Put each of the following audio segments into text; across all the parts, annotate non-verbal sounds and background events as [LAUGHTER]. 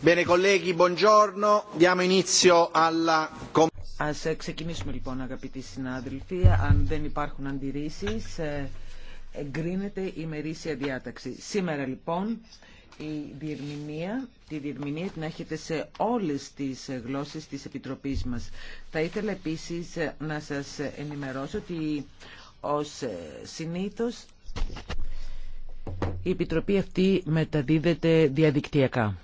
Bene, colleghi, buongiorno. Ας ε, ξεκινήσουμε λοιπόν αγαπητοί συνάδελφοι. Αν δεν υπάρχουν αντιρρήσει, ε, εγκρίνεται η μερίσια διάταξη. Σήμερα λοιπόν η διερμηνία, τη διερμηνία την έχετε σε όλες τις γλώσσες της Επιτροπής μας. Θα ήθελα επίσης ε, να σας ενημερώσω ότι ως συνήθως η Επιτροπή αυτή μεταδίδεται διαδικτυακά.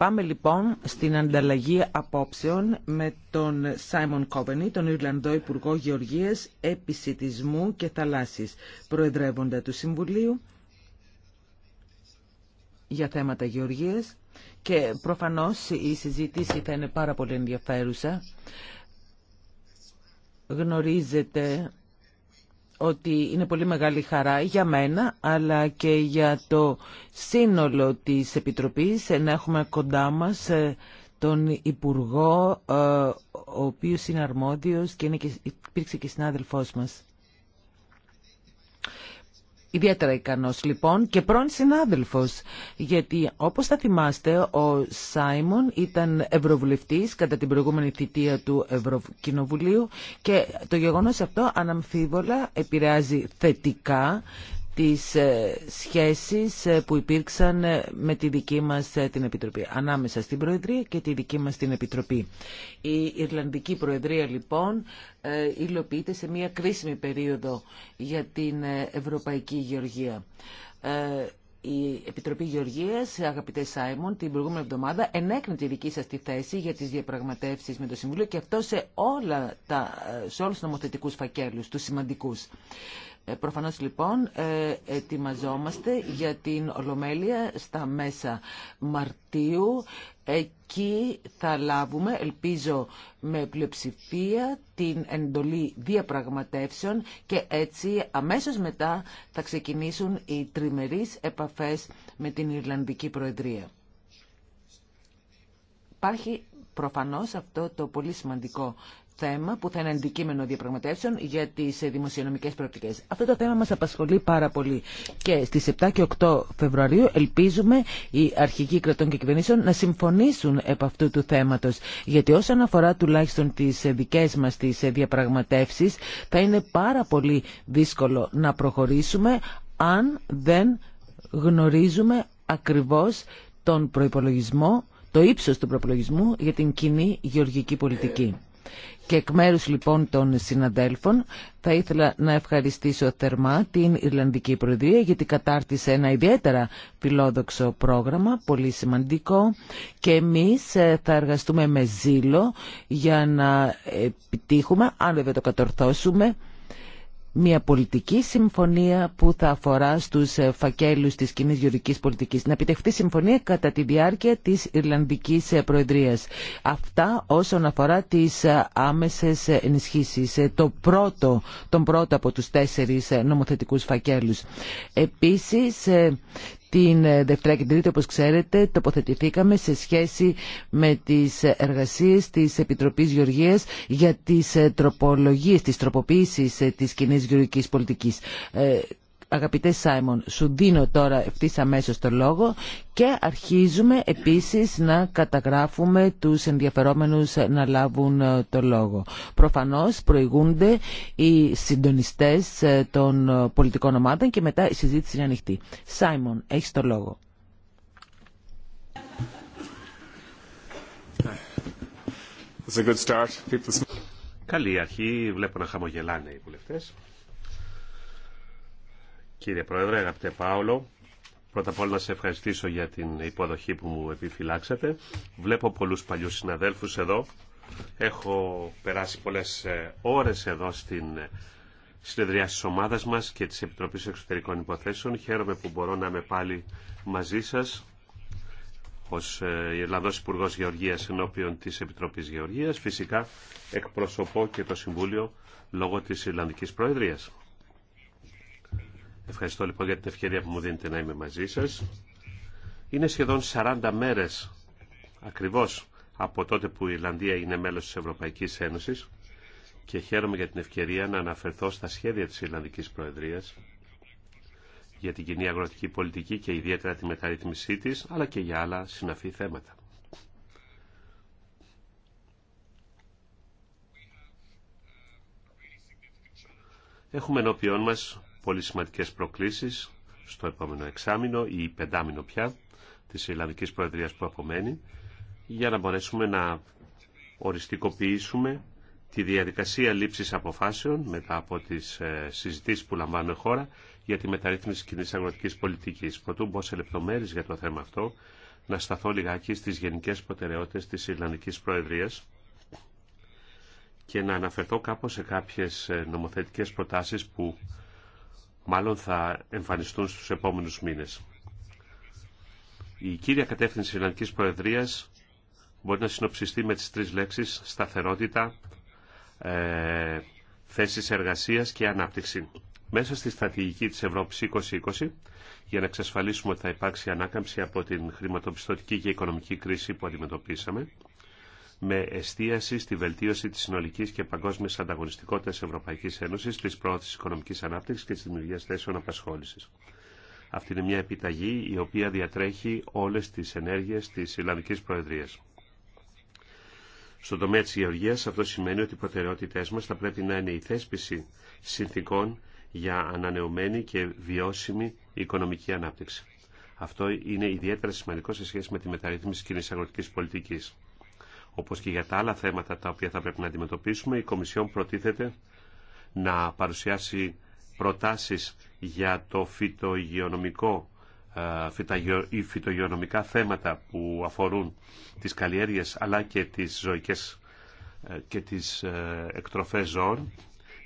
Πάμε λοιπόν στην ανταλλαγή απόψεων με τον Σάιμον Κόβενι, τον Ιρλανδό Υπουργό Γεωργίας, Επισητισμού και Θαλάσσης, Προεδρεύοντα του Συμβουλίου για θέματα γεωργίας και προφανώς η συζήτηση θα είναι πάρα πολύ ενδιαφέρουσα. Γνωρίζετε ότι είναι πολύ μεγάλη χαρά για μένα αλλά και για το σύνολο της Επιτροπής ε, να έχουμε κοντά μας ε, τον Υπουργό ε, ο οποίος είναι αρμόδιος και είναι και, υπήρξε και συνάδελφός μας ιδιαίτερα ικανός λοιπόν και πρώην συνάδελφος γιατί όπως θα θυμάστε ο Σάιμον ήταν ευρωβουλευτής κατά την προηγούμενη θητεία του Ευρωκοινοβουλίου και το γεγονός αυτό αναμφίβολα επηρεάζει θετικά τις ε, σχέσεις ε, που υπήρξαν ε, με τη δική μας την Επιτροπή, ανάμεσα στην Προεδρία και τη δική μας την Επιτροπή. Η Ιρλανδική Προεδρία λοιπόν υλοποιείται σε μια κρίσιμη περίοδο για την Ευρωπαϊκή Γεωργία. Η Επιτροπή Γεωργίας, αγαπητέ Σάιμον, την προηγούμενη εβδομάδα ενέκρινε τη δική σας τη θέση για τις διαπραγματεύσεις με το Συμβούλιο και αυτό σε, όλα τα, σε όλους τους νομοθετικούς φακέλους, τους σημαντικούς. Ε, προφανώς λοιπόν ε, ετοιμαζόμαστε για την Ολομέλεια στα μέσα Μαρτίου. Εκεί θα λάβουμε, ελπίζω με πλειοψηφία, την εντολή διαπραγματεύσεων και έτσι αμέσως μετά θα ξεκινήσουν οι τριμερείς επαφές με την Ιρλανδική Προεδρία. Υπάρχει προφανώς αυτό το πολύ σημαντικό θέμα που θα είναι αντικείμενο διαπραγματεύσεων για τι δημοσιονομικέ προοπτικέ. Αυτό το θέμα μα απασχολεί πάρα πολύ και στι 7 και 8 Φεβρουαρίου ελπίζουμε οι αρχηγοί κρατών και κυβερνήσεων να συμφωνήσουν επ' αυτού του θέματο. γιατί όσον αφορά τουλάχιστον τι δικέ μα τι διαπραγματεύσει, θα είναι πάρα πολύ δύσκολο να προχωρήσουμε αν δεν γνωρίζουμε ακριβώς τον προϋπολογισμό, το ύψος του προϋπολογισμού για την κοινή γεωργική πολιτική. Και εκ μέρους λοιπόν των συναντέλφων θα ήθελα να ευχαριστήσω θερμά την Ιρλανδική Προεδρία γιατί κατάρτισε ένα ιδιαίτερα φιλόδοξο πρόγραμμα, πολύ σημαντικό και εμείς ε, θα εργαστούμε με ζήλο για να επιτύχουμε, αν βέβαια το κατορθώσουμε, μια πολιτική συμφωνία που θα αφορά στους ε, φακέλους της κοινή γεωργικής πολιτικής. Να επιτευχθεί συμφωνία κατά τη διάρκεια της Ιρλανδικής ε, Προεδρίας. Αυτά όσον αφορά τις ε, άμεσες ενισχύσεις. Το πρώτο, τον πρώτο από τους τέσσερις νομοθετικούς φακέλους. Επίσης, την ε, Δευτέρα και την Τρίτη, όπως ξέρετε, τοποθετηθήκαμε σε σχέση με τις εργασίες της Επιτροπής Γεωργίας για τις ε, τροπολογίες, τις τροποποίησεις ε, της κοινή γεωργικής πολιτικής. Αγαπητέ Σάιμον, σου δίνω τώρα ευθύ αμέσω το λόγο και αρχίζουμε επίση να καταγράφουμε του ενδιαφερόμενου να λάβουν ε, το λόγο. Προφανώ προηγούνται οι συντονιστέ ε, των ε, πολιτικών ομάδων και μετά η συζήτηση είναι ανοιχτή. Σάιμον, έχει το λόγο. Καλή αρχή, βλέπω να χαμογελάνε οι βουλευτές. Κύριε Πρόεδρε, αγαπητέ Πάολο, πρώτα απ' όλα να σε ευχαριστήσω για την υποδοχή που μου επιφυλάξατε. Βλέπω πολλούς παλιούς συναδέλφους εδώ. Έχω περάσει πολλές ε, ώρες εδώ στην ε, συνεδριά της ομάδας μας και της Επιτροπής Εξωτερικών Υποθέσεων. Χαίρομαι που μπορώ να είμαι πάλι μαζί σας ως ε, Ιρλανδός Υπουργό Γεωργίας ενώπιον της Επιτροπής Γεωργίας. Φυσικά εκπροσωπώ και το Συμβούλιο λόγω της Ιρλανδικής Προεδρίας. Ευχαριστώ λοιπόν για την ευκαιρία που μου δίνετε να είμαι μαζί σας. Είναι σχεδόν 40 μέρες ακριβώς από τότε που η Ιρλανδία είναι μέλος της Ευρωπαϊκής Ένωσης και χαίρομαι για την ευκαιρία να αναφερθώ στα σχέδια της Ιρλανδικής Προεδρίας για την κοινή αγροτική πολιτική και ιδιαίτερα τη μεταρρύθμισή της, αλλά και για άλλα συναφή θέματα. Έχουμε ενώπιόν μας πολύ σημαντικές προκλήσεις στο επόμενο εξάμεινο ή πεντάμινο πια της Ιρλανδικής Προεδρίας που απομένει για να μπορέσουμε να οριστικοποιήσουμε τη διαδικασία λήψης αποφάσεων μετά από τις ε, συζητήσεις που λαμβάνουν χώρα για τη μεταρρύθμιση κοινή αγροτική πολιτική. Προτού μπω σε λεπτομέρειε για το θέμα αυτό, να σταθώ λιγάκι στι γενικέ προτεραιότητε τη Ιρλανδική Προεδρία και να αναφερθώ κάπως σε κάποιες ε, νομοθετικές προτάσεις που μάλλον θα εμφανιστούν στους επόμενους μήνες. Η κύρια κατεύθυνση της Ιρλανδικής Προεδρίας μπορεί να συνοψιστεί με τις τρεις λέξεις σταθερότητα, ε, θέσεις εργασίας και ανάπτυξη. Μέσα στη στρατηγική της Ευρώπης 2020, για να εξασφαλίσουμε ότι θα υπάρξει ανάκαμψη από την χρηματοπιστωτική και οικονομική κρίση που αντιμετωπίσαμε, με εστίαση στη βελτίωση της συνολικής και παγκόσμιας ανταγωνιστικότητας Ευρωπαϊκής Ένωσης, της πρόθεσης οικονομικής ανάπτυξης και της δημιουργία θέσεων απασχόλησης. Αυτή είναι μια επιταγή η οποία διατρέχει όλες τις ενέργειες της Ιλλανδικής Προεδρίας. Στον τομέα της γεωργίας αυτό σημαίνει ότι οι προτεραιότητές μας θα πρέπει να είναι η θέσπιση συνθήκων για ανανεωμένη και βιώσιμη οικονομική ανάπτυξη. Αυτό είναι ιδιαίτερα σημαντικό σε σχέση με τη μεταρρύθμιση κοινή αγροτική πολιτική. Όπω και για τα άλλα θέματα τα οποία θα πρέπει να αντιμετωπίσουμε, η Κομισιόν προτίθεται να παρουσιάσει προτάσεις για το φυτογειονομικό ε, ή φυτογειονομικά θέματα που αφορούν τις καλλιέργειες αλλά και τις ζωικές ε, και τις ε, εκτροφές ζώων.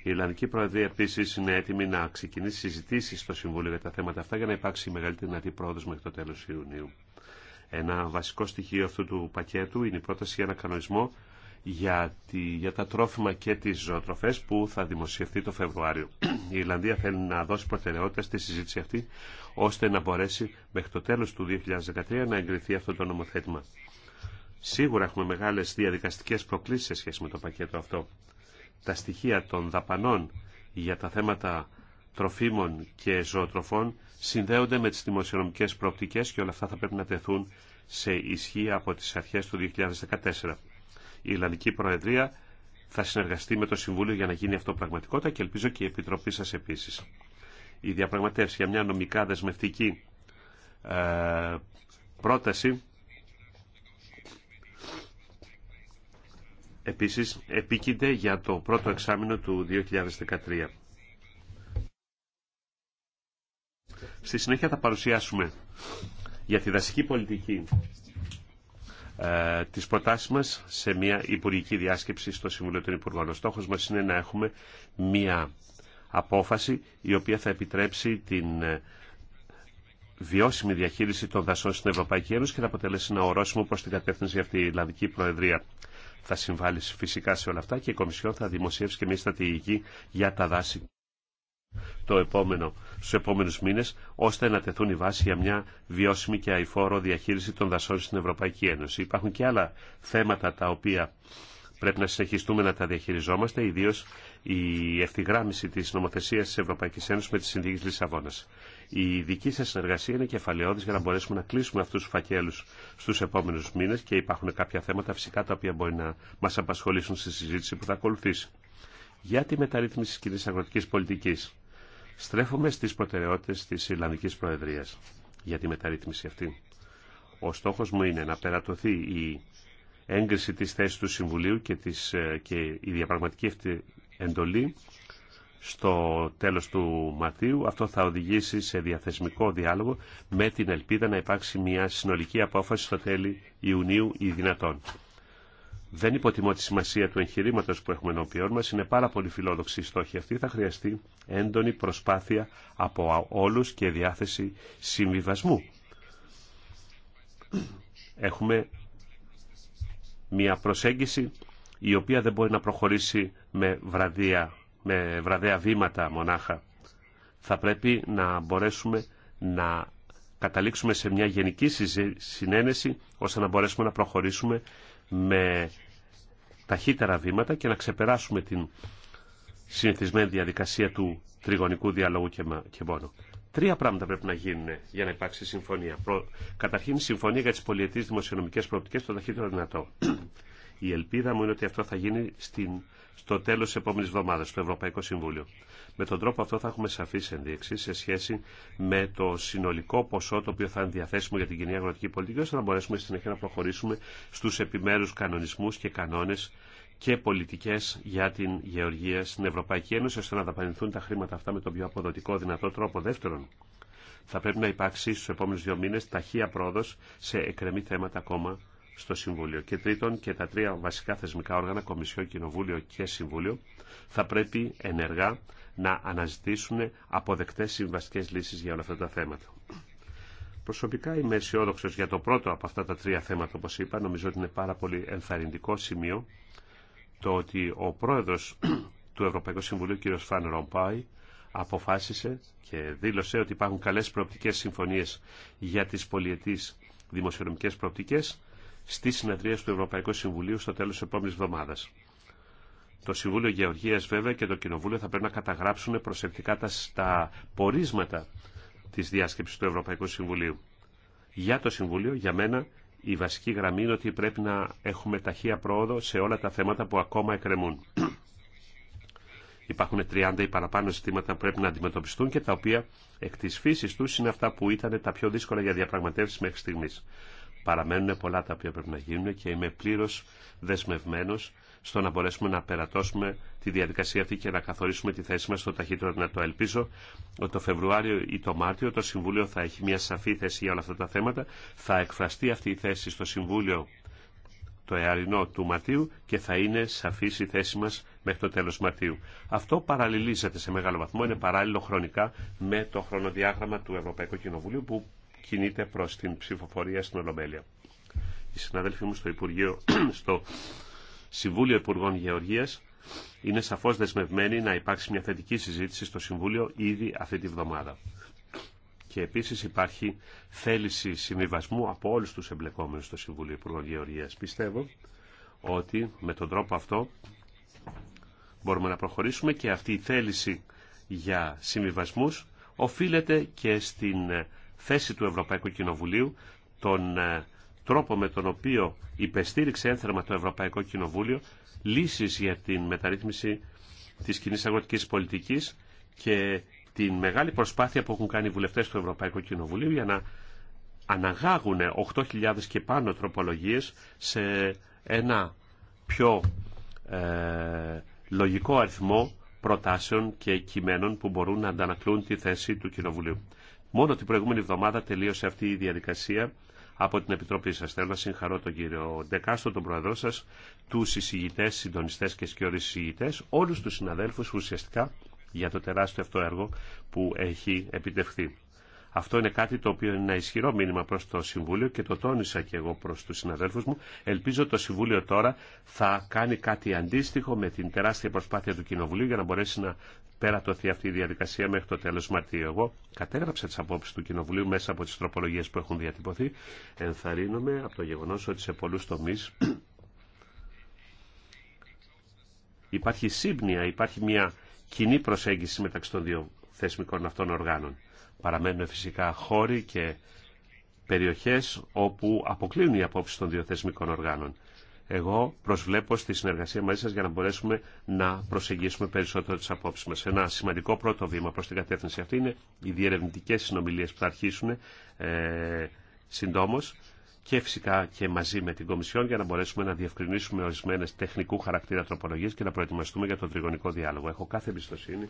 Η Ιρλανδική Προεδρία επίση είναι έτοιμη να ξεκινήσει συζητήσει στο Συμβούλιο για τα θέματα αυτά για να υπάρξει μεγαλύτερη δυνατή πρόοδο μέχρι το τέλο Ιουνίου. Ένα βασικό στοιχείο αυτού του πακέτου είναι η πρόταση για ένα κανονισμό για, τη, για τα τρόφιμα και τις ζωοτροφές που θα δημοσιευτεί το Φεβρουάριο. Η Ιρλανδία θέλει να δώσει προτεραιότητα στη συζήτηση αυτή ώστε να μπορέσει μέχρι το τέλος του 2013 να εγκριθεί αυτό το νομοθέτημα. Σίγουρα έχουμε μεγάλες διαδικαστικές προκλήσεις σε σχέση με το πακέτο αυτό. Τα στοιχεία των δαπανών για τα θέματα τροφίμων και ζωοτροφών συνδέονται με τις δημοσιονομικές προοπτικές και όλα αυτά θα πρέπει να τεθούν σε ισχύ από τις αρχές του 2014. Η Ιρλανδική Προεδρία θα συνεργαστεί με το Συμβούλιο για να γίνει αυτό πραγματικότητα και ελπίζω και η Επιτροπή σας επίσης. Η διαπραγματεύση για μια νομικά δεσμευτική ε, πρόταση επίσης επίκυνται για το πρώτο εξάμεινο του 2013. Στη συνέχεια θα παρουσιάσουμε για τη δασική πολιτική ε, τις προτάσεις μας σε μια υπουργική διάσκεψη στο Συμβουλίο των Υπουργών. Ο στόχος μας είναι να έχουμε μια απόφαση η οποία θα επιτρέψει την ε, βιώσιμη διαχείριση των δασών στην Ευρωπαϊκή Ένωση και θα αποτελέσει ένα ορόσημο προς την κατεύθυνση αυτή η Ιλλανδική Προεδρία. Θα συμβάλλει φυσικά σε όλα αυτά και η Κομισιόν θα δημοσιεύσει και μια στρατηγική για τα δάση το επόμενο, στους επόμενους μήνες, ώστε να τεθούν οι βάσει για μια βιώσιμη και αηφόρο διαχείριση των δασών στην Ευρωπαϊκή Ένωση. Υπάρχουν και άλλα θέματα τα οποία πρέπει να συνεχιστούμε να τα διαχειριζόμαστε, ιδίω η ευθυγράμμιση τη νομοθεσία τη Ευρωπαϊκή Ένωση με τις συνθήκε Λισαβόνα. Η δική σα συνεργασία είναι κεφαλαιώδη για να μπορέσουμε να κλείσουμε αυτού του φακέλου στου επόμενου μήνε και υπάρχουν κάποια θέματα φυσικά τα οποία μπορεί να μα απασχολήσουν στη συζήτηση που θα ακολουθήσει. Για τη μεταρρύθμιση τη κοινή αγροτική πολιτική. Στρέφομαι στις προτεραιότητες της Ιρλανδικής Προεδρίας για τη μεταρρύθμιση αυτή. Ο στόχος μου είναι να περατωθεί η έγκριση της θέσης του Συμβουλίου και, της, ε, και η διαπραγματική αυτή εντολή στο τέλος του Μαρτίου. Αυτό θα οδηγήσει σε διαθεσμικό διάλογο με την ελπίδα να υπάρξει μια συνολική απόφαση στο τέλη Ιουνίου ή δυνατόν. Δεν υποτιμώ τη σημασία του εγχειρήματο που έχουμε ενώπιόν μα. Είναι πάρα πολύ φιλόδοξη η στόχη αυτή. Θα χρειαστεί έντονη προσπάθεια από όλου και διάθεση συμβιβασμού. Έχουμε μια προσέγγιση η οποία δεν μπορεί να προχωρήσει με βραδεία, με βραδέα βήματα μονάχα. Θα πρέπει να μπορέσουμε να καταλήξουμε σε μια γενική συνένεση ώστε να μπορέσουμε να προχωρήσουμε με ταχύτερα βήματα και να ξεπεράσουμε την συνηθισμένη διαδικασία του τριγωνικού διαλόγου και μόνο. Τρία πράγματα πρέπει να γίνουν για να υπάρξει συμφωνία. Καταρχήν, συμφωνία για τι πολιετή δημοσιονομικέ προοπτικέ το ταχύτερο δυνατό. [CLEARS THROAT] Η ελπίδα μου είναι ότι αυτό θα γίνει στην στο τέλο τη επόμενη εβδομάδα, στο Ευρωπαϊκό Συμβούλιο. Με τον τρόπο αυτό θα έχουμε σαφεί ενδείξει σε σχέση με το συνολικό ποσό το οποίο θα είναι διαθέσιμο για την κοινή αγροτική πολιτική ώστε να μπορέσουμε στη συνέχεια να προχωρήσουμε στου επιμέρου κανονισμού και κανόνε και πολιτικέ για την γεωργία στην Ευρωπαϊκή Ένωση, ώστε να δαπανηθούν τα χρήματα αυτά με τον πιο αποδοτικό δυνατό τρόπο. Δεύτερον, θα πρέπει να υπάρξει στου επόμενου δύο μήνε ταχεία πρόοδο σε εκρεμή θέματα ακόμα στο Συμβούλιο. Και τρίτον, και τα τρία βασικά θεσμικά όργανα, Κομισιό, Κοινοβούλιο και Συμβούλιο, θα πρέπει ενεργά να αναζητήσουν αποδεκτές συμβαστικές λύσεις για όλα αυτά τα θέματα. Προσωπικά είμαι αισιόδοξο για το πρώτο από αυτά τα τρία θέματα, όπω είπα. Νομίζω ότι είναι πάρα πολύ ενθαρρυντικό σημείο το ότι ο πρόεδρο του Ευρωπαϊκού Συμβουλίου, κ. Φαν Ρομπάι, αποφάσισε και δήλωσε ότι υπάρχουν καλέ προοπτικέ συμφωνίε για τι πολιετή δημοσιονομικέ προοπτικέ, στη συνεδρία του Ευρωπαϊκού Συμβουλίου στο τέλο τη επόμενη εβδομάδα. Το Συμβούλιο Γεωργία βέβαια και το Κοινοβούλιο θα πρέπει να καταγράψουν προσεκτικά τα, τα πορίσματα της διάσκεψης του Ευρωπαϊκού Συμβουλίου. Για το Συμβούλιο, για μένα, η βασική γραμμή είναι ότι πρέπει να έχουμε ταχεία πρόοδο σε όλα τα θέματα που ακόμα εκκρεμούν. [CLEARS THROAT] Υπάρχουν 30 ή παραπάνω ζητήματα που πρέπει να αντιμετωπιστούν και τα οποία εκ τη φύση του είναι αυτά που ήταν τα πιο δύσκολα για διαπραγματεύσει μέχρι στιγμή. Παραμένουν πολλά τα οποία πρέπει να γίνουν και είμαι πλήρω δεσμευμένο στο να μπορέσουμε να περατώσουμε τη διαδικασία αυτή και να καθορίσουμε τη θέση μα στο ταχύτερο δυνατό. Ελπίζω ότι το Φεβρουάριο ή το Μάρτιο το Συμβούλιο θα έχει μια σαφή θέση για όλα αυτά τα θέματα. Θα εκφραστεί αυτή η θέση στο Συμβούλιο το εαρινό του Μαρτίου και θα είναι σαφή η θέση μα μέχρι το τέλο Μαρτίου. Αυτό παραλληλίζεται σε μεγάλο βαθμό, είναι παράλληλο χρονικά με το χρονοδιάγραμμα του Ευρωπαϊκού Κοινοβουλίου που κινείται προς την ψηφοφορία στην Ολομέλεια. Οι συναδέλφοι μου στο, Υπουργείο, [CLEARS THROAT] στο Συμβούλιο Υπουργών Γεωργίας είναι σαφώς δεσμευμένοι να υπάρξει μια θετική συζήτηση στο Συμβούλιο ήδη αυτή τη βδομάδα. Και επίσης υπάρχει θέληση συμβιβασμού από όλους τους εμπλεκόμενους στο Συμβούλιο Υπουργών Γεωργίας. Πιστεύω ότι με τον τρόπο αυτό μπορούμε να προχωρήσουμε και αυτή η θέληση για συμβιβασμούς οφείλεται και στην θέση του Ευρωπαϊκού Κοινοβουλίου, τον ε, τρόπο με τον οποίο υπεστήριξε ένθερμα το Ευρωπαϊκό Κοινοβούλιο, λύσεις για την μεταρρύθμιση της κοινή αγροτικής πολιτικής και την μεγάλη προσπάθεια που έχουν κάνει οι βουλευτές του Ευρωπαϊκού Κοινοβουλίου για να αναγάγουν 8.000 και πάνω τροπολογίες σε ένα πιο ε, λογικό αριθμό προτάσεων και κειμένων που μπορούν να αντανακλούν τη θέση του Κοινοβουλίου. Μόνο την προηγούμενη εβδομάδα τελείωσε αυτή η διαδικασία από την Επιτροπή σα Θέλω να συγχαρώ τον κύριο Ντεκάστο, τον πρόεδρό σας, τους συζητητέ, συντονιστές και σκιώδεις όλους τους συναδέλφους ουσιαστικά για το τεράστιο αυτό έργο που έχει επιτευχθεί. Αυτό είναι κάτι το οποίο είναι ένα ισχυρό μήνυμα προς το Συμβούλιο και το τόνισα και εγώ προς τους συναδέλφους μου. Ελπίζω το Συμβούλιο τώρα θα κάνει κάτι αντίστοιχο με την τεράστια προσπάθεια του Κοινοβουλίου για να μπορέσει να πέρατωθεί αυτή η διαδικασία μέχρι το τέλος Μαρτίου. Εγώ κατέγραψα τις απόψεις του Κοινοβουλίου μέσα από τις τροπολογίες που έχουν διατυπωθεί. Ενθαρρύνομαι από το γεγονός ότι σε πολλούς τομείς υπάρχει σύμπνοια, υπάρχει μια κοινή προσέγγιση μεταξύ των δύο θεσμικών αυτών οργάνων. Παραμένουν φυσικά χώροι και περιοχές όπου αποκλίνουν οι απόψεις των διοθεσμικών οργάνων. Εγώ προσβλέπω στη συνεργασία μαζί σας για να μπορέσουμε να προσεγγίσουμε περισσότερο τις απόψεις μας. Ένα σημαντικό πρώτο βήμα προς την κατεύθυνση αυτή είναι οι διερευνητικές συνομιλίες που θα αρχίσουν ε, συντόμως και φυσικά και μαζί με την Κομισιόν για να μπορέσουμε να διευκρινίσουμε ορισμένες τεχνικού χαρακτήρα τροπολογίες και να προετοιμαστούμε για τον τριγωνικό διάλογο. Έχω κάθε εμπιστοσύνη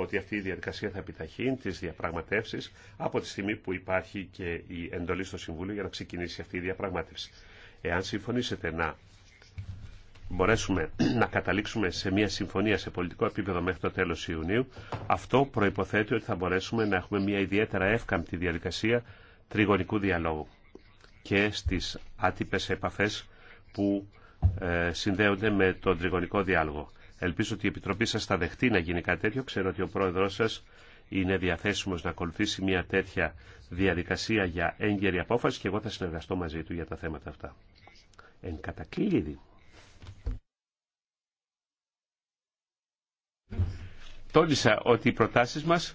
ότι αυτή η διαδικασία θα επιταχύνει τις διαπραγματεύσεις από τη στιγμή που υπάρχει και η εντολή στο Συμβούλιο για να ξεκινήσει αυτή η διαπραγμάτευση. Εάν συμφωνήσετε να μπορέσουμε να καταλήξουμε σε μια συμφωνία σε πολιτικό επίπεδο μέχρι το τέλος Ιουνίου, αυτό προϋποθέτει ότι θα μπορέσουμε να έχουμε μια ιδιαίτερα εύκαμπτη διαδικασία τριγωνικού διαλόγου και στις άτυπες επαφές που ε, συνδέονται με τον τριγωνικό διάλογο. Ελπίζω ότι η Επιτροπή σας θα δεχτεί να γίνει κάτι τέτοιο. Ξέρω ότι ο πρόεδρος σας είναι διαθέσιμος να ακολουθήσει μια τέτοια διαδικασία για έγκαιρη απόφαση και εγώ θα συνεργαστώ μαζί του για τα θέματα αυτά. Εν κατακλείδη. Τόνισα ότι οι προτάσεις μας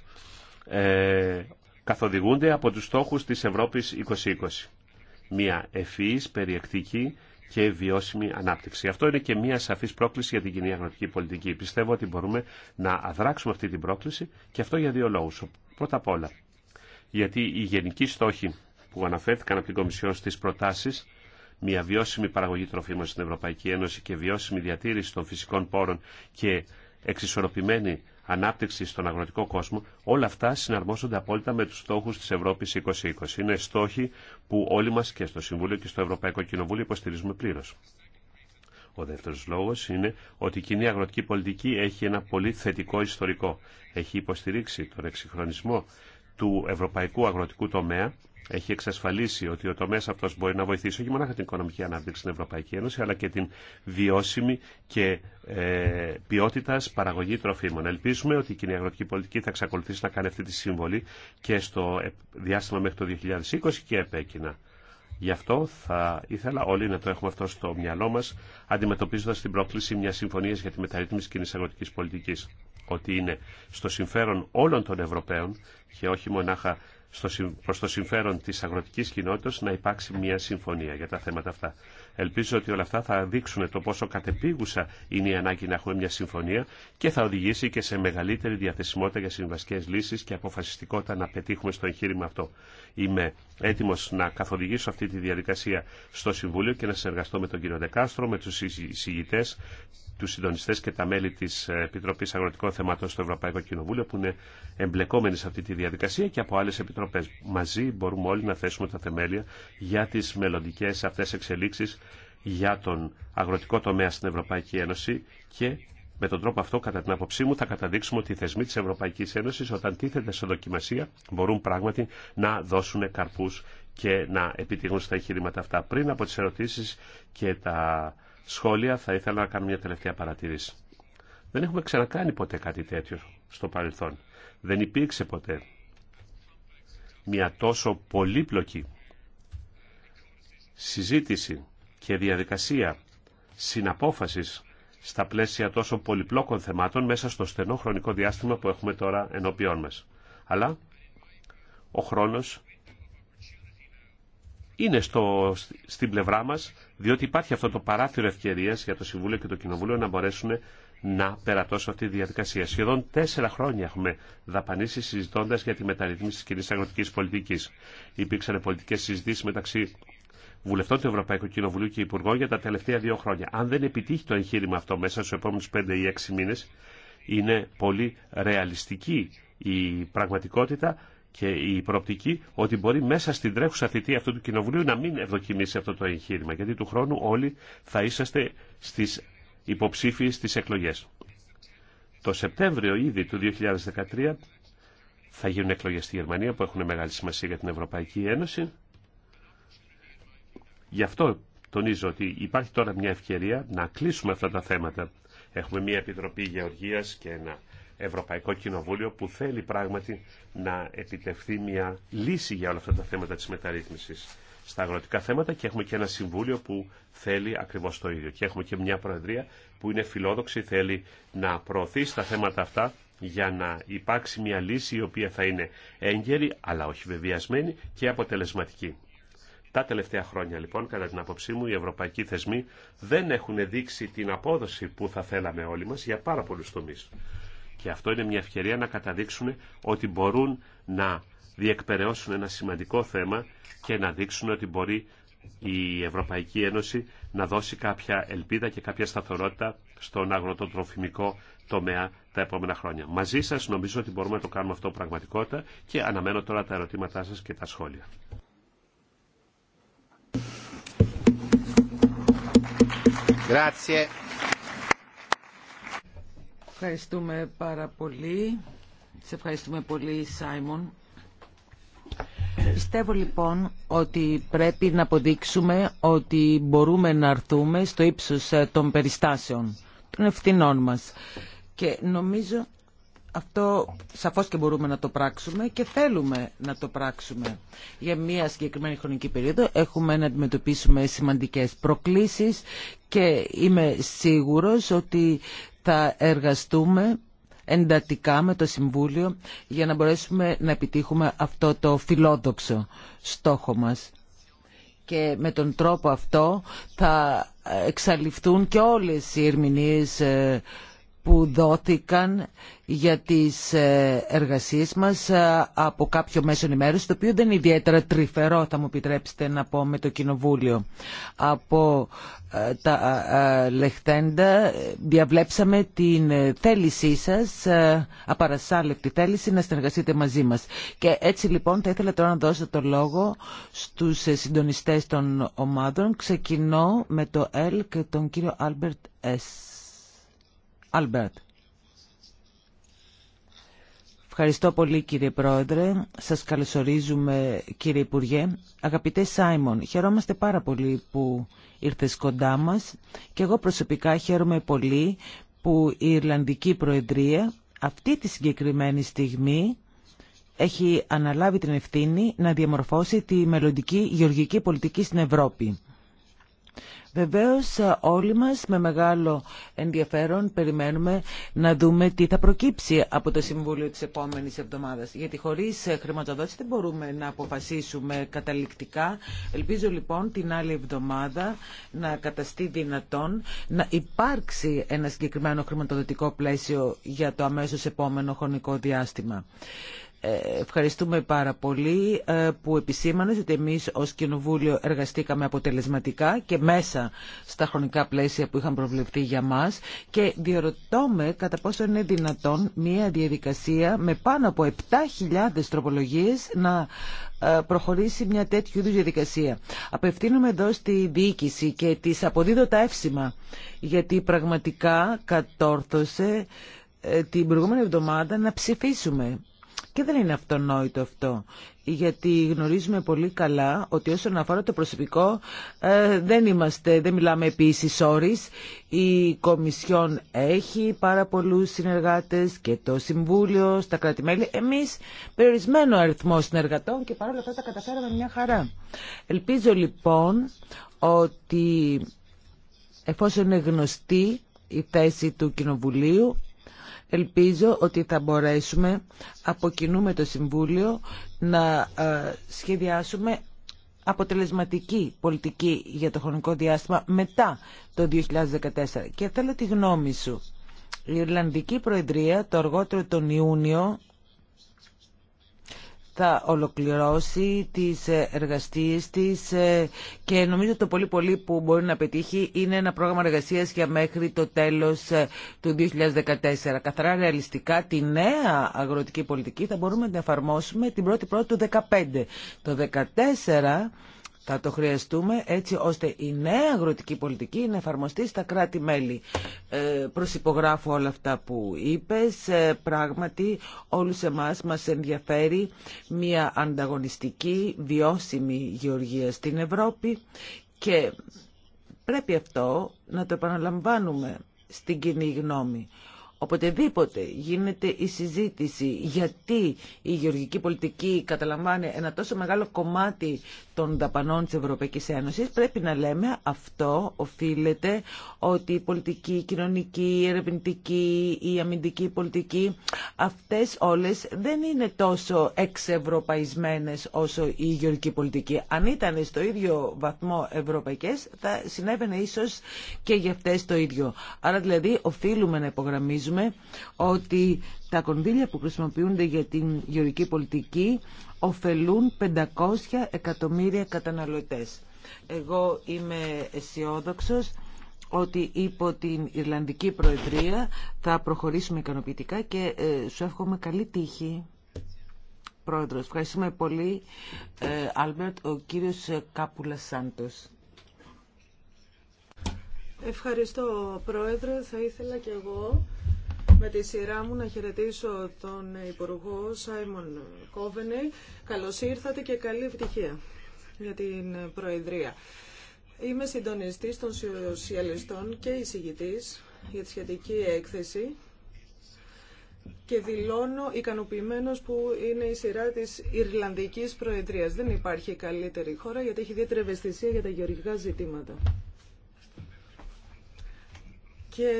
ε, καθοδηγούνται από τους στόχους της Ευρώπης 2020. Μια ευφυής, περιεκτική και βιώσιμη ανάπτυξη. Αυτό είναι και μια σαφή πρόκληση για την κοινή αγροτική πολιτική. Πιστεύω ότι μπορούμε να αδράξουμε αυτή την πρόκληση και αυτό για δύο λόγου. Πρώτα απ' όλα, γιατί οι γενικοί στόχοι που αναφέρθηκαν από την Κομισιόν στι προτάσει, μια βιώσιμη παραγωγή τροφίμων στην Ευρωπαϊκή Ένωση και βιώσιμη διατήρηση των φυσικών πόρων και εξισορροπημένη ανάπτυξη στον αγροτικό κόσμο, όλα αυτά συναρμόζονται απόλυτα με τους στόχου της Ευρώπης 2020. Είναι στόχοι που όλοι μας και στο Συμβούλιο και στο Ευρωπαϊκό Κοινοβούλιο υποστηρίζουμε πλήρως. Ο δεύτερος λόγος είναι ότι η κοινή αγροτική πολιτική έχει ένα πολύ θετικό ιστορικό. Έχει υποστηρίξει τον εξυγχρονισμό του ευρωπαϊκού αγροτικού τομέα έχει εξασφαλίσει ότι ο τομέα αυτό μπορεί να βοηθήσει όχι μόνο την οικονομική ανάπτυξη στην Ευρωπαϊκή Ένωση, αλλά και την βιώσιμη και ε, ποιότητα παραγωγή τροφίμων. Ελπίζουμε ότι η κοινή αγροτική πολιτική θα εξακολουθήσει να κάνει αυτή τη σύμβολη και στο ε, διάστημα μέχρι το 2020 και επέκεινα. Γι' αυτό θα ήθελα όλοι να το έχουμε αυτό στο μυαλό μα, αντιμετωπίζοντα την πρόκληση μια συμφωνία για τη μεταρρύθμιση κοινή αγροτική πολιτική. Ότι είναι στο συμφέρον όλων των Ευρωπαίων και όχι μονάχα Προ προς το συμφέρον της αγροτικής κοινότητας να υπάρξει μια συμφωνία για τα θέματα αυτά. Ελπίζω ότι όλα αυτά θα δείξουν το πόσο κατεπίγουσα είναι η ανάγκη να έχουμε μια συμφωνία και θα οδηγήσει και σε μεγαλύτερη διαθεσιμότητα για συμβασικέ λύσει και αποφασιστικότητα να πετύχουμε στο εγχείρημα αυτό. Είμαι έτοιμο να καθοδηγήσω αυτή τη διαδικασία στο Συμβούλιο και να συνεργαστώ με τον κύριο Δεκάστρο, με του συγητέ τους συντονιστές και τα μέλη της ε, Επιτροπής Αγροτικών Θεμάτων στο Ευρωπαϊκό Κοινοβούλιο που είναι εμπλεκόμενοι σε αυτή τη διαδικασία και από άλλες επιτροπές. Μαζί μπορούμε όλοι να θέσουμε τα θεμέλια για τις μελλοντικέ αυτές εξελίξεις για τον αγροτικό τομέα στην Ευρωπαϊκή Ένωση και με τον τρόπο αυτό, κατά την άποψή μου, θα καταδείξουμε ότι οι θεσμοί τη Ευρωπαϊκή Ένωση, όταν τίθεται σε δοκιμασία, μπορούν πράγματι να δώσουν καρπού και να επιτύχουν στα εγχειρήματα αυτά. Πριν από τι ερωτήσει και τα σχόλια, θα ήθελα να κάνω μια τελευταία παρατήρηση. Δεν έχουμε ξανακάνει ποτέ κάτι τέτοιο στο παρελθόν. Δεν υπήρξε ποτέ μια τόσο πολύπλοκη συζήτηση και διαδικασία συναπόφασης στα πλαίσια τόσο πολυπλόκων θεμάτων μέσα στο στενό χρονικό διάστημα που έχουμε τώρα ενώπιόν μας. Αλλά ο χρόνος είναι στο, στην πλευρά μα, διότι υπάρχει αυτό το παράθυρο ευκαιρία για το Συμβούλιο και το Κοινοβούλιο να μπορέσουν να περατώσουν αυτή τη διαδικασία. Σχεδόν τέσσερα χρόνια έχουμε δαπανίσει συζητώντα για τη μεταρρύθμιση τη κοινή αγροτική πολιτική. Υπήρξαν πολιτικέ συζητήσει μεταξύ βουλευτών του Ευρωπαϊκού Κοινοβουλίου και Υπουργών για τα τελευταία δύο χρόνια. Αν δεν επιτύχει το εγχείρημα αυτό μέσα στου επόμενου πέντε ή έξι μήνε, είναι πολύ ρεαλιστική η πραγματικότητα και η προοπτική ότι μπορεί μέσα στην τρέχουσα θητεία αυτού του κοινοβουλίου να μην ευδοκιμήσει αυτό το εγχείρημα, γιατί του χρόνου όλοι θα είσαστε στις υποψήφιες στις εκλογές. Το Σεπτέμβριο ήδη του 2013 θα γίνουν εκλογέ στη Γερμανία που έχουν μεγάλη σημασία για την Ευρωπαϊκή Ένωση. Γι' αυτό τονίζω ότι υπάρχει τώρα μια ευκαιρία να κλείσουμε αυτά τα θέματα. Έχουμε μια Επιτροπή Γεωργίας και ένα Ευρωπαϊκό Κοινοβούλιο που θέλει πράγματι να επιτευχθεί μια λύση για όλα αυτά τα θέματα της μεταρρύθμισης στα αγροτικά θέματα και έχουμε και ένα συμβούλιο που θέλει ακριβώς το ίδιο. Και έχουμε και μια προεδρία που είναι φιλόδοξη, θέλει να προωθεί στα θέματα αυτά για να υπάρξει μια λύση η οποία θα είναι έγκαιρη αλλά όχι βεβαιασμένη και αποτελεσματική. Τα τελευταία χρόνια λοιπόν, κατά την άποψή μου, οι ευρωπαϊκοί θεσμοί δεν έχουν δείξει την απόδοση που θα θέλαμε όλοι μας για πάρα πολλούς τομείς. Και αυτό είναι μια ευκαιρία να καταδείξουν ότι μπορούν να διεκπαιρεώσουν ένα σημαντικό θέμα και να δείξουν ότι μπορεί η Ευρωπαϊκή Ένωση να δώσει κάποια ελπίδα και κάποια σταθερότητα στον αγροτοτροφημικό τομέα τα επόμενα χρόνια. Μαζί σας νομίζω ότι μπορούμε να το κάνουμε αυτό πραγματικότητα και αναμένω τώρα τα ερωτήματά σας και τα σχόλια. Ευχαριστούμε πάρα πολύ. Σε ευχαριστούμε πολύ, Σάιμον. Πιστεύω λοιπόν ότι πρέπει να αποδείξουμε ότι μπορούμε να αρθούμε στο ύψος ε, των περιστάσεων, των ευθυνών μας. Και νομίζω αυτό σαφώς και μπορούμε να το πράξουμε και θέλουμε να το πράξουμε. Για μια συγκεκριμένη χρονική περίοδο έχουμε να αντιμετωπίσουμε σημαντικές προκλήσεις και είμαι σίγουρος ότι θα εργαστούμε εντατικά με το Συμβούλιο για να μπορέσουμε να επιτύχουμε αυτό το φιλόδοξο στόχο μας. Και με τον τρόπο αυτό θα εξαλειφθούν και όλες οι ερμηνείες ε, που δόθηκαν για τις ε, εργασίες μας ε, από κάποιο μέσο ενημέρωση, το οποίο δεν είναι ιδιαίτερα τρυφερό, θα μου επιτρέψετε να πω, με το Κοινοβούλιο. Από ε, τα Λεχτέντα διαβλέψαμε την θέλησή σας, απαρασάλευτη θέληση, να συνεργαστείτε μαζί μας. Και έτσι λοιπόν θα ήθελα τώρα να δώσω το λόγο στους συντονιστές των ομάδων. Ξεκινώ με το ΕΛ και τον κύριο Άλμπερτ Έσ. Αλμπέρτ. Ευχαριστώ πολύ κύριε Πρόεδρε. Σας καλωσορίζουμε κύριε Υπουργέ. Αγαπητέ Σάιμον, χαιρόμαστε πάρα πολύ που ήρθες κοντά μας και εγώ προσωπικά χαίρομαι πολύ που η Ιρλανδική Προεδρία αυτή τη συγκεκριμένη στιγμή έχει αναλάβει την ευθύνη να διαμορφώσει τη μελλοντική γεωργική πολιτική στην Ευρώπη. Βεβαίως ε, όλοι μας με μεγάλο ενδιαφέρον περιμένουμε να δούμε τι θα προκύψει από το Συμβούλιο της επόμενης εβδομάδας. Γιατί χωρίς ε, χρηματοδότηση δεν μπορούμε να αποφασίσουμε καταληκτικά. Ελπίζω λοιπόν την άλλη εβδομάδα να καταστεί δυνατόν να υπάρξει ένα συγκεκριμένο χρηματοδοτικό πλαίσιο για το αμέσως επόμενο χρονικό διάστημα. Ευχαριστούμε πάρα πολύ ε, που επισήμανες ότι εμείς ως Κοινοβούλιο εργαστήκαμε αποτελεσματικά και μέσα στα χρονικά πλαίσια που είχαν προβλεφθεί για μας και διορτώμε κατά πόσο είναι δυνατόν μια διαδικασία με πάνω από 7.000 τροπολογίες να ε, προχωρήσει μια τέτοιου είδου διαδικασία. Απευθύνομαι εδώ στη διοίκηση και της αποδίδω τα εύσημα γιατί πραγματικά κατόρθωσε ε, την προηγούμενη εβδομάδα να ψηφίσουμε και δεν είναι αυτονόητο αυτό, γιατί γνωρίζουμε πολύ καλά ότι όσον αφορά το προσωπικό ε, δεν είμαστε, δεν μιλάμε επίση ώρες. Η Κομισιόν έχει πάρα πολλούς συνεργάτες και το Συμβούλιο στα κρατημέλη. Εμείς περιορισμένο αριθμό συνεργατών και παρόλα αυτά τα καταφέραμε μια χαρά. Ελπίζω λοιπόν ότι εφόσον είναι γνωστή η θέση του Κοινοβουλίου Ελπίζω ότι θα μπορέσουμε από κοινού το Συμβούλιο να ε, σχεδιάσουμε αποτελεσματική πολιτική για το χρονικό διάστημα μετά το 2014. Και θέλω τη γνώμη σου. Η Ιρλανδική Προεδρία το αργότερο τον Ιούνιο θα ολοκληρώσει τις εργασίες της ε, και νομίζω το πολύ πολύ που μπορεί να πετύχει είναι ένα πρόγραμμα εργασίας για μέχρι το τέλος ε, του 2014. Καθαρά ρεαλιστικά τη νέα αγροτική πολιτική θα μπορούμε να εφαρμόσουμε την πρώτη πρώτη του 2015. Το 2014 θα το χρειαστούμε έτσι ώστε η νέα αγροτική πολιτική να εφαρμοστεί στα κράτη-μέλη. Ε, προσυπογράφω όλα αυτά που είπες. Ε, πράγματι όλους εμάς μας ενδιαφέρει μια ανταγωνιστική βιώσιμη γεωργία στην Ευρώπη και πρέπει αυτό να το επαναλαμβάνουμε στην κοινή γνώμη Οποτεδήποτε γίνεται η συζήτηση γιατί η γεωργική πολιτική καταλαμβάνει ένα τόσο μεγάλο κομμάτι των δαπανών της Ευρωπαϊκής Ένωσης, πρέπει να λέμε αυτό οφείλεται ότι η πολιτική, η κοινωνική, η ερευνητική, η αμυντική πολιτική, αυτές όλες δεν είναι τόσο εξευρωπαϊσμένες όσο η γεωργική πολιτική. Αν ήταν στο ίδιο βαθμό ευρωπαϊκές θα συνέβαινε ίσως και για αυτές το ίδιο. Άρα δηλαδή οφείλουμε να υπογραμμίζουμε ότι τα κονδύλια που χρησιμοποιούνται για την γεωρική πολιτική ωφελούν 500 εκατομμύρια καταναλωτές. Εγώ είμαι αισιόδοξο ότι υπό την Ιρλανδική Προεδρία θα προχωρήσουμε ικανοποιητικά και ε, σου εύχομαι καλή τύχη. Πρόεδρος, ευχαριστούμε πολύ, ε, Άλμπερτ, ο κύριος ε, Κάπουλα Σάντος. Ευχαριστώ, Πρόεδρε. Θα ήθελα και εγώ με τη σειρά μου να χαιρετήσω τον Υπουργό Σάιμον Κόβενε, Καλώς ήρθατε και καλή επιτυχία για την Προεδρία. Είμαι συντονιστής των σοσιαλιστών και εισηγητής για τη σχετική έκθεση και δηλώνω ικανοποιημένος που είναι η σειρά της Ιρλανδικής Προεδρίας. Δεν υπάρχει καλύτερη χώρα γιατί έχει ιδιαίτερη για τα γεωργικά ζητήματα και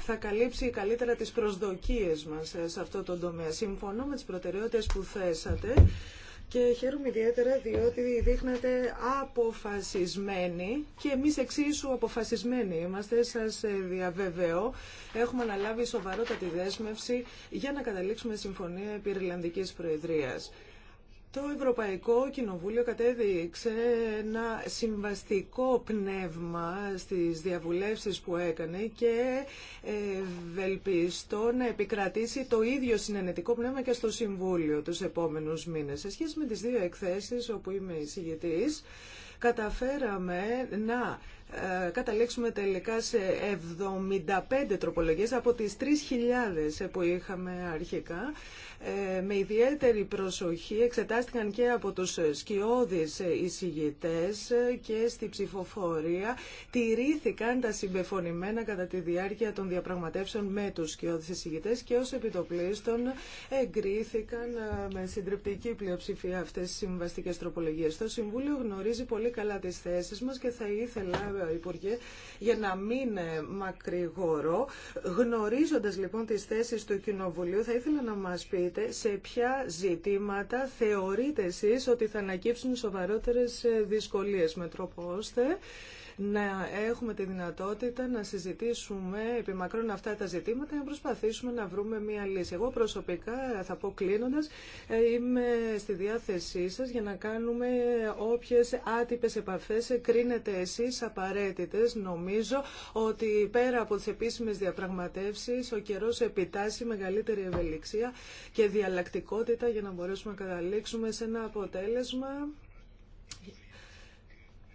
θα καλύψει καλύτερα τις προσδοκίες μας σε αυτό το τομέα. Συμφωνώ με τις προτεραιότητες που θέσατε και χαίρομαι ιδιαίτερα διότι δείχνατε αποφασισμένοι και εμείς εξίσου αποφασισμένοι είμαστε, σας διαβεβαιώ. Έχουμε αναλάβει σοβαρότατη δέσμευση για να καταλήξουμε συμφωνία επί Ιρλανδικής Προεδρίας. Το Ευρωπαϊκό Κοινοβούλιο κατέδειξε ένα συμβαστικό πνεύμα στις διαβουλεύσεις που έκανε και ευελπιστώ να επικρατήσει το ίδιο συνενετικό πνεύμα και στο Συμβούλιο τους επόμενους μήνες. Σε σχέση με τις δύο εκθέσεις όπου είμαι εισηγητής, καταφέραμε να ε, καταλήξουμε τελικά σε 75 τροπολογίες από τις 3.000 που είχαμε αρχικά. Ε, με ιδιαίτερη προσοχή εξετάστηκαν και από τους σκιώδεις εισηγητές και στη ψηφοφορία τηρήθηκαν τα συμπεφωνημένα κατά τη διάρκεια των διαπραγματεύσεων με τους σκιώδεις εισηγητές και ως επιτοπλίστων εγκρίθηκαν ε, με συντριπτική πλειοψηφία αυτές τις συμβαστικές τροπολογίες. Το Συμβούλιο γνωρίζει πολύ καλά τις θέσεις μας και θα ήθελα, Υπουργέ, για να μην ε, μακρηγορώ, γνωρίζοντας λοιπόν τις θέσεις του Κοινοβουλίου, θα ήθελα να μας πείτε σε ποια ζητήματα θεωρείτε εσείς ότι θα ανακύψουν σοβαρότερες ε, δυσκολίες με τρόπο ώστε να έχουμε τη δυνατότητα να συζητήσουμε επιμακρών αυτά τα ζητήματα, και να προσπαθήσουμε να βρούμε μία λύση. Εγώ προσωπικά, θα πω κλείνοντα, ε, είμαι στη διάθεσή σας για να κάνουμε όποιε άτυπε επαφέ, κρίνετε εσείς απαραίτητες. Νομίζω ότι πέρα από τις επίσημε διαπραγματεύσεις, ο καιρός επιτάσσει μεγαλύτερη ευελιξία και διαλλακτικότητα για να μπορέσουμε να καταλήξουμε σε ένα αποτέλεσμα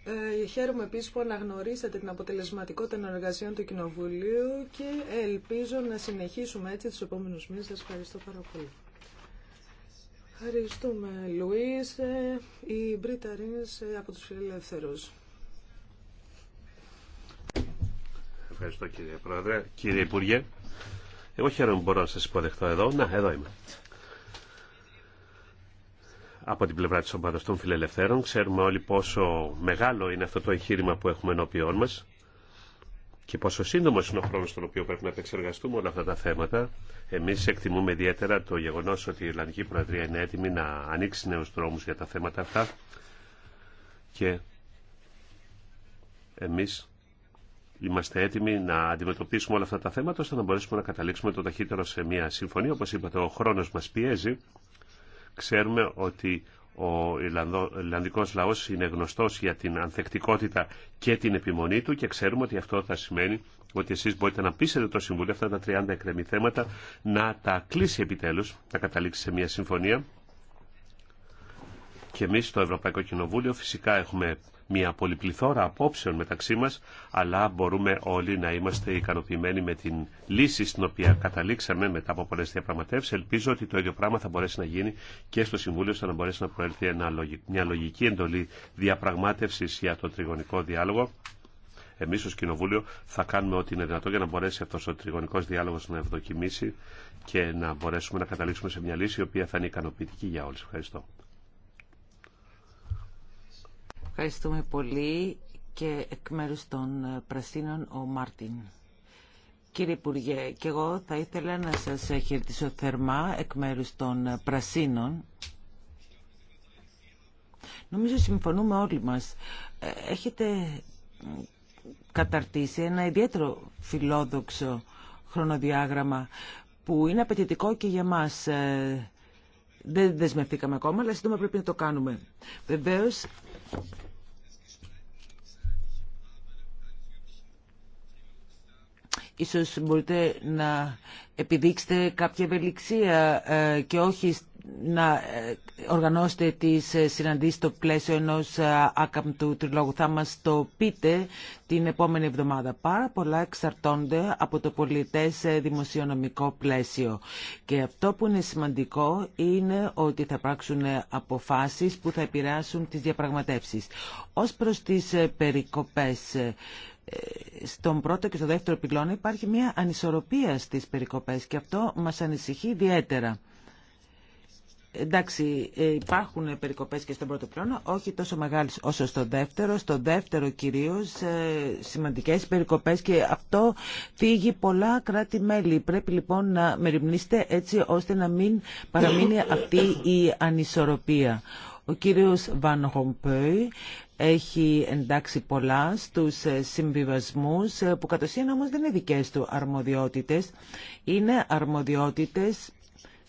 ε, χαίρομαι επίσης που αναγνωρίσατε την αποτελεσματικότητα των εργασιών του Κοινοβουλίου και ελπίζω να συνεχίσουμε έτσι του επόμενους μήνες. Σα ευχαριστώ πάρα πολύ. Ευχαριστούμε, Λουίς. Ε, η Μπρίτα ε, από τους Φιλελεύθερους. Ευχαριστώ κύριε Πρόεδρε. Κύριε Υπουργέ, εγώ χαίρομαι που μπορώ να σας υποδεχτώ εδώ. Να, εδώ είμαι από την πλευρά της ομάδας των φιλελευθέρων. Ξέρουμε όλοι πόσο μεγάλο είναι αυτό το εγχείρημα που έχουμε ενώπιόν μας και πόσο σύντομος είναι ο χρόνος στον οποίο πρέπει να επεξεργαστούμε όλα αυτά τα θέματα. Εμείς εκτιμούμε ιδιαίτερα το γεγονός ότι η Ιρλανδική Προεδρία είναι έτοιμη να ανοίξει νέους δρόμους για τα θέματα αυτά και εμείς είμαστε έτοιμοι να αντιμετωπίσουμε όλα αυτά τα θέματα ώστε να μπορέσουμε να καταλήξουμε το ταχύτερο σε μια συμφωνία. Όπως είπατε, ο χρόνος μας πιέζει Ξέρουμε ότι ο Ιρλανδικός λαός είναι γνωστός για την ανθεκτικότητα και την επιμονή του και ξέρουμε ότι αυτό θα σημαίνει ότι εσείς μπορείτε να πείσετε το Συμβούλιο αυτά τα 30 εκκρεμή θέματα να τα κλείσει επιτέλους, να καταλήξει σε μια συμφωνία. Και εμείς στο Ευρωπαϊκό Κοινοβούλιο φυσικά έχουμε μια πολυπληθώρα απόψεων μεταξύ μας, αλλά μπορούμε όλοι να είμαστε ικανοποιημένοι με την λύση στην οποία καταλήξαμε μετά από πολλές διαπραγματεύσεις. Ελπίζω ότι το ίδιο πράγμα θα μπορέσει να γίνει και στο Συμβούλιο, ώστε να μπορέσει να προέλθει μια λογική εντολή διαπραγμάτευσης για το τριγωνικό διάλογο. Εμεί ω Κοινοβούλιο θα κάνουμε ό,τι είναι δυνατό για να μπορέσει αυτός ο τριγωνικό διάλογο να ευδοκιμήσει και να μπορέσουμε να καταλήξουμε σε μια λύση η οποία θα είναι ικανοποιητική για όλους. Ευχαριστώ. Ευχαριστούμε πολύ και εκ μέρους των ε, Πρασίνων ο Μάρτιν. Κύριε Υπουργέ, και εγώ θα ήθελα να σας χαιρετήσω θερμά εκ μέρους των ε, Πρασίνων. Νομίζω συμφωνούμε όλοι μας. Ε, έχετε καταρτήσει ένα ιδιαίτερο φιλόδοξο χρονοδιάγραμμα που είναι απαιτητικό και για μας. Δεν δεσμευτήκαμε ακόμα, αλλά σύντομα πρέπει να το κάνουμε. Βεβαίως Ίσως μπορείτε να επιδείξετε κάποια ευελιξία ε, και όχι να ε, οργανώσετε τις ε, συναντήσεις στο πλαίσιο ενός ε, άκαμπτου τριλόγου. Θα μας το πείτε την επόμενη εβδομάδα. Πάρα πολλά εξαρτώνται από το πολιτές δημοσιονομικό πλαίσιο. Και αυτό που είναι σημαντικό είναι ότι θα πράξουν αποφάσεις που θα επηρεάσουν τις διαπραγματεύσεις. Ως προς τις περικοπές, στον πρώτο και στο δεύτερο πυλώνα υπάρχει μια ανισορροπία στις περικοπές και αυτό μας ανησυχεί ιδιαίτερα. Εντάξει, ε, υπάρχουν περικοπές και στον πρώτο πλάνο, όχι τόσο μεγάλες όσο στο δεύτερο. Στο δεύτερο κυρίως ε, σημαντικές περικοπές και αυτό φύγει πολλά κράτη-μέλη. Πρέπει λοιπόν να μεριμνήσετε έτσι ώστε να μην παραμείνει αυτή η ανισορροπία. Ο κύριος Βαν Χομπέι έχει εντάξει πολλά στους ε, συμβιβασμούς που κατ' όμως δεν είναι δικές του αρμοδιότητες. Είναι αρμοδιότητες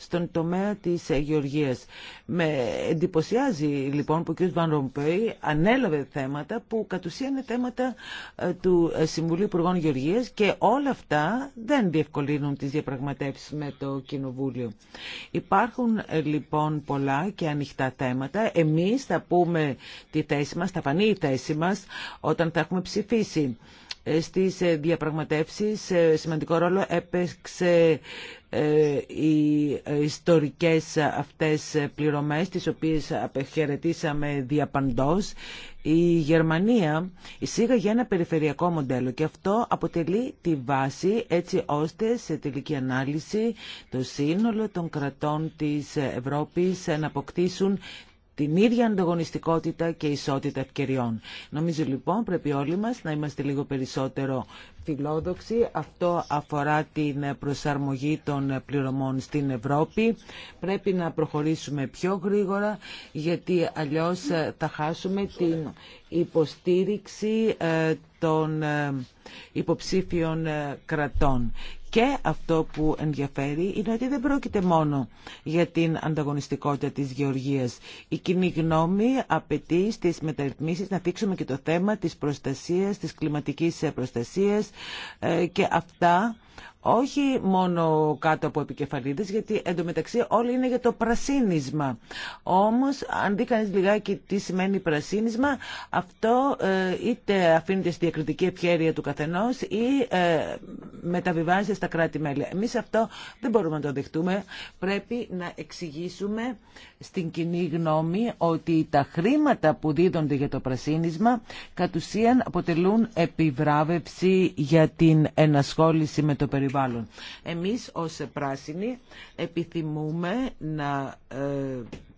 στον τομέα της ε, γεωργίας. Με εντυπωσιάζει λοιπόν που ο κ. Βαν Ρομπέη ανέλαβε θέματα που κατ' ουσία είναι θέματα ε, του ε, Συμβουλίου Υπουργών Γεωργίας και όλα αυτά δεν διευκολύνουν τις διαπραγματεύσεις με το Κοινοβούλιο. Υπάρχουν λοιπόν πολλά και ανοιχτά θέματα. Εμείς θα πούμε τη θέση μας, θα φανεί η θέση μας όταν θα έχουμε ψηφίσει. Ε, στις ε, διαπραγματεύσεις ε, σημαντικό ρόλο έπαιξε οι ιστορικές αυτές πληρωμές τις οποίες απεχαιρετήσαμε διαπαντός η Γερμανία εισήγαγε ένα περιφερειακό μοντέλο και αυτό αποτελεί τη βάση έτσι ώστε σε τελική ανάλυση το σύνολο των κρατών της Ευρώπης να αποκτήσουν την ίδια ανταγωνιστικότητα και ισότητα ευκαιριών. Νομίζω λοιπόν πρέπει όλοι μας να είμαστε λίγο περισσότερο φιλόδοξοι. Αυτό αφορά την προσαρμογή των πληρωμών στην Ευρώπη. Πρέπει να προχωρήσουμε πιο γρήγορα γιατί αλλιώς ε, θα χάσουμε την υποστήριξη ε, των ε, υποψήφιων κρατών. Και αυτό που ενδιαφέρει είναι ότι δεν πρόκειται μόνο για την ανταγωνιστικότητα της γεωργίας. Η κοινή γνώμη απαιτεί στις μεταρρυθμίσεις να θίξουμε και το θέμα της προστασίας, της κλιματικής προστασίας ε, και αυτά όχι μόνο κάτω από επικεφαλίδες, γιατί εντωμεταξύ όλοι είναι για το πρασίνισμα. Όμως, αν δει κανείς λιγάκι τι σημαίνει πρασίνισμα, αυτό ε, είτε αφήνεται στη διακριτική ευχαίρεια του καθενός ή ε, μεταβιβάζεται στα κράτη-μέλη. Εμείς αυτό δεν μπορούμε να το δεχτούμε. Πρέπει να εξηγήσουμε στην κοινή γνώμη ότι τα χρήματα που δίδονται για το πρασίνισμα κατ' ουσίαν αποτελούν επιβράβευση για την ενασχόληση με το περιβάλλον. Εμείς ως πράσινοι επιθυμούμε να ε,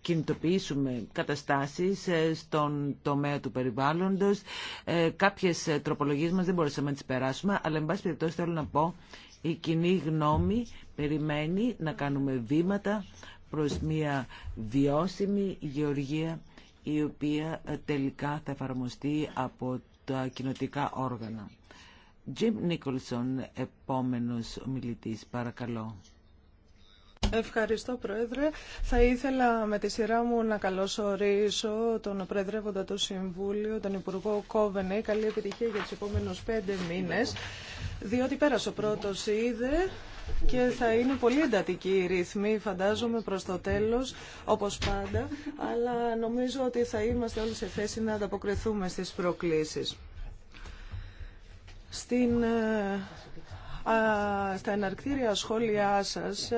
κινητοποιήσουμε καταστάσεις ε, στον τομέα του περιβάλλοντος. Ε, κάποιες τροπολογίες μας δεν μπορούσαμε να τις περάσουμε, αλλά εν πάση περιπτώσει θέλω να πω η κοινή γνώμη περιμένει να κάνουμε βήματα προς μια βιώσιμη γεωργία η οποία τελικά θα εφαρμοστεί από τα κοινοτικά όργανα. Jim Nicholson, επόμενος ομιλητής, παρακαλώ. Ευχαριστώ Πρόεδρε. Θα ήθελα με τη σειρά μου να καλωσορίσω τον Προεδρεύοντα του Συμβούλιο, τον Υπουργό Κόβενε. Καλή επιτυχία για τις επόμενους πέντε μήνες, διότι πέρασε ο πρώτος είδε και θα είναι πολύ εντατική η ρύθμη, φαντάζομαι, προς το τέλος, όπως πάντα, αλλά νομίζω ότι θα είμαστε όλοι σε θέση να ανταποκριθούμε στις προκλήσεις. Στην, ε, α, στα εναρκτήρια σχόλιά σας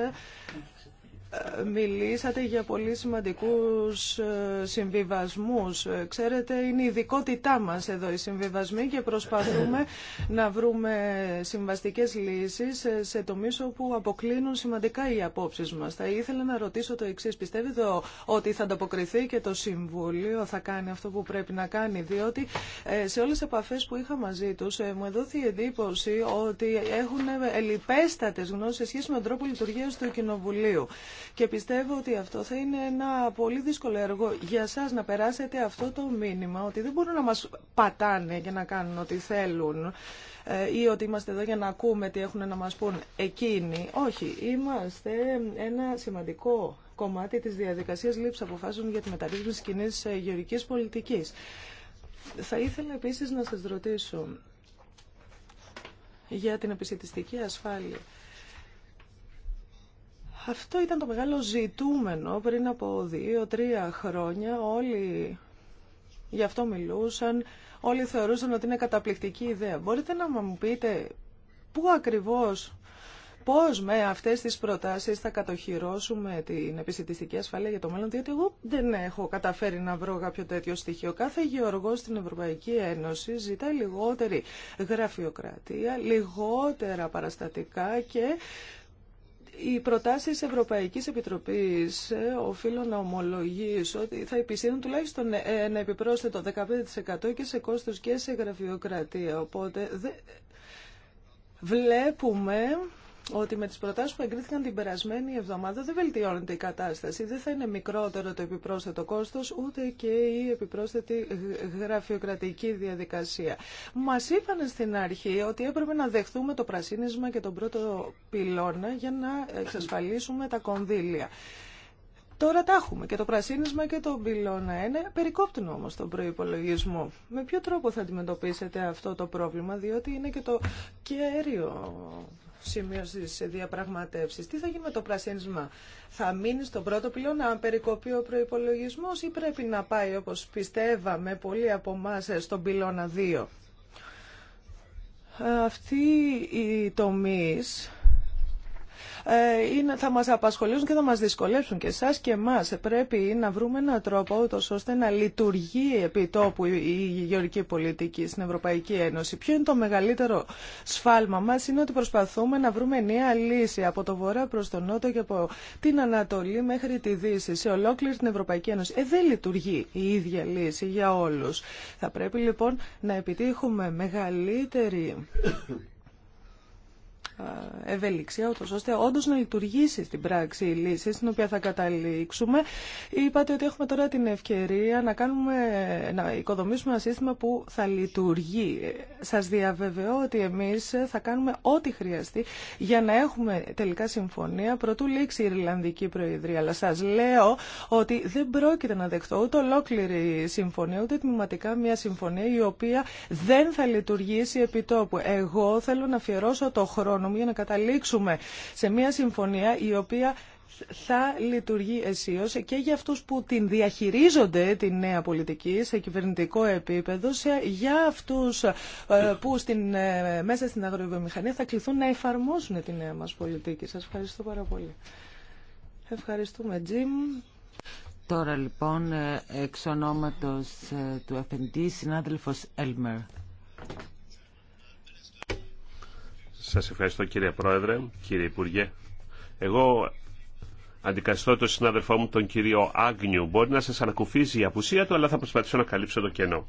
μιλήσατε για πολύ σημαντικούς ε, συμβιβασμούς. Ε, ξέρετε, είναι η ειδικότητά μας εδώ οι συμβιβασμοί και προσπαθούμε [COUGHS] να βρούμε συμβαστικές λύσεις σε τομείς όπου αποκλίνουν σημαντικά οι απόψεις μας. Θα ήθελα να ρωτήσω το εξής. Πιστεύετε ότι θα ανταποκριθεί και το Συμβούλιο, θα κάνει αυτό που πρέπει να κάνει, διότι ε, σε όλες τις επαφές που είχα μαζί τους μου δόθηκε η εντύπωση ότι έχουν ελιπέστατες γνώσεις σε σχέση με τον τρόπο λειτουργίας του Κοινοβουλίου. Και πιστεύω ότι αυτό θα είναι ένα πολύ δύσκολο έργο για εσά να περάσετε αυτό το μήνυμα, ότι δεν μπορούν να μας πατάνε και να κάνουν ό,τι θέλουν ε, ή ότι είμαστε εδώ για να ακούμε τι έχουν να μας πούν εκείνοι. Όχι, είμαστε ένα σημαντικό κομμάτι της διαδικασίας λήψης αποφάσεων για τη μεταρρύθμιση κοινή γεωργικής πολιτικής. Θα ήθελα επίσης να σας ρωτήσω για την επιστημιστική ασφάλεια. Αυτό ήταν το μεγάλο ζητούμενο πριν από δύο-τρία χρόνια. Όλοι γι' αυτό μιλούσαν, όλοι θεωρούσαν ότι είναι καταπληκτική ιδέα. Μπορείτε να μου πείτε πού ακριβώς, πώς με αυτές τις προτάσεις θα κατοχυρώσουμε την επιστημιστική ασφάλεια για το μέλλον, διότι εγώ δεν έχω καταφέρει να βρω κάποιο τέτοιο στοιχείο. Κάθε γεωργός στην Ευρωπαϊκή Ένωση ζητάει λιγότερη γραφειοκρατία, λιγότερα παραστατικά και οι προτάσεις Ευρωπαϊκής Επιτροπής ε, οφείλω να ομολογήσω ότι θα επισύρουν τουλάχιστον ε, ένα επιπρόσθετο 15% και σε κόστο και σε γραφειοκρατία. Οπότε δε... βλέπουμε ότι με τις προτάσεις που εγκρίθηκαν την περασμένη εβδομάδα δεν βελτιώνεται η κατάσταση. Δεν θα είναι μικρότερο το επιπρόσθετο κόστος, ούτε και η επιπρόσθετη γραφειοκρατική διαδικασία. Μας είπαν στην αρχή ότι έπρεπε να δεχθούμε το πρασίνισμα και τον πρώτο πυλώνα για να εξασφαλίσουμε τα κονδύλια. Τώρα τα έχουμε και το πρασίνισμα και το πυλώνα είναι περικόπτουν όμως τον προϋπολογισμό. Με ποιο τρόπο θα αντιμετωπίσετε αυτό το πρόβλημα, διότι είναι και το κέριο σημείο σε διαπραγματεύσει. Τι θα γίνει με το πρασίνισμα, θα μείνει στον πρώτο πυλώνα, αν περικοπεί ο προπολογισμό ή πρέπει να πάει όπω πιστεύαμε πολλοί από εμά στον πυλώνα 2. Αυτοί οι τομης ε, θα μας απασχολήσουν και θα μας δυσκολέψουν και εσάς και εμάς. Πρέπει να βρούμε έναν τρόπο ώστε να λειτουργεί επί τόπου η γεωργική πολιτική στην Ευρωπαϊκή Ένωση. Ποιο είναι το μεγαλύτερο σφάλμα μας είναι ότι προσπαθούμε να βρούμε νέα λύση από το βορρά προς τον νότο και από την Ανατολή μέχρι τη Δύση σε ολόκληρη την Ευρωπαϊκή Ένωση. Ε, δεν λειτουργεί η ίδια λύση για όλους. Θα πρέπει λοιπόν να επιτύχουμε μεγαλύτερη ε, ευελιξία, ούτως ώστε όντως να λειτουργήσει στην πράξη η λύση στην οποία θα καταλήξουμε. Είπατε ότι έχουμε τώρα την ευκαιρία να, κάνουμε, να οικοδομήσουμε ένα σύστημα που θα λειτουργεί. Σας διαβεβαιώ ότι εμείς θα κάνουμε ό,τι χρειαστεί για να έχουμε τελικά συμφωνία Πρωτού λήξει η Ιρλανδική Προεδρία. Αλλά σας λέω ότι δεν πρόκειται να δεχθώ ούτε ολόκληρη συμφωνία, ούτε τμηματικά μια συμφωνία η οποία δεν θα λειτουργήσει επί τόπου. Εγώ θέλω να αφιερώσω το χρόνο οικονομία να καταλήξουμε σε μια συμφωνία η οποία θα λειτουργεί αισίως και για αυτούς που την διαχειρίζονται την νέα πολιτική σε κυβερνητικό επίπεδο, σε, για αυτούς ε, που στην, ε, μέσα στην αγροβιομηχανία θα κληθούν να εφαρμόσουν τη νέα μας πολιτική. Σας ευχαριστώ πάρα πολύ. Ευχαριστούμε, Τζιμ. Τώρα λοιπόν, ε, εξ ονόματος του αφεντή, συνάδελφος Έλμερ. Σας ευχαριστώ κύριε Πρόεδρε, κύριε Υπουργέ. Εγώ αντικαθιστώ τον συνάδελφό μου τον κύριο Άγνιου. Μπορεί να σας ανακουφίζει η απουσία του, αλλά θα προσπαθήσω να καλύψω το κενό.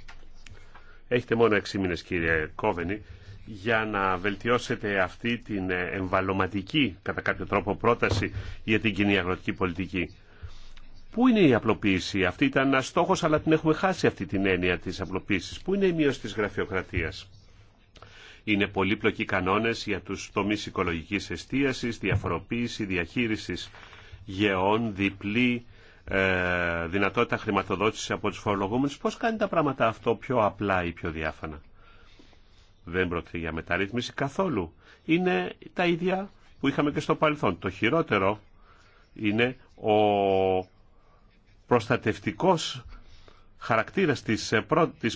Έχετε μόνο 6 μήνες κύριε Κόβενη για να βελτιώσετε αυτή την εμβαλωματική κατά κάποιο τρόπο πρόταση για την κοινή αγροτική πολιτική. Πού είναι η απλοποίηση, αυτή ήταν ένα στόχο, αλλά την έχουμε χάσει αυτή την έννοια τη απλοποίηση. Πού είναι η μείωση τη γραφειοκρατίας. Είναι πολύπλοκοι κανόνες για τους τομείς οικολογικής εστίασης, διαφοροποίηση, διαχείρισης γεών, διπλή ε, δυνατότητα χρηματοδότησης από τους φορολογούμενους. Πώς κάνει τα πράγματα αυτό πιο απλά ή πιο διάφανα. Δεν πρόκειται για μεταρρύθμιση καθόλου. Είναι τα ίδια που είχαμε και στο παρελθόν. Το χειρότερο είναι ο προστατευτικός Χαρακτήρα τη ε,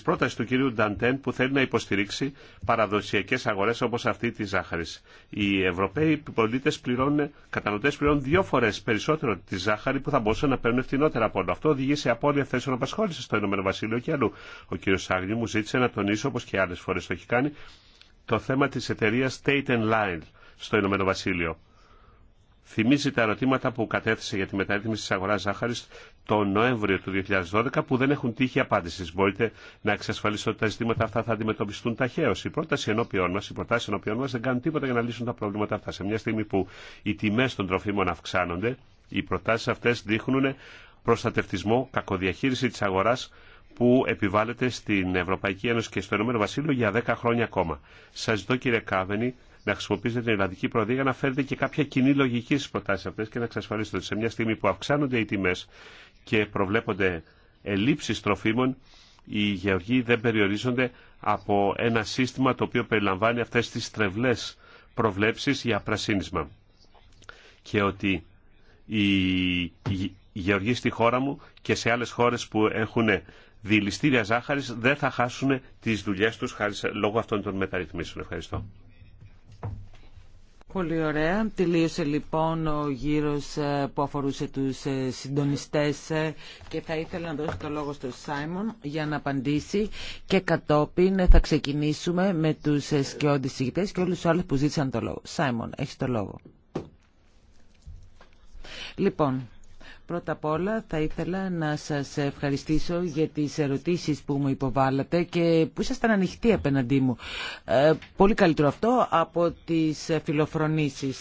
πρόταση του κυρίου Νταντέν που θέλει να υποστηρίξει παραδοσιακέ αγορέ όπω αυτή τη ζάχαρης. Οι Ευρωπαίοι πολίτες πληρώνουν, καταναλωτέ πληρώνουν δύο φορέ περισσότερο τη ζάχαρη που θα μπορούσαν να παίρνουν φτηνότερα από όλο. Αυτό οδηγεί σε απώλεια να απασχόλησης στο Ηνωμένο Βασίλειο και αλλού. Ο κύριο Σάγνη μου ζήτησε να τονίσω όπω και άλλε φορέ το έχει κάνει το θέμα τη εταιρεία State Line στο Ηνωμένο Βασίλειο θυμίζει τα ερωτήματα που κατέθεσε για τη μεταρρύθμιση τη αγορά ζάχαρη το Νοέμβριο του 2012 που δεν έχουν τύχει απάντηση. Μπορείτε να εξασφαλίσετε ότι τα ζητήματα αυτά θα αντιμετωπιστούν ταχαίω. Η πρόταση ενώπιών μα, οι προτάσει ενώπιών μα δεν κάνουν τίποτα για να λύσουν τα προβλήματα αυτά. Σε μια στιγμή που οι τιμέ των τροφίμων αυξάνονται, οι προτάσει αυτέ δείχνουν προστατευτισμό, κακοδιαχείριση τη αγορά που επιβάλλεται στην Ευρωπαϊκή Ένωση και στο Ηνωμένο Βασίλειο για 10 χρόνια ακόμα. Σα ζητώ κύριε Κάβενη να χρησιμοποιήσετε την Ελλαδική για να φέρετε και κάποια κοινή λογική στι προτάσει αυτέ και να εξασφαλίσετε ότι σε μια στιγμή που αυξάνονται οι τιμέ και προβλέπονται ελλείψεις τροφίμων, οι γεωργοί δεν περιορίζονται από ένα σύστημα το οποίο περιλαμβάνει αυτές τις τρευλές προβλέψεις για πρασίνισμα. Και ότι οι γεωργοί στη χώρα μου και σε άλλες χώρες που έχουν δηληστήρια ζάχαρης δεν θα χάσουν τις δουλειές τους χάρη, λόγω αυτών των μεταρρυθμίσεων. Ευχαριστώ. Πολύ ωραία. Τελείωσε λοιπόν ο γύρος ε, που αφορούσε τους ε, συντονιστές ε, και θα ήθελα να δώσω το λόγο στον Σάιμον για να απαντήσει και κατόπιν θα ξεκινήσουμε με τους σκιώδης ηγητές και όλους τους άλλους που ζήτησαν το λόγο. Σάιμον, έχεις το λόγο. Λοιπόν, Πρώτα απ' όλα θα ήθελα να σας ευχαριστήσω για τις ερωτήσεις που μου υποβάλλατε και που ήσασταν ανοιχτοί απέναντί μου. Ε, πολύ καλύτερο αυτό από τις φιλοφρονήσεις.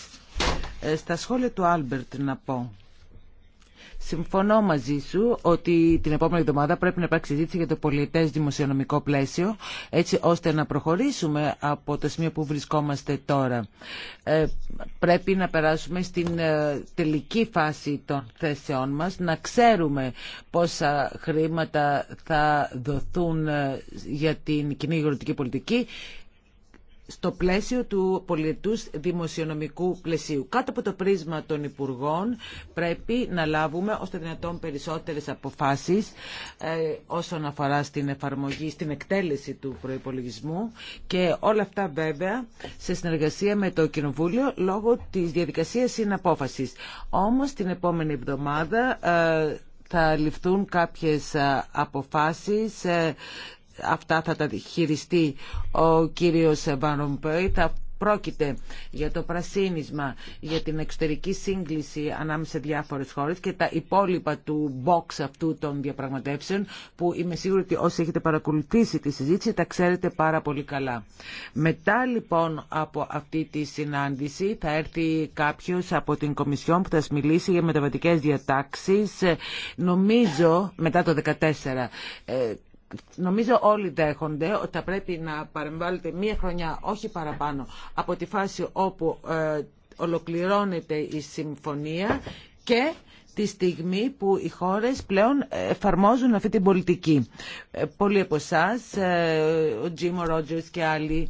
Ε, στα σχόλια του Άλμπερτ να πω. Συμφωνώ μαζί σου ότι την επόμενη εβδομάδα πρέπει να υπάρξει συζήτηση για το πολιτές δημοσιονομικό πλαίσιο, έτσι ώστε να προχωρήσουμε από το σημείο που βρισκόμαστε τώρα. Ε, πρέπει να περάσουμε στην ε, τελική φάση των θέσεών μας, να ξέρουμε πόσα χρήματα θα δοθούν ε, για την κοινή γεωργική πολιτική στο πλαίσιο του πολιτού δημοσιονομικού πλαισίου. Κάτω από το πρίσμα των Υπουργών πρέπει να λάβουμε ώστε το δυνατόν περισσότερες αποφάσεις ε, όσον αφορά στην εφαρμογή, στην εκτέλεση του προϋπολογισμού και όλα αυτά βέβαια σε συνεργασία με το Κοινοβούλιο λόγω της διαδικασίας συναπόφασης. Όμως την επόμενη εβδομάδα... Ε, θα ληφθούν κάποιες ε, αποφάσεις ε, αυτά θα τα χειριστεί ο κύριος Βαρομπέη. Θα πρόκειται για το πρασίνισμα, για την εξωτερική σύγκληση ανάμεσα σε διάφορες χώρες και τα υπόλοιπα του box αυτού των διαπραγματεύσεων που είμαι σίγουρη ότι όσοι έχετε παρακολουθήσει τη συζήτηση τα ξέρετε πάρα πολύ καλά. Μετά λοιπόν από αυτή τη συνάντηση θα έρθει κάποιος από την Κομισιόν που θα μιλήσει για μεταβατικές διατάξεις νομίζω μετά το 2014 νομίζω όλοι δέχονται ότι θα πρέπει να παρεμβάλλετε μία χρονιά, όχι παραπάνω, από τη φάση όπου ε, ολοκληρώνεται η συμφωνία και τη στιγμή που οι χώρες πλέον εφαρμόζουν αυτή την πολιτική. Ε, πολλοί από εσά, ε, ο Τζίμο Ρότζερς και άλλοι,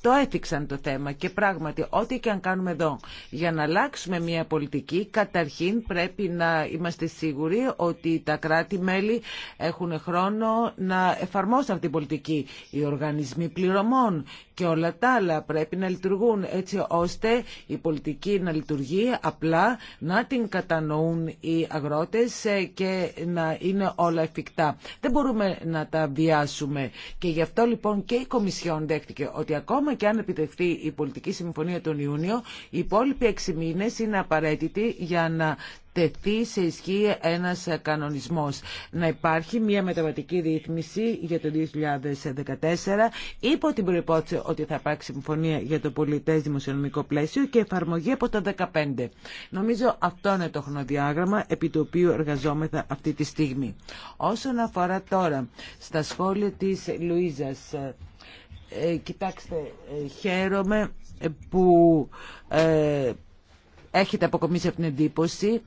το έθιξαν το θέμα και πράγματι ό,τι και αν κάνουμε εδώ για να αλλάξουμε μια πολιτική καταρχήν πρέπει να είμαστε σίγουροι ότι τα κράτη-μέλη έχουν χρόνο να εφαρμόσουν αυτή την πολιτική. Οι οργανισμοί πληρωμών και όλα τα άλλα πρέπει να λειτουργούν έτσι ώστε η πολιτική να λειτουργεί απλά, να την κατανοούν οι αγρότες ε, και να είναι όλα εφικτά. Δεν μπορούμε να τα βιάσουμε και γι' αυτό λοιπόν και η Κομισιόν δέχτηκε ότι ακόμα ακόμα και αν επιτευχθεί η πολιτική συμφωνία τον Ιούνιο, οι υπόλοιποι έξι μήνε είναι απαραίτητοι για να τεθεί σε ισχύ ένας κανονισμός. Να υπάρχει μια μεταβατική ρύθμιση για το 2014 υπό την προϋπόθεση ότι θα υπάρξει συμφωνία για το πολιτές δημοσιονομικό πλαίσιο και εφαρμογή από το 2015. Νομίζω αυτό είναι το χρονοδιάγραμμα επί του οποίου εργαζόμεθα αυτή τη στιγμή. Όσον αφορά τώρα στα σχόλια της Λουίζας, ε, κοιτάξτε, ε, χαίρομαι ε, που ε, έχετε αποκομίσει αυτήν την εντύπωση.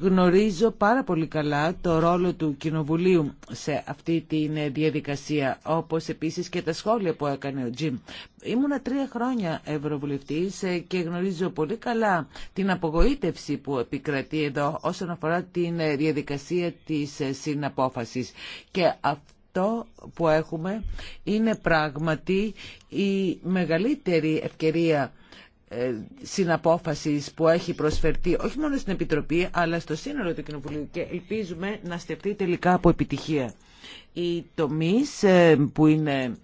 Γνωρίζω πάρα πολύ καλά το ρόλο του Κοινοβουλίου σε αυτή τη διαδικασία, όπως επίσης και τα σχόλια που έκανε ο Τζιμ. Ήμουνα τρία χρόνια Ευρωβουλευτής και γνωρίζω πολύ καλά την απογοήτευση που επικρατεί εδώ όσον αφορά την διαδικασία της συναπόφασης. Και αυτό το που έχουμε είναι πράγματι η μεγαλύτερη ευκαιρία ε, συναπόφασης που έχει προσφερθεί όχι μόνο στην Επιτροπή αλλά στο σύνολο του Κοινοβουλίου και ελπίζουμε να στεφτεί τελικά από επιτυχία. Οι τομείς ε, που είναι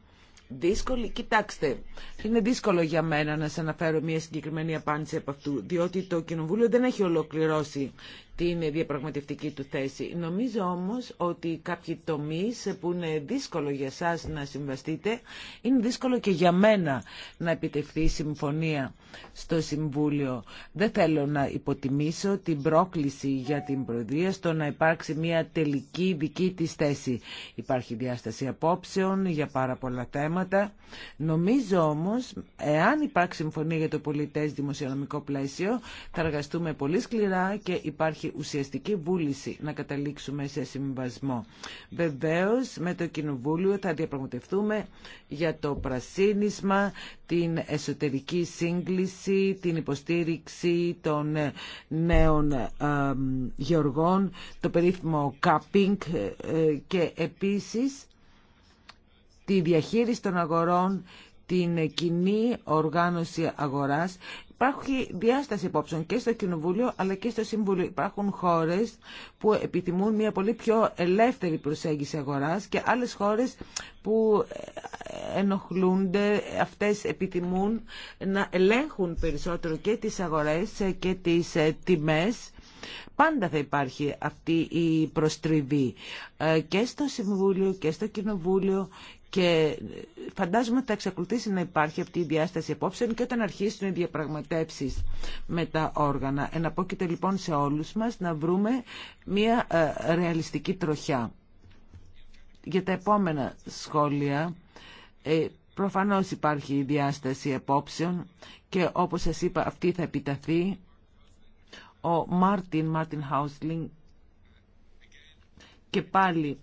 δύσκολοι, κοιτάξτε, είναι δύσκολο για μένα να σας αναφέρω μια συγκεκριμένη απάντηση από αυτού, διότι το Κοινοβούλιο δεν έχει ολοκληρώσει την διαπραγματευτική του θέση. Νομίζω όμως ότι κάποιοι τομείς που είναι δύσκολο για σας να συμβαστείτε, είναι δύσκολο και για μένα να επιτευχθεί συμφωνία στο Συμβούλιο. Δεν θέλω να υποτιμήσω την πρόκληση για την Προεδρία στο να υπάρξει μια τελική δική της θέση. Υπάρχει διάσταση απόψεων για πάρα πολλά θέματα. Νομίζω όμως, εάν υπάρχει συμφωνία για το πολιτές δημοσιονομικό πλαίσιο, θα εργαστούμε πολύ σκληρά και υπάρχει υπάρχει ουσιαστική βούληση να καταλήξουμε σε συμβασμό. Βεβαίω με το Κοινοβούλιο θα διαπραγματευτούμε για το πρασίνισμα, την εσωτερική σύγκληση, την υποστήριξη των ε, νέων γεωργών, το περίφημο κάπινγκ ε, ε, και επίσης τη διαχείριση των αγορών, την κοινή οργάνωση αγοράς Υπάρχει διάσταση υπόψεων και στο Κοινοβούλιο αλλά και στο Συμβούλιο. Υπάρχουν χώρε που επιθυμούν μια πολύ πιο ελεύθερη προσέγγιση αγορά και άλλε χώρες που ε, ενοχλούνται, αυτές επιθυμούν να ελέγχουν περισσότερο και τι αγορέ ε, και τι ε, τιμέ. Πάντα θα υπάρχει αυτή η προστριβή και στο Συμβούλιο και στο Κοινοβούλιο και φαντάζομαι ότι θα εξακολουθήσει να υπάρχει αυτή η διάσταση απόψεων και όταν αρχίσουν οι διαπραγματεύσει με τα όργανα. Εναπόκειται λοιπόν σε όλου μα να βρούμε μια ε, ρεαλιστική τροχιά. Για τα επόμενα σχόλια, ε, Προφανώ υπάρχει η διάσταση απόψεων και όπω σα είπα αυτή θα επιταθεί. Ο Μάρτιν, Μάρτιν Χάουσλινγκ και πάλι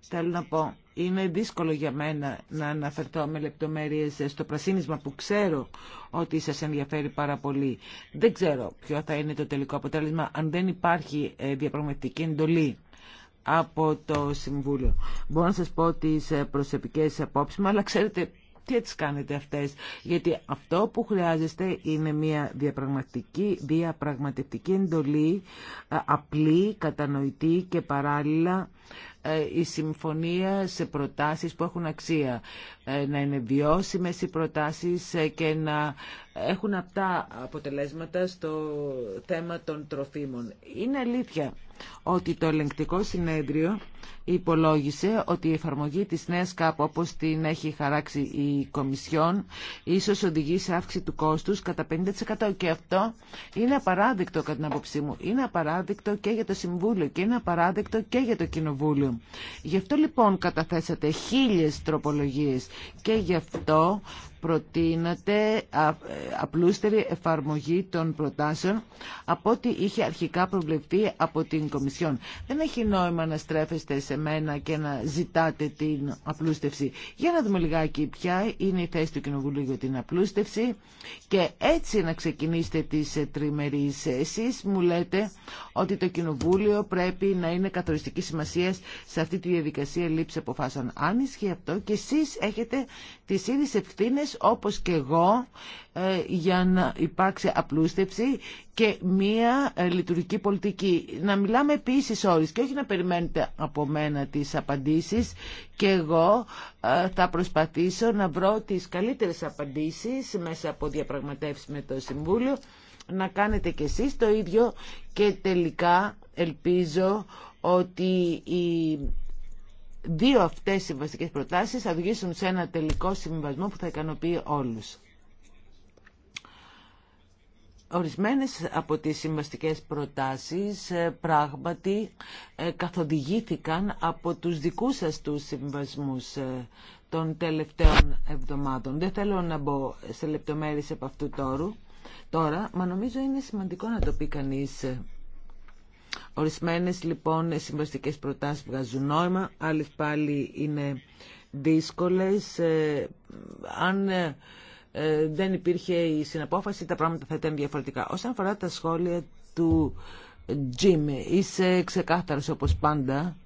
θέλω να πω είναι δύσκολο για μένα να αναφερθώ με λεπτομέρειες στο πρασίνισμα που ξέρω ότι σας ενδιαφέρει πάρα πολύ. Δεν ξέρω ποιο θα είναι το τελικό αποτέλεσμα αν δεν υπάρχει ε, διαπραγματική εντολή από το Συμβούλιο. Μπορώ να σας πω τις ε, προσωπικές απόψεις αλλά ξέρετε τι έτσι κάνετε αυτές. Γιατί αυτό που χρειάζεστε είναι μια διαπραγματική, διαπραγματευτική εντολή, ε, απλή, κατανοητή και παράλληλα ε, η συμφωνία σε προτάσεις που έχουν αξία. Ε, να είναι βιώσιμες οι προτάσεις ε, και να έχουν αυτά αποτελέσματα στο θέμα των τροφίμων. Είναι αλήθεια ότι το ελεγκτικό συνέδριο υπολόγισε ότι η εφαρμογή της νέας κάπου όπως την έχει χαράξει η Κομισιόν ίσως οδηγεί σε αύξηση του κόστους κατά 50% και αυτό είναι απαράδεκτο κατά την άποψή μου. Είναι απαράδεκτο και για το Συμβούλιο και είναι απαράδεκτο και για το Κοινοβούλιο. Γι' αυτό λοιπόν καταθέσατε χίλιες τροπολογίες και γι' αυτό προτείνατε απλούστερη εφαρμογή των προτάσεων από ό,τι είχε αρχικά προβλεφθεί από την Κομισιόν. Δεν έχει νόημα να στρέφεστε σε μένα και να ζητάτε την απλούστευση. Για να δούμε λιγάκι ποια είναι η θέση του Κοινοβουλίου για την απλούστευση και έτσι να ξεκινήσετε τις ε, τριμερείς. Εσείς μου λέτε ότι το Κοινοβούλιο πρέπει να είναι καθοριστική σημασία σε αυτή τη διαδικασία λήψη αποφάσεων. Αν ισχύει αυτό και εσείς έχετε τις ίδιες ευθύνε όπως και εγώ ε, για να υπάρξει απλούστευση και μία ε, λειτουργική πολιτική. Να μιλάμε επίσης όρις και όχι να περιμένετε από μένα τις απαντήσεις και εγώ ε, θα προσπαθήσω να βρω τις καλύτερες απαντήσεις μέσα από διαπραγματεύσεις με το Συμβούλιο να κάνετε κι εσείς το ίδιο και τελικά ελπίζω ότι η δύο αυτές συμβαστικές προτάσεις θα οδηγήσουν σε ένα τελικό συμβασμό που θα ικανοποιεί όλους. Ορισμένες από τις συμβαστικές προτάσεις ε, πράγματι ε, καθοδηγήθηκαν από τους δικούς σας τους συμβασμούς ε, των τελευταίων εβδομάδων. Δεν θέλω να μπω σε λεπτομέρειες από αυτού τώρα, τώρα μα νομίζω είναι σημαντικό να το πει κανείς Ορισμένες λοιπόν συμβαστικές προτάσεις βγάζουν νόημα, άλλες πάλι είναι δύσκολες. Ε, αν ε, δεν υπήρχε η συναπόφαση, τα πράγματα θα ήταν διαφορετικά. Όσον αφορά τα σχόλια του Τζιμ, είσαι ξεκάθαρος όπως πάντα.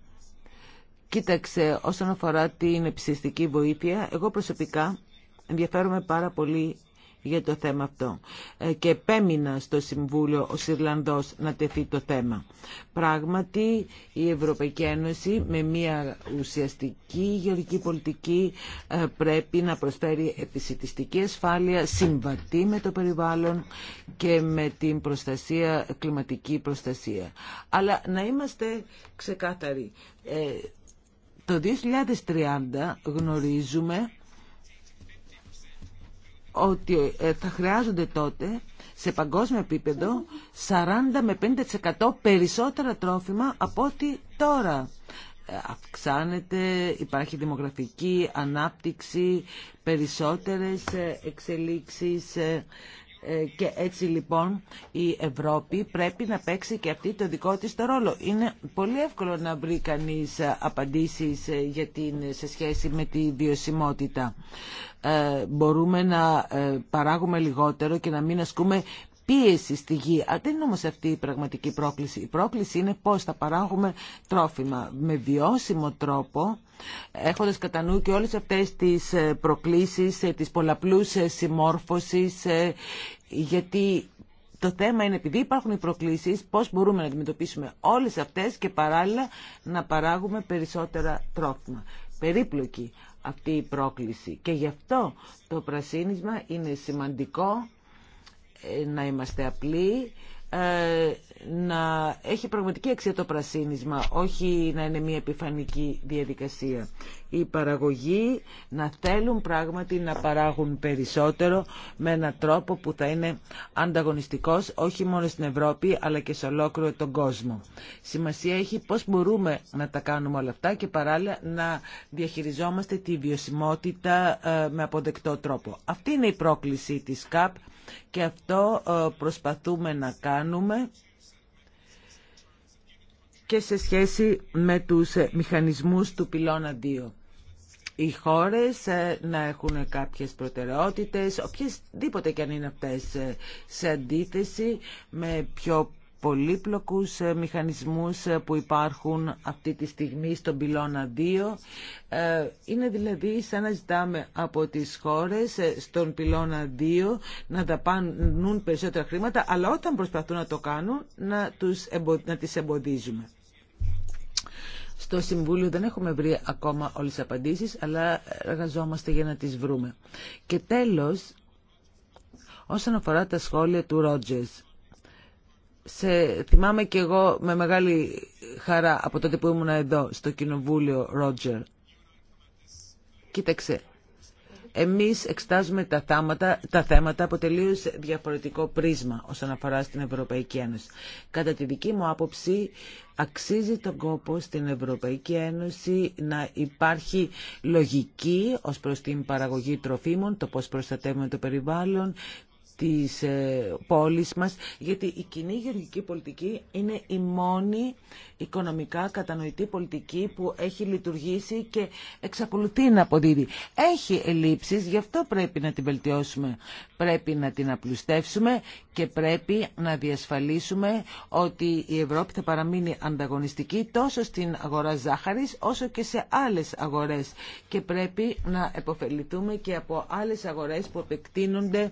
Κοίταξε, όσον αφορά την επιστηστική βοήθεια, εγώ προσωπικά ενδιαφέρομαι πάρα πολύ για το θέμα αυτό. Ε, και επέμεινα στο Συμβούλιο ο Συρλανδός να τεθεί το θέμα. Πράγματι, η Ευρωπαϊκή Ένωση με μια ουσιαστική γεωργική πολιτική ε, πρέπει να προσφέρει επισητιστική ασφάλεια συμβατή με το περιβάλλον και με την προστασία, κλιματική προστασία. Αλλά να είμαστε ξεκάθαροι. Ε, το 2030 γνωρίζουμε ότι ε, θα χρειάζονται τότε σε παγκόσμιο επίπεδο 40 με 50% περισσότερα τρόφιμα από ό,τι τώρα. Ε, αυξάνεται, υπάρχει δημογραφική ανάπτυξη, περισσότερες ε, εξελίξεις ε, και έτσι λοιπόν η Ευρώπη πρέπει να παίξει και αυτή το δικό της το ρόλο. Είναι πολύ εύκολο να βρει κανείς ε, απαντήσεις ε, για την, σε σχέση με τη βιωσιμότητα. μπορούμε να παράγουμε λιγότερο και να μην ασκούμε πίεση στη γη. Αλλά δεν είναι όμως αυτή η πραγματική πρόκληση. Η πρόκληση είναι πώς θα παράγουμε τρόφιμα με βιώσιμο τρόπο έχοντας κατά νου και όλες αυτές τις ε, προκλήσεις ε, τις πολλαπλούς ε, συμμόρφωσης γιατί το θέμα είναι επειδή υπάρχουν οι προκλήσεις πώς μπορούμε να αντιμετωπίσουμε όλες αυτές και παράλληλα να παράγουμε περισσότερα τρόφιμα. Περίπλοκη αυτή η πρόκληση και γι' αυτό το πρασίνισμα είναι σημαντικό να είμαστε απλοί να έχει πραγματική αξία το πρασίνισμα, όχι να είναι μια επιφανική διαδικασία. Οι παραγωγοί να θέλουν πράγματι να παράγουν περισσότερο με έναν τρόπο που θα είναι ανταγωνιστικός όχι μόνο στην Ευρώπη αλλά και σε ολόκληρο τον κόσμο. Σημασία έχει πώς μπορούμε να τα κάνουμε όλα αυτά και παράλληλα να διαχειριζόμαστε τη βιωσιμότητα ε, με αποδεκτό τρόπο. Αυτή είναι η πρόκληση της ΚΑΠ και αυτό ε, προσπαθούμε να κάνουμε και σε σχέση με τους ε, μηχανισμούς του πυλώνα 2 οι χώρες ε, να έχουν κάποιες προτεραιότητες, οποιασδήποτε και αν είναι αυτές, ε, σε αντίθεση με πιο πολύπλοκους μηχανισμούς που υπάρχουν αυτή τη στιγμή στον πυλώνα 2. Είναι δηλαδή σαν να ζητάμε από τις χώρες στον πυλώνα 2 να δαπάνουν περισσότερα χρήματα, αλλά όταν προσπαθούν να το κάνουν να, τους, να τις εμποδίζουμε στο Συμβούλιο δεν έχουμε βρει ακόμα όλες τις απαντήσεις, αλλά εργαζόμαστε για να τις βρούμε. Και τέλος, όσον αφορά τα σχόλια του Ρότζες, σε, θυμάμαι και εγώ με μεγάλη χαρά από τότε που ήμουν εδώ στο Κοινοβούλιο Ρότζερ. Κοίταξε, εμείς εξτάζουμε τα, θάματα, τα θέματα από τελείω διαφορετικό πρίσμα όσον αφορά στην Ευρωπαϊκή Ένωση. Κατά τη δική μου άποψη, αξίζει τον κόπο στην Ευρωπαϊκή Ένωση να υπάρχει λογική ως προς την παραγωγή τροφίμων, το πώς προστατεύουμε το περιβάλλον, της ε, πόλης μας, γιατί η κοινή γεωργική πολιτική είναι η μόνη οικονομικά κατανοητή πολιτική που έχει λειτουργήσει και εξακολουθεί να αποδίδει. Έχει ελλείψεις, γι' αυτό πρέπει να την βελτιώσουμε. Πρέπει να την απλουστεύσουμε και πρέπει να διασφαλίσουμε ότι η Ευρώπη θα παραμείνει ανταγωνιστική τόσο στην αγορά ζάχαρης όσο και σε άλλες αγορές και πρέπει να επωφεληθούμε και από άλλες αγορές που επεκτείνονται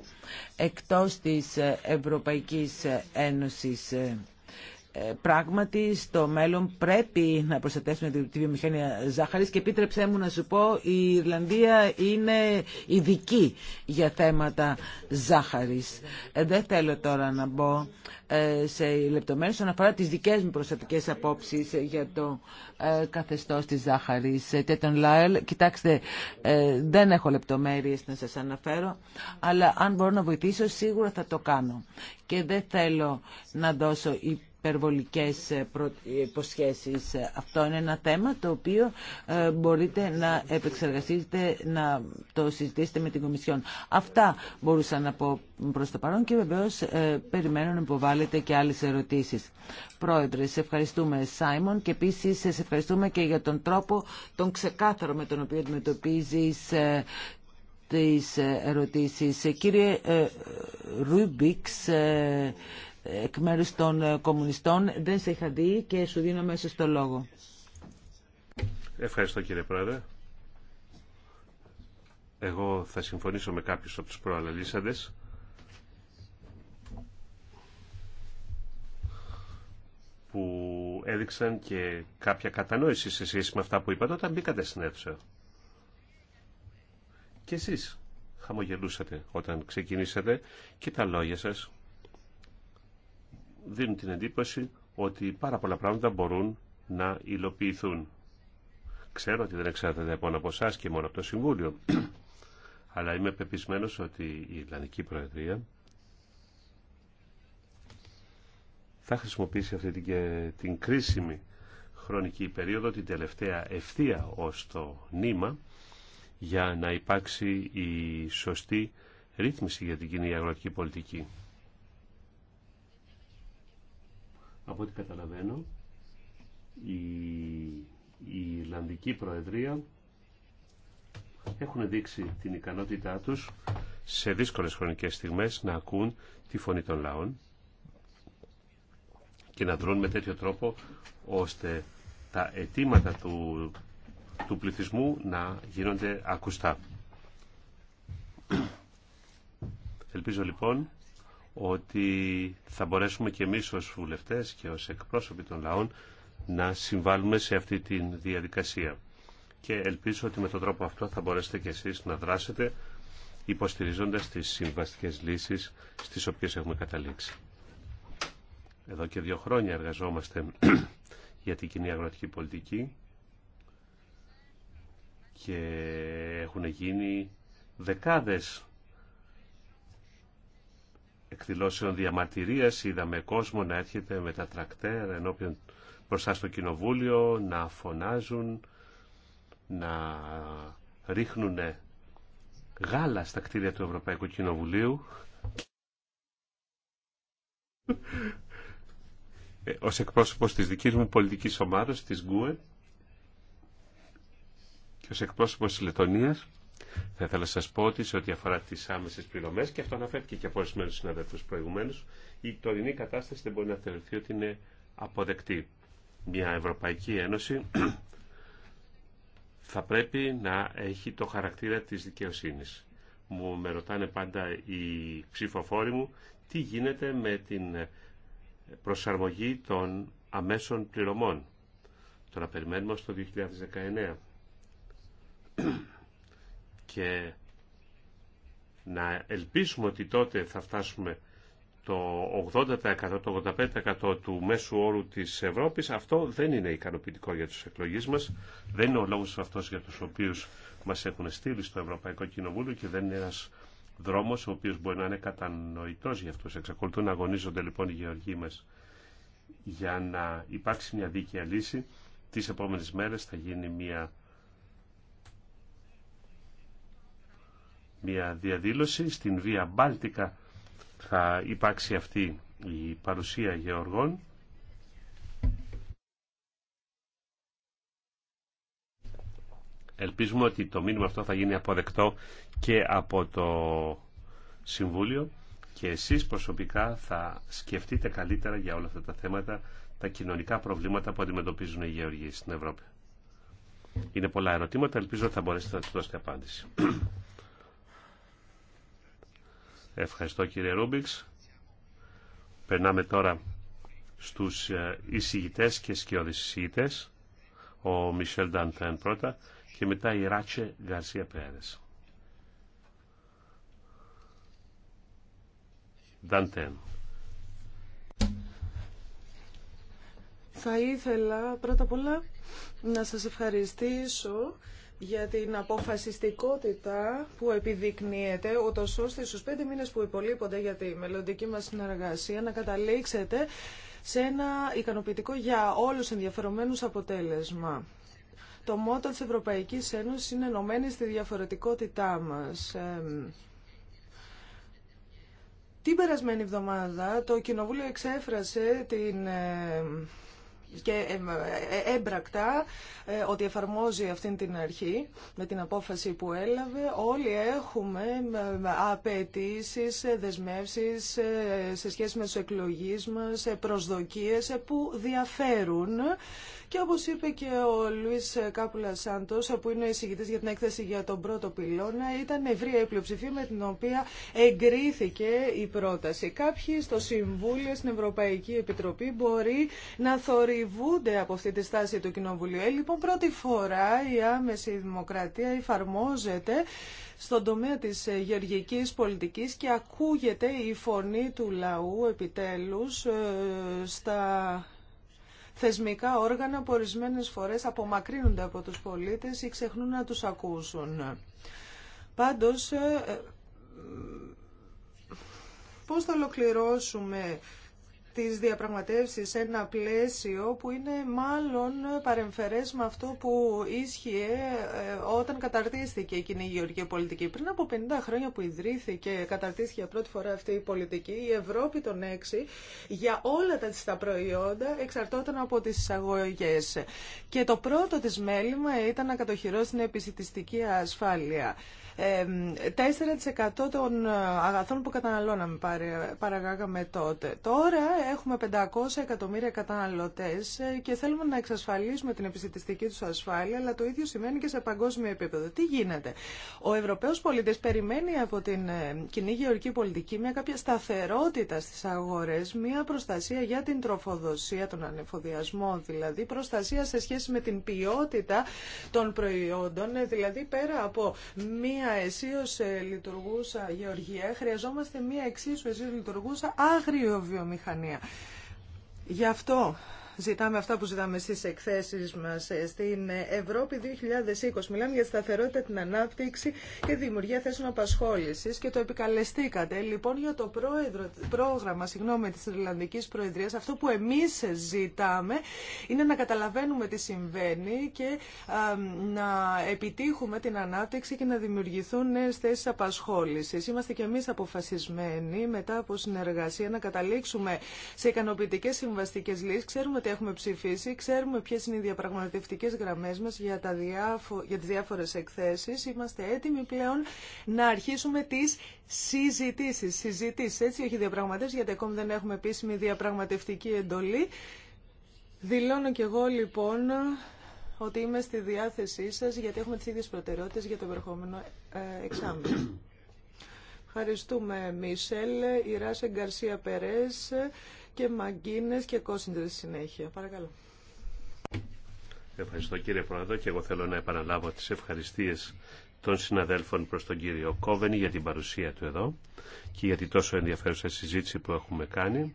εκτός της Ευρωπαϊκής Ένωσης. Ε, πράγματι στο μέλλον πρέπει να προστατεύσουμε τη βιομηχανία ζάχαρης και επίτρεψέ μου να σου πω η Ιρλανδία είναι ειδική για θέματα ζάχαρης. Ε, δεν θέλω τώρα να μπω ε, σε λεπτομέρειες όσον αφορά τις δικές μου προστατικές απόψεις για το καθεστώς της ζάχαρης. Τέτον Λάιλ, κοιτάξτε, δεν έχω λεπτομέρειες να σας αναφέρω, αλλά αν μπορώ να βοηθήσω σίγουρα θα το κάνω. Και δεν θέλω να δώσω υπερβολικές ε, ε, υποσχέσεις. Αυτό είναι ένα θέμα το οποίο ε, μπορείτε να επεξεργαστείτε, να το συζητήσετε με την Κομισιόν. Αυτά μπορούσα να πω προς το παρόν και βεβαίως περιμένω να υποβάλλετε και άλλες ερωτήσεις. Πρόεδρε, σε ευχαριστούμε Σάιμον και επίσης σε ευχαριστούμε και για τον τρόπο, τον ξεκάθαρο με τον οποίο αντιμετωπίζεις τις ερωτήσεις. Κύριε Ρούμπιξ, εκ μέρους των ε, κομμουνιστών. Δεν σε είχα δει και σου δίνω μέσα στο λόγο. Ευχαριστώ κύριε Πρόεδρε. Εγώ θα συμφωνήσω με κάποιους από τους προαναλύσαντες. που έδειξαν και κάποια κατανόηση σε σχέση με αυτά που είπατε όταν μπήκατε στην αίθουσα. Και εσείς χαμογελούσατε όταν ξεκινήσατε και τα λόγια σας δίνουν την εντύπωση ότι πάρα πολλά πράγματα μπορούν να υλοποιηθούν. Ξέρω ότι δεν εξαρτάται μόνο από εσά και μόνο από το Συμβούλιο, [CLEARS THROAT] αλλά είμαι πεπισμένος ότι η Ιρλανδική Προεδρία θα χρησιμοποιήσει αυτή την, την κρίσιμη χρονική περίοδο, την τελευταία ευθεία ως το νήμα, για να υπάρξει η σωστή ρύθμιση για την κοινή αγροτική πολιτική. Από ό,τι καταλαβαίνω, η, η Ιρλανδική Προεδρία έχουν δείξει την ικανότητά τους σε δύσκολες χρονικές στιγμές να ακούν τη φωνή των λαών και να δρουν με τέτοιο τρόπο ώστε τα αιτήματα του, του πληθυσμού να γίνονται ακουστά. Ελπίζω λοιπόν ότι θα μπορέσουμε και εμείς ως βουλευτές και ως εκπρόσωποι των λαών να συμβάλλουμε σε αυτή τη διαδικασία. Και ελπίζω ότι με τον τρόπο αυτό θα μπορέσετε και εσείς να δράσετε υποστηρίζοντας τις συμβαστικές λύσεις στις οποίες έχουμε καταλήξει. Εδώ και δύο χρόνια εργαζόμαστε [CLEARS THROAT] για την κοινή αγροτική πολιτική και έχουν γίνει δεκάδες εκδηλώσεων διαμαρτυρίας είδαμε κόσμο να έρχεται με τα τρακτέρ ενώπιον μπροστά στο κοινοβούλιο, να φωνάζουν, να ρίχνουν γάλα στα κτίρια του Ευρωπαϊκού Κοινοβουλίου. Ε, ως εκπρόσωπος της δικής μου πολιτικής ομάδας, της ΓΚΟΕ και ως εκπρόσωπος της Λετωνίας, θα ήθελα να σας πω ότι σε ό,τι αφορά τις άμεσε πληρωμές, και αυτό αναφέρθηκε και από ορισμένου συναδέλφου προηγουμένω, η τωρινή κατάσταση δεν μπορεί να θεωρηθεί ότι είναι αποδεκτή. Μια Ευρωπαϊκή Ένωση [CLEARS THROAT] θα πρέπει να έχει το χαρακτήρα της δικαιοσύνης. Μου με ρωτάνε πάντα οι ψηφοφόροι μου τι γίνεται με την προσαρμογή των αμέσων πληρωμών. να περιμένουμε στο 2019. [CLEARS THROAT] και να ελπίσουμε ότι τότε θα φτάσουμε το 80%, το 85% του μέσου όρου της Ευρώπης, αυτό δεν είναι ικανοποιητικό για τους εκλογείς μας. Δεν είναι ο λόγος αυτός για τους οποίους μας έχουν στείλει στο Ευρωπαϊκό Κοινοβούλιο και δεν είναι ένας δρόμος ο οποίος μπορεί να είναι κατανοητός για αυτούς. Εξακολουθούν να αγωνίζονται λοιπόν οι γεωργοί μας για να υπάρξει μια δίκαια λύση. Τις επόμενες μέρες θα γίνει μια μια διαδήλωση. Στην Βία Μπάλτικα θα υπάρξει αυτή η παρουσία γεωργών. Ελπίζουμε ότι το μήνυμα αυτό θα γίνει αποδεκτό και από το Συμβούλιο και εσείς προσωπικά θα σκεφτείτε καλύτερα για όλα αυτά τα θέματα, τα κοινωνικά προβλήματα που αντιμετωπίζουν οι γεωργοί στην Ευρώπη. Είναι πολλά ερωτήματα, ελπίζω θα μπορέσετε να τους δώσετε απάντηση. Ευχαριστώ κύριε Ρούμπιξ. Περνάμε τώρα στους ε, εισηγητές και σκιώδεις εισηγητές. Ο Μισελ Νταντέν πρώτα και μετά η Ράτσε Γκαρσία Πέρες. Νταντέν. Θα ήθελα πρώτα απ' όλα να σας ευχαριστήσω για την αποφασιστικότητα που επιδεικνύεται, ούτω ώστε στου πέντε μήνε που υπολείπονται για τη μελλοντική μα συνεργασία να καταλήξετε σε ένα ικανοποιητικό για όλου ενδιαφερομένου αποτέλεσμα. Το μότο της Ευρωπαϊκής Ένωσης είναι ενωμένη στη διαφορετικότητά μας. Την περασμένη εβδομάδα το Κοινοβούλιο εξέφρασε την και ε, έμπρακτα ε, ότι εφαρμόζει αυτήν την αρχή με την απόφαση που έλαβε. Όλοι έχουμε απαιτήσει, δεσμεύσει ε, σε σχέση με τι εκλογέ μα, προσδοκίε που διαφέρουν. Και όπως είπε και ο Λουίς Κάπουλα Σάντος, που είναι εισηγητής για την έκθεση για τον πρώτο πυλώνα, ήταν ευρία η πλειοψηφία με την οποία εγκρίθηκε η πρόταση. Κάποιοι στο Συμβούλιο, στην Ευρωπαϊκή Επιτροπή, μπορεί να θωρεί από αυτή τη στάση του Κοινοβουλίου. Ε, λοιπόν, πρώτη φορά η άμεση δημοκρατία εφαρμόζεται στον τομέα της ε, γεωργικής πολιτικής και ακούγεται η φωνή του λαού επιτέλους ε, στα θεσμικά όργανα που ορισμένε φορές απομακρύνονται από τους πολίτες ή ξεχνούν να τους ακούσουν. Πάντως, πώς θα ολοκληρώσουμε τις διαπραγματεύσεις σε ένα πλαίσιο που είναι μάλλον παρεμφερές με αυτό που ίσχυε ε, όταν καταρτίστηκε εκείνη η γεωργική πολιτική. Πριν από 50 χρόνια που ιδρύθηκε, καταρτίστηκε πρώτη φορά αυτή η πολιτική, η Ευρώπη των 6 για όλα τα τα προϊόντα εξαρτώταν από τις εισαγωγέ. Και το πρώτο της μέλημα ήταν να κατοχυρώσει την επισητιστική ασφάλεια. 4% των ε, αγαθών που καταναλώναμε παραγάγαμε τότε. Τώρα έχουμε 500 εκατομμύρια καταναλωτές ε, και θέλουμε να εξασφαλίσουμε την επιστημιστική τους ασφάλεια, αλλά το ίδιο σημαίνει και σε παγκόσμιο επίπεδο. Τι γίνεται. Ο Ευρωπαίος πολίτης περιμένει από την ε, κοινή γεωρική πολιτική μια κάποια σταθερότητα στις αγορές, μια προστασία για την τροφοδοσία, τον ανεφοδιασμό δηλαδή, προστασία σε σχέση με την ποιότητα των προϊόντων, δηλαδή πέρα από μια μια ε, λειτουργούσα γεωργία, χρειαζόμαστε μια εξίσου αισίω λειτουργούσα άγριο βιομηχανία. Γι' αυτό ζητάμε αυτά που ζητάμε στις εκθέσεις μας στην Ευρώπη 2020. Μιλάμε για τη σταθερότητα, την ανάπτυξη και δημιουργία θέσεων απασχόλησης και το επικαλεστήκατε. Λοιπόν, για το πρόγραμμα τη της Ιρλανδικής Προεδρίας, αυτό που εμείς ζητάμε είναι να καταλαβαίνουμε τι συμβαίνει και να επιτύχουμε την ανάπτυξη και να δημιουργηθούν νέες θέσεις απασχόλησης. Είμαστε κι εμείς αποφασισμένοι μετά από συνεργασία να καταλήξουμε σε ικανοποιητικέ συμβαστικέ λύσεις. Ξέρουμε έχουμε ψηφίσει, ξέρουμε ποιες είναι οι διαπραγματευτικές γραμμές μας για, τα διάφο... για τις διάφορες εκθέσεις. Είμαστε έτοιμοι πλέον να αρχίσουμε τις συζητήσεις. Συζητήσεις, έτσι, όχι διαπραγματεύσεις, γιατί ακόμη δεν έχουμε επίσημη διαπραγματευτική εντολή. Δηλώνω κι εγώ, λοιπόν, ότι είμαι στη διάθεσή σας, γιατί έχουμε τις ίδιες προτεραιότητες για το επερχόμενο ε, εξάμεινο. Ευχαριστούμε, Μίσελ, η Ράσε Γκαρσία Περές και Μαγκίνες και στη συνέχεια. Παρακαλώ. Ευχαριστώ κύριε Πρόεδρο και εγώ θέλω να επαναλάβω τις ευχαριστίες των συναδέλφων προς τον κύριο Κόβενη για την παρουσία του εδώ και για την τόσο ενδιαφέρουσα συζήτηση που έχουμε κάνει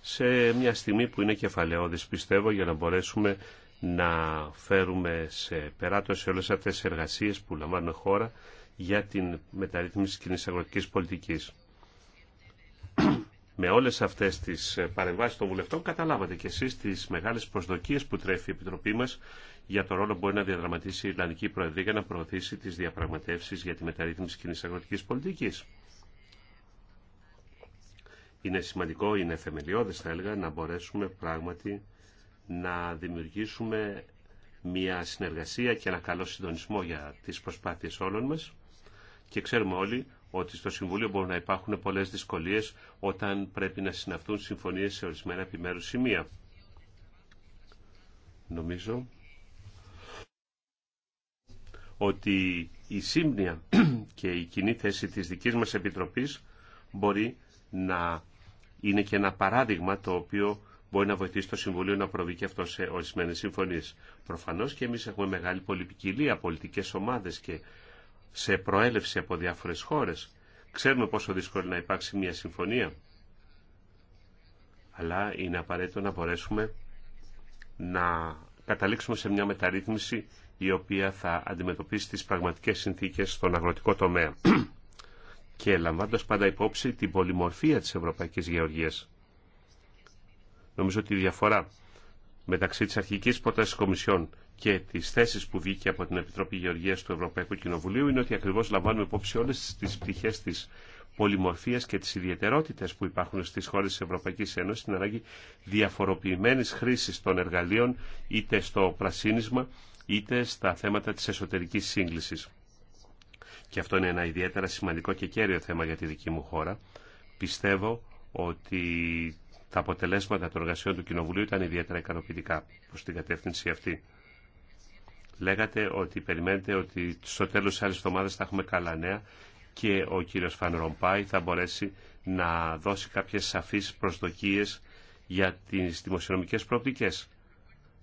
σε μια στιγμή που είναι κεφαλαιώδης πιστεύω για να μπορέσουμε να φέρουμε σε περάτωση όλες αυτές τις εργασίες που λαμβάνουν χώρα για την μεταρρύθμιση της κοινής αγροτικής πολιτικής με όλες αυτές τις ε, παρεμβάσεις των βουλευτών καταλάβατε και εσείς τις μεγάλες προσδοκίες που τρέφει η Επιτροπή μας για το ρόλο που μπορεί να διαδραματίσει η Ιρλανδική Προεδρία για να προωθήσει τις διαπραγματεύσεις για τη μεταρρύθμιση κοινή αγροτικής πολιτικής. Είναι σημαντικό, είναι θεμελιώδες θα έλεγα, να μπορέσουμε πράγματι να δημιουργήσουμε μια συνεργασία και ένα καλό συντονισμό για τις προσπάθειες όλων μας και ξέρουμε όλοι ότι στο Συμβούλιο μπορούν να υπάρχουν πολλές δυσκολίες όταν πρέπει να συναυτούν συμφωνίες σε ορισμένα επιμέρους σημεία. Νομίζω ότι η σύμπνοια [CLEARS THROAT] και η κοινή θέση της δικής μας Επιτροπής μπορεί να είναι και ένα παράδειγμα το οποίο μπορεί να βοηθήσει το Συμβουλίο να προβεί και αυτό σε ορισμένες συμφωνίες. Προφανώς και εμείς έχουμε μεγάλη πολυπικιλία, πολιτικές ομάδες και σε προέλευση από διάφορες χώρες. Ξέρουμε πόσο δύσκολο είναι να υπάρξει μια συμφωνία. Αλλά είναι απαραίτητο να μπορέσουμε να καταλήξουμε σε μια μεταρρύθμιση η οποία θα αντιμετωπίσει τις πραγματικές συνθήκες στον αγροτικό τομέα [CLEARS THROAT] και λαμβάνοντα πάντα υπόψη την πολυμορφία της Ευρωπαϊκής Γεωργίας. Νομίζω ότι η διαφορά μεταξύ της αρχικής πρότασης Κομισιόν και τι θέσει που βγήκε από την Επιτροπή Γεωργία του Ευρωπαϊκού Κοινοβουλίου είναι ότι ακριβώ λαμβάνουμε υπόψη όλε τι πτυχέ τη πολυμορφία και τι ιδιαιτερότητε που υπάρχουν στι χώρε τη Ευρωπαϊκή Ένωση, στην ανάγκη διαφοροποιημένη χρήση των εργαλείων είτε στο πρασίνισμα είτε στα θέματα τη εσωτερική σύγκληση. Και αυτό είναι ένα ιδιαίτερα σημαντικό και κέριο θέμα για τη δική μου χώρα. Πιστεύω ότι τα αποτελέσματα των εργασιών του Κοινοβουλίου ήταν ιδιαίτερα ικανοποιητικά προ την κατεύθυνση αυτή. Λέγατε ότι περιμένετε ότι στο τέλος της άλλης εβδομάδας θα έχουμε καλά νέα και ο κύριος Φαν θα μπορέσει να δώσει κάποιες σαφείς προσδοκίες για τις δημοσιονομικές προοπτικές.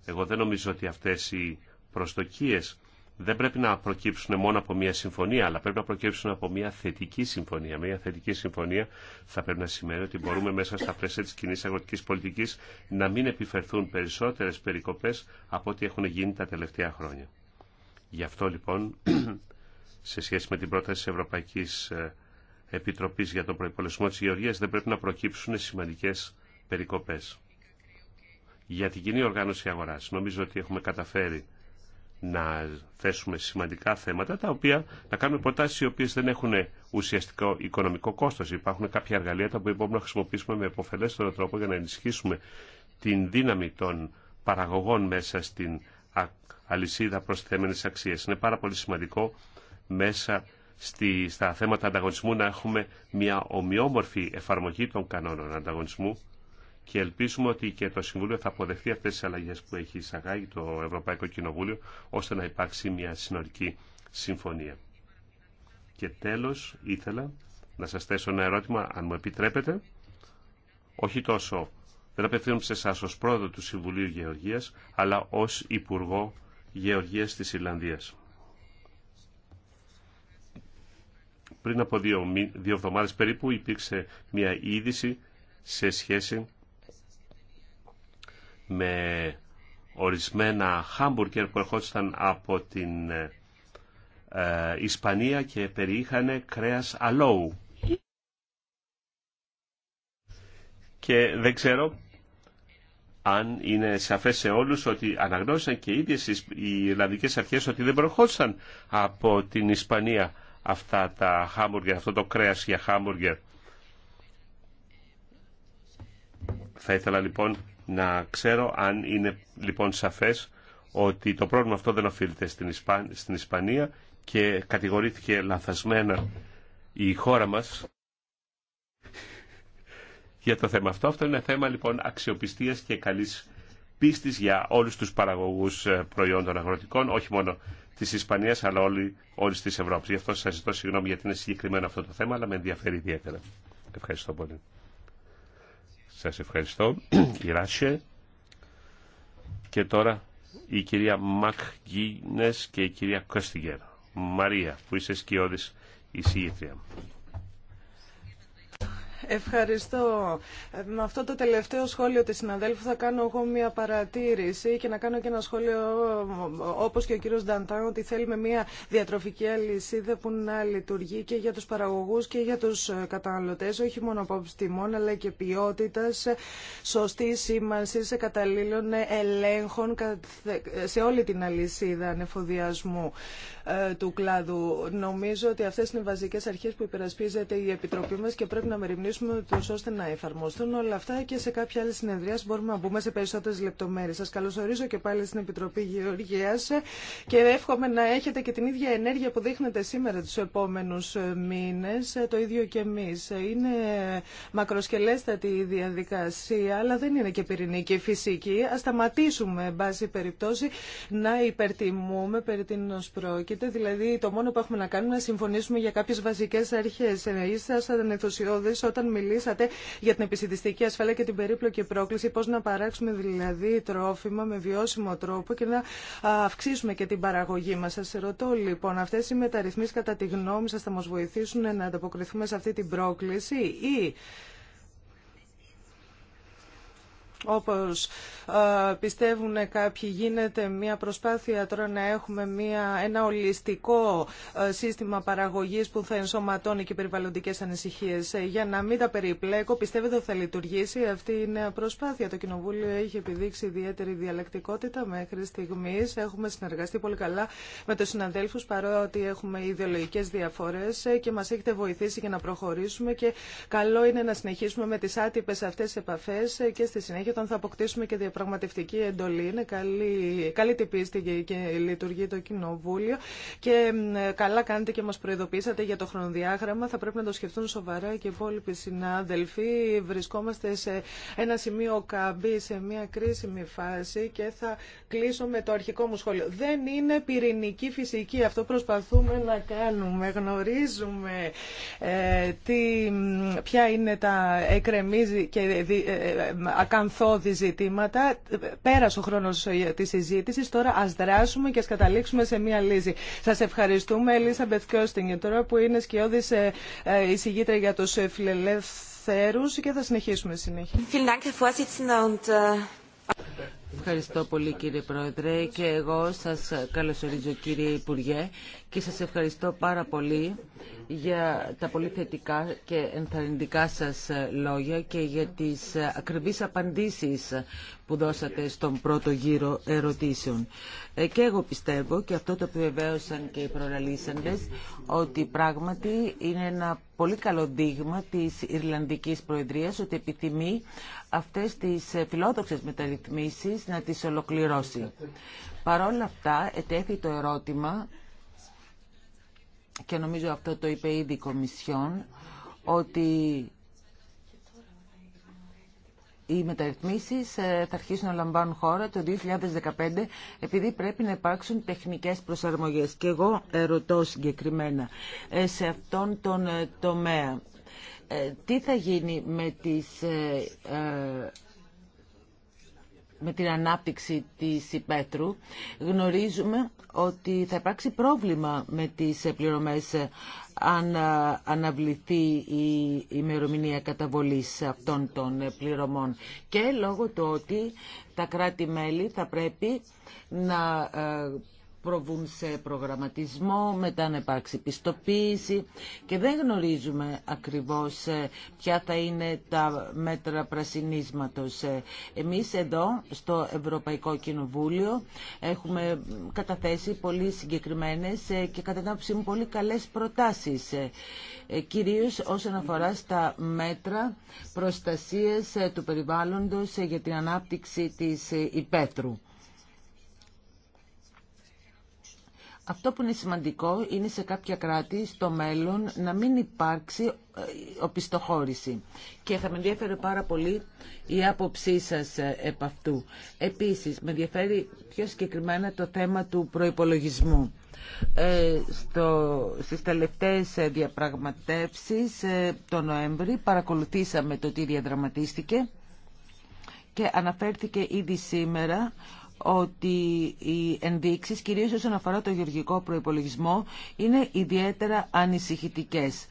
Εγώ δεν νομίζω ότι αυτές οι προσδοκίες δεν πρέπει να προκύψουν μόνο από μια συμφωνία, αλλά πρέπει να προκύψουν από μια θετική συμφωνία. Μια θετική συμφωνία θα πρέπει να σημαίνει ότι μπορούμε μέσα στα πλαίσια τη κοινή αγροτική πολιτική να μην επιφερθούν περισσότερε περικοπέ από ό,τι έχουν γίνει τα τελευταία χρόνια. Γι' αυτό λοιπόν, [CLEARS THROAT] σε σχέση με την πρόταση τη Ευρωπαϊκή ε, Επιτροπή για τον Προπολογισμό τη Γεωργία, δεν πρέπει να προκύψουν σημαντικέ περικοπέ. Για την κοινή οργάνωση αγορά, νομίζω ότι έχουμε καταφέρει να θέσουμε σημαντικά θέματα, τα οποία να κάνουμε προτάσει οι οποίε δεν έχουν ουσιαστικό οικονομικό κόστο. Υπάρχουν κάποια εργαλεία τα οποία μπορούμε να χρησιμοποιήσουμε με υποφελέστερο τρόπο για να ενισχύσουμε την δύναμη των παραγωγών μέσα στην αλυσίδα προσθέμενη αξία. Είναι πάρα πολύ σημαντικό μέσα στη, στα θέματα ανταγωνισμού να έχουμε μια ομοιόμορφη εφαρμογή των κανόνων ανταγωνισμού και ελπίσουμε ότι και το Συμβούλιο θα αποδεχτεί αυτές τις αλλαγές που έχει εισαγάγει το Ευρωπαϊκό Κοινοβούλιο ώστε να υπάρξει μια συνορική συμφωνία. Και τέλος ήθελα να σας θέσω ένα ερώτημα, αν μου επιτρέπετε, όχι τόσο, δεν απευθύνομαι σε εσάς ως πρόεδρο του Συμβουλίου Γεωργίας, αλλά ως Υπουργό Γεωργίας της Ιρλανδίας. Πριν από δύο, δύο εβδομάδες περίπου υπήρξε μια είδηση σε σχέση με ορισμένα χάμπουργκερ που ερχόντουσαν από την ε, Ισπανία και περιείχανε κρέας αλόου. Και δεν ξέρω αν είναι σαφές σε όλους ότι αναγνώρισαν και οι ίδιες οι Ιρλανδικές αρχές ότι δεν προχώρησαν από την Ισπανία αυτά τα χάμπουργκερ, αυτό το κρέας για χάμπουργκερ. Θα ήθελα λοιπόν να ξέρω αν είναι λοιπόν σαφές ότι το πρόβλημα αυτό δεν οφείλεται στην, στην Ισπανία και κατηγορήθηκε λαθασμένα η χώρα μας για το θέμα αυτό. Αυτό είναι θέμα λοιπόν αξιοπιστίας και καλής πίστης για όλους τους παραγωγούς ε, προϊόντων αγροτικών, όχι μόνο της Ισπανίας αλλά όλη, όλης της Ευρώπης. Γι' αυτό σας ζητώ συγγνώμη γιατί είναι συγκεκριμένο αυτό το θέμα, αλλά με ενδιαφέρει ιδιαίτερα. Ευχαριστώ πολύ. Σας ευχαριστώ, [CLEARS THROAT] Ράσε. Και τώρα η κυρία Μακ και η κυρία Κώστιγκερ. Μαρία, που είσαι σκιώδης εισηγήτρια. Ευχαριστώ. Με αυτό το τελευταίο σχόλιο της συναδέλφου θα κάνω εγώ μια παρατήρηση και να κάνω και ένα σχόλιο όπως και ο κύριος Νταντάν ότι θέλουμε μια διατροφική αλυσίδα που να λειτουργεί και για τους παραγωγούς και για τους ε, καταναλωτές όχι μόνο από τιμών αλλά και ποιότητας ε, σωστή σήμανση σε καταλήλων ελέγχων σε όλη την αλυσίδα ανεφοδιασμού ε, του κλάδου. Νομίζω ότι αυτές είναι οι βασικές αρχές που υπερασπίζεται η Επιτροπή μα και πρέπει να μεριμνήσουμε τους ώστε να εφαρμοστούν όλα αυτά και σε κάποια άλλη συνεδρία μπορούμε να μπούμε σε περισσότερε λεπτομέρειε. Σας καλωσορίζω και πάλι στην Επιτροπή Γεωργίας και εύχομαι να έχετε και την ίδια ενέργεια που δείχνετε σήμερα του επόμενου ε, μήνε, ε, το ίδιο και εμεί. Είναι μακροσκελέστατη η διαδικασία, αλλά δεν είναι και πυρηνική φυσική. Α σταματήσουμε, εν πάση περιπτώσει, να υπερτιμούμε περί τίνο πρόκειται. Δηλαδή, το μόνο που έχουμε να κάνουμε είναι να συμφωνήσουμε για κάποιες βασικές αρχές. Ε, όταν μιλήσατε για την επιστημιστική ασφάλεια και την περίπλοκη πρόκληση, πώς να παράξουμε δηλαδή τρόφιμα με βιώσιμο τρόπο και να αυξήσουμε και την παραγωγή μας. Σας ρωτώ λοιπόν, αυτές οι μεταρρυθμίσεις κατά τη γνώμη σας θα μας βοηθήσουν να ανταποκριθούμε σε αυτή την πρόκληση ή όπως ε, πιστεύουν κάποιοι γίνεται μια προσπάθεια τώρα να έχουμε μια, ένα ολιστικό ε, σύστημα παραγωγής που θα ενσωματώνει και περιβαλλοντικές ανησυχίες. Ε, για να μην τα περιπλέκω, πιστεύετε ότι θα λειτουργήσει αυτή η νέα προσπάθεια. Το Κοινοβούλιο έχει επιδείξει ιδιαίτερη διαλεκτικότητα μέχρι στιγμής. Έχουμε συνεργαστεί πολύ καλά με τους συναδέλφους παρότι έχουμε ιδεολογικές διαφορές και μας έχετε βοηθήσει για να προχωρήσουμε και καλό είναι να συνεχίσουμε με τις άτυπες αυτές επαφές και στη συνέχεια και όταν θα αποκτήσουμε και διαπραγματευτική εντολή. Είναι καλή, καλή πίστη και λειτουργεί το Κοινοβούλιο και καλά κάνετε και μα προειδοποίησατε για το χρονοδιάγραμμα. Θα πρέπει να το σκεφτούν σοβαρά και οι υπόλοιποι συνάδελφοι. Βρισκόμαστε σε ένα σημείο καμπή, σε μια κρίσιμη φάση και θα κλείσω με το αρχικό μου σχόλιο. Δεν είναι πυρηνική φυσική. Αυτό προσπαθούμε να κάνουμε. Γνωρίζουμε ε, τι, ποια είναι τα εκρεμίζει και ε, ε, ε ακαθόδη ζητήματα. Πέρασε ο χρόνο ε, τη συζήτηση. Τώρα α δράσουμε και α καταλήξουμε σε μία λύση. Σα ευχαριστούμε, Ελίσσα Μπεθκιώστινγκ, τώρα που είναι σκιώδη ε, ε, εισηγήτρια για του φιλελεύθερου και θα συνεχίσουμε συνέχεια. Ευχαριστώ πολύ κύριε Πρόεδρε και εγώ σας καλωσορίζω κύριε Υπουργέ και σας ευχαριστώ πάρα πολύ για τα πολύ θετικά και ενθαρρυντικά σας λόγια και για τις ακριβείς απαντήσεις που δώσατε στον πρώτο γύρο ερωτήσεων. Ε, και εγώ πιστεύω, και αυτό το επιβεβαίωσαν και οι προραλήσαντες ότι πράγματι είναι ένα πολύ καλό δείγμα της Ιρλανδικής Προεδρίας ότι επιθυμεί αυτές τις ε, φιλόδοξες μεταρρυθμίσεις να τις ολοκληρώσει. Παρ' όλα αυτά, ετέθη το ερώτημα, και νομίζω αυτό το είπε ήδη η Κομισιόν, ότι οι μεταρρυθμίσεις ε, θα αρχίσουν να λαμβάνουν χώρα το 2015 επειδή πρέπει να υπάρξουν τεχνικές προσαρμογές. Και εγώ ερωτώ συγκεκριμένα ε, σε αυτόν τον τομέα ε, τι θα γίνει με, τις, ε, ε, με την ανάπτυξη της υπέτρου. Γνωρίζουμε ότι θα υπάρξει πρόβλημα με τις πληρωμές αν αναβληθεί η ημερομηνία καταβολής αυτών των πληρωμών και λόγω του ότι τα κράτη-μέλη θα πρέπει να προβούν σε προγραμματισμό, μετά να υπάρξει πιστοποίηση και δεν γνωρίζουμε ακριβώς ε, ποια θα είναι τα μέτρα πρασινίσματος. Ε, εμείς εδώ στο Ευρωπαϊκό Κοινοβούλιο έχουμε καταθέσει πολύ συγκεκριμένες ε, και κατά την άποψή μου πολύ καλές προτάσεις κυρίως όσον αφορά στα μέτρα προστασίας του περιβάλλοντος για την ανάπτυξη της υπέτρου. Αυτό που είναι σημαντικό είναι σε κάποια κράτη στο μέλλον να μην υπάρξει ε, οπισθοχώρηση. Και θα με ενδιαφέρει πάρα πολύ η άποψή σας ε, επ' αυτού. Επίσης, με ενδιαφέρει πιο συγκεκριμένα το θέμα του προϋπολογισμού. Ε, στο, στις τελευταίες ε, διαπραγματεύσεις το Νοέμβρη παρακολουθήσαμε το τι διαδραματίστηκε και αναφέρθηκε ήδη σήμερα ότι οι ενδείξεις, κυρίως όσον αφορά το γεωργικό προϋπολογισμό, είναι ιδιαίτερα ανησυχητικές.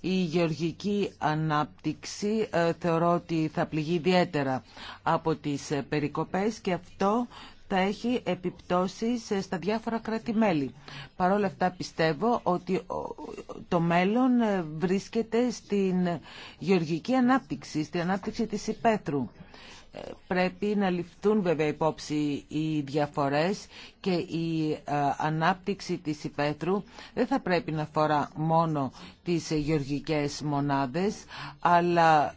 Η γεωργική ανάπτυξη ε, θεωρώ ότι θα πληγεί ιδιαίτερα από τις ε, περικοπές και αυτό θα έχει επιπτώσεις ε, στα διάφορα κράτη-μέλη. Παρ' αυτά πιστεύω ότι το μέλλον βρίσκεται στην γεωργική ανάπτυξη, στην ανάπτυξη της υπαίθρου πρέπει να ληφθούν βέβαια υπόψη οι διαφορές και η ε, ανάπτυξη της υπαίθρου δεν θα πρέπει να αφορά μόνο τις γεωργικές μονάδες αλλά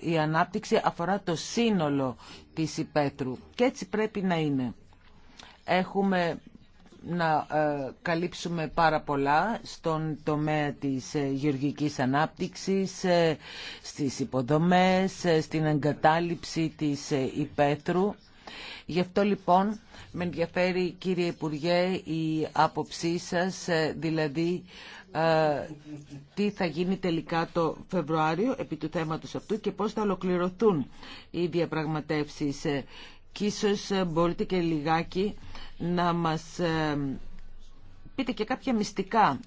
ε, η ανάπτυξη αφορά το σύνολο της υπαίθρου και έτσι πρέπει να είναι. Έχουμε να ε, καλύψουμε πάρα πολλά στον τομέα της ε, γεωργικής ανάπτυξης, ε, στις υποδομές, στην εγκατάλειψη της υπαίθρου. Γι' αυτό λοιπόν με ενδιαφέρει κύριε Υπουργέ η άποψή σας, δηλαδή τι θα γίνει τελικά το Φεβρουάριο επί του θέματος αυτού και πώς θα ολοκληρωθούν οι διαπραγματεύσεις. Και ίσως μπορείτε και λιγάκι να μας ε, πείτε και κάποια μυστικά,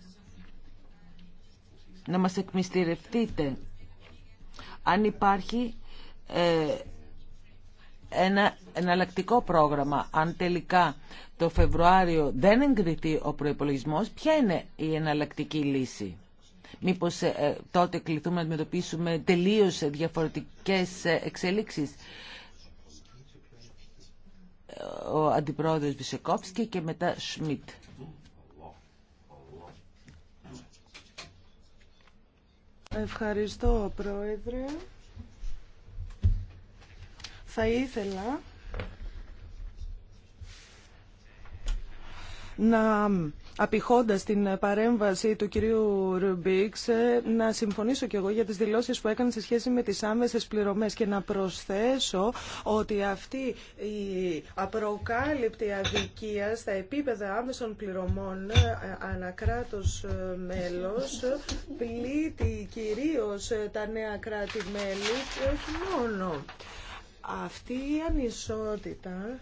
να μας εκμυστηρευτείτε αν υπάρχει ε, ένα εναλλακτικό πρόγραμμα, αν τελικά το Φεβρουάριο δεν εγκριθεί ο προϋπολογισμός, ποια είναι η εναλλακτική λύση. Μήπως ε, τότε κληθούμε να αντιμετωπίσουμε τελείως διαφορετικές εξελίξεις ο αντιπρόεδρος Βυσεκόφσκι και μετά Σμιτ. Ευχαριστώ, Πρόεδρε. Θα ήθελα να απηχώντας την παρέμβαση του κυρίου Ρουμπίξ, να συμφωνήσω κι εγώ για τις δηλώσεις που έκανε σε σχέση με τις άμεσες πληρωμές και να προσθέσω ότι αυτή η απροκάλυπτη αδικία στα επίπεδα άμεσων πληρωμών ε, ανακράτος ε, μέλος πλήττει κυρίως ε, τα νέα κράτη-μέλη και όχι μόνο. Αυτή η ανισότητα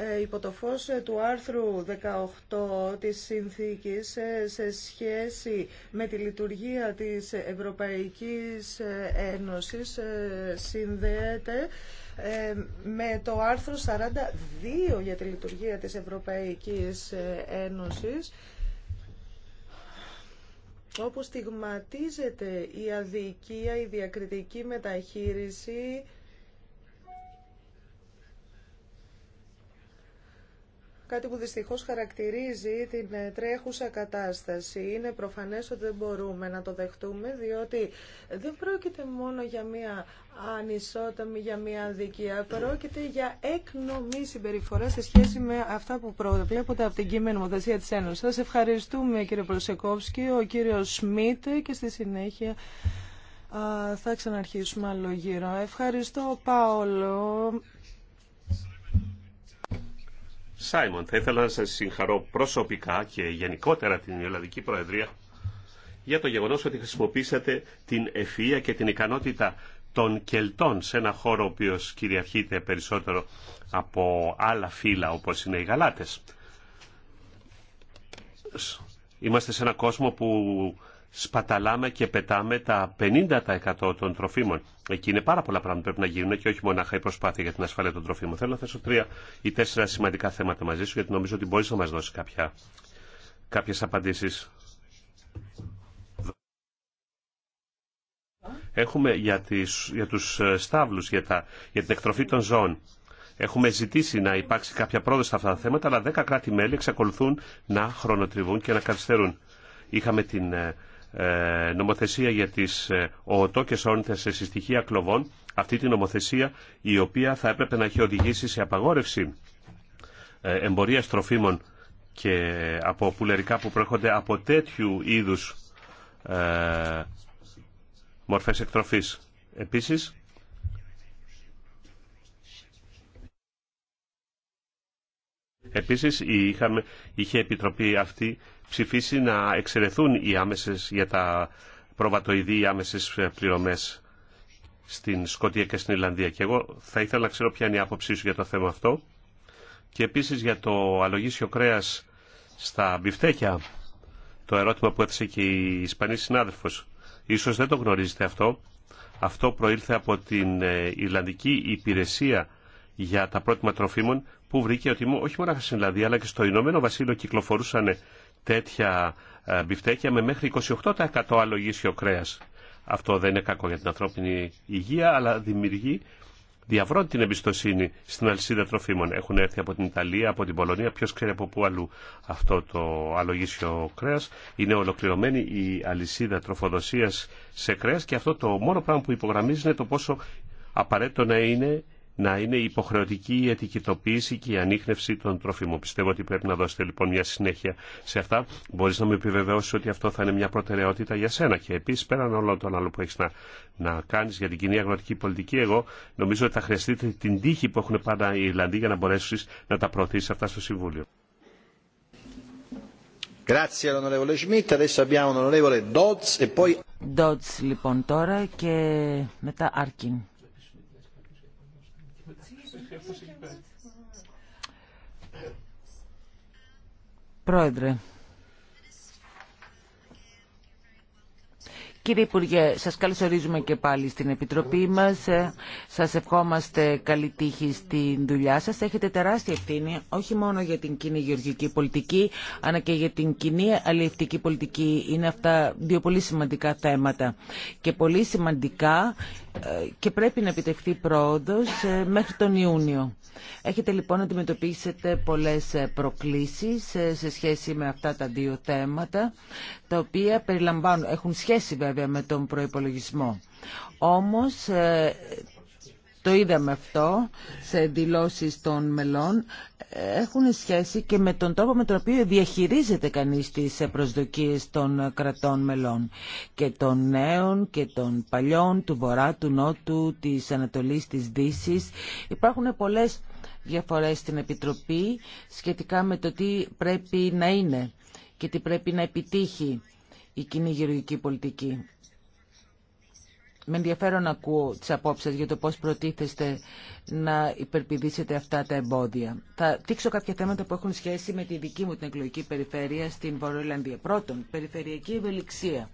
ε, υπό το φως ε, του άρθρου 18 της Συνθήκης ε, σε σχέση με τη λειτουργία της Ευρωπαϊκής Ένωσης συνδέεται με το άρθρο 42 για τη λειτουργία της Ευρωπαϊκής Ένωσης όπου στιγματίζεται η αδικία, η διακριτική μεταχείριση κάτι που δυστυχώς χαρακτηρίζει την ε, τρέχουσα κατάσταση. Είναι προφανές ότι δεν μπορούμε να το δεχτούμε, διότι δεν πρόκειται μόνο για μια ανισόταμη, για μια αδικία. Πρόκειται για έκνομή συμπεριφορά σε σχέση με αυτά που προβλέπονται από την κείμενη νομοθεσία της Ένωσης. Σας ευχαριστούμε κύριε Προσεκόφσκι, ο κύριος Σμίτ και στη συνέχεια θα ξαναρχίσουμε άλλο γύρω. Ευχαριστώ Πάολο. Σάιμον, θα ήθελα να σας συγχαρώ προσωπικά και γενικότερα την Ελλαδική Προεδρία για το γεγονός ότι χρησιμοποίησατε την ευφυΐα και την ικανότητα των Κελτών σε ένα χώρο ο οποίος κυριαρχείται περισσότερο από άλλα φύλλα όπως είναι οι Γαλάτες. Είμαστε σε ένα κόσμο που σπαταλάμε και πετάμε τα 50% των τροφίμων. Εκεί είναι πάρα πολλά πράγματα που πρέπει να γίνουν και όχι μονάχα η προσπάθεια για την ασφάλεια των τροφίμων. Θέλω να θέσω τρία ή τέσσερα σημαντικά θέματα μαζί σου γιατί νομίζω ότι μπορεί να μα δώσει κάποια, κάποιες απαντήσεις. Έχουμε για, τις, για τους ε, στάβλους, για, τα, για την εκτροφή των ζώων. Έχουμε ζητήσει να υπάρξει κάποια πρόοδο σε αυτά τα θέματα, αλλά αλλά κράτη-μέλη εξακολουθούν να χρονοτριβούν και να καθυστερούν. Είχαμε την ε, ε, νομοθεσία για τις ε, οτόκες όνθες σε συστοιχεία κλοβών, αυτή την νομοθεσία η οποία θα έπρεπε να έχει οδηγήσει σε απαγόρευση ε, εμπορίας τροφίμων και από πουλερικά που προέρχονται από τέτοιου είδους μορφές εκτροφής. Επίσης, Επίσης είχαμε, είχε επιτροπή αυτή ψηφίσει να εξαιρεθούν οι άμεσες για τα προβατοειδή οι άμεσες πληρωμές στην Σκοτία και στην Ιρλανδία. Και εγώ θα ήθελα να ξέρω ποια είναι η άποψή σου για το θέμα αυτό. Και επίσης για το αλογίσιο κρέας στα μπιφτέκια, το ερώτημα που έθεσε και η Ισπανή συνάδελφος. Ίσως δεν το γνωρίζετε αυτό. Αυτό προήλθε από την ε, Ιρλανδική Υπηρεσία για τα πρότυπα τροφίμων που βρήκε ότι όχι μόνο στην Ιρλανδία αλλά και στο Ηνωμένο Βασίλειο κυκλοφορούσαν τέτοια ε, μπιφτέκια με μέχρι 28% αλογίσιο κρέα. Αυτό δεν είναι κακό για την ανθρώπινη υγεία, αλλά δημιουργεί, διαβρώνει την εμπιστοσύνη στην αλυσίδα τροφίμων. Έχουν έρθει από την Ιταλία, από την Πολωνία, ποιο ξέρει από πού αλλού αυτό το αλογίσιο κρέας. Είναι ολοκληρωμένη η αλυσίδα τροφοδοσίας σε κρέας και αυτό το μόνο πράγμα που υπογραμμίζει είναι το αλογισιο κρέα. ειναι ολοκληρωμενη η αλυσιδα τροφοδοσία σε κρέα και απαραίτητο να είναι να είναι υποχρεωτική η ετικητοποίηση και η ανείχνευση των τροφίμων. Πιστεύω ότι πρέπει να δώσετε λοιπόν μια συνέχεια σε αυτά. Μπορεί να με επιβεβαιώσει ότι αυτό θα είναι μια προτεραιότητα για σένα. Και επίση πέραν όλο τον άλλο που έχει να, να κάνει για την κοινή αγροτική πολιτική, εγώ νομίζω ότι θα χρειαστείτε την τύχη που έχουν πάντα οι Ιρλανδοί για να μπορέσει να τα προωθήσει αυτά στο Συμβούλιο. E Dodds, λοιπόν τώρα και μετά Arkin. Πρόεδρε. Κύριε Υπουργέ, σας καλωσορίζουμε και πάλι στην Επιτροπή μας. Σας ευχόμαστε καλή τύχη στην δουλειά σας. Έχετε τεράστια ευθύνη, όχι μόνο για την κοινή γεωργική πολιτική, αλλά και για την κοινή αλληλευτική πολιτική. Είναι αυτά δύο πολύ σημαντικά θέματα. Και πολύ σημαντικά και πρέπει να επιτευχθεί πρόοδος ε, μέχρι τον Ιούνιο. Έχετε λοιπόν αντιμετωπίσετε πολλές ε, προκλήσεις ε, σε σχέση με αυτά τα δύο θέματα, τα οποία περιλαμβάνουν, έχουν σχέση βέβαια με τον προϋπολογισμό. Όμως το είδαμε αυτό σε δηλώσεις των μελών, έχουν σχέση και με τον τρόπο με τον οποίο διαχειρίζεται κανείς τις προσδοκίες των κρατών μελών και των νέων και των παλιών, του βορρά, του νότου, της Ανατολής, της Δύσης. Υπάρχουν πολλές διαφορές στην Επιτροπή σχετικά με το τι πρέπει να είναι και τι πρέπει να επιτύχει η κοινή γεωργική πολιτική με ενδιαφέρον ακούω τις απόψεις για το πώς προτίθεστε να υπερπηδήσετε αυτά τα εμπόδια. Θα δείξω κάποια θέματα που έχουν σχέση με τη δική μου την εκλογική περιφέρεια στην Βορειοελλανδία. Πρώτον, περιφερειακή ευελιξία.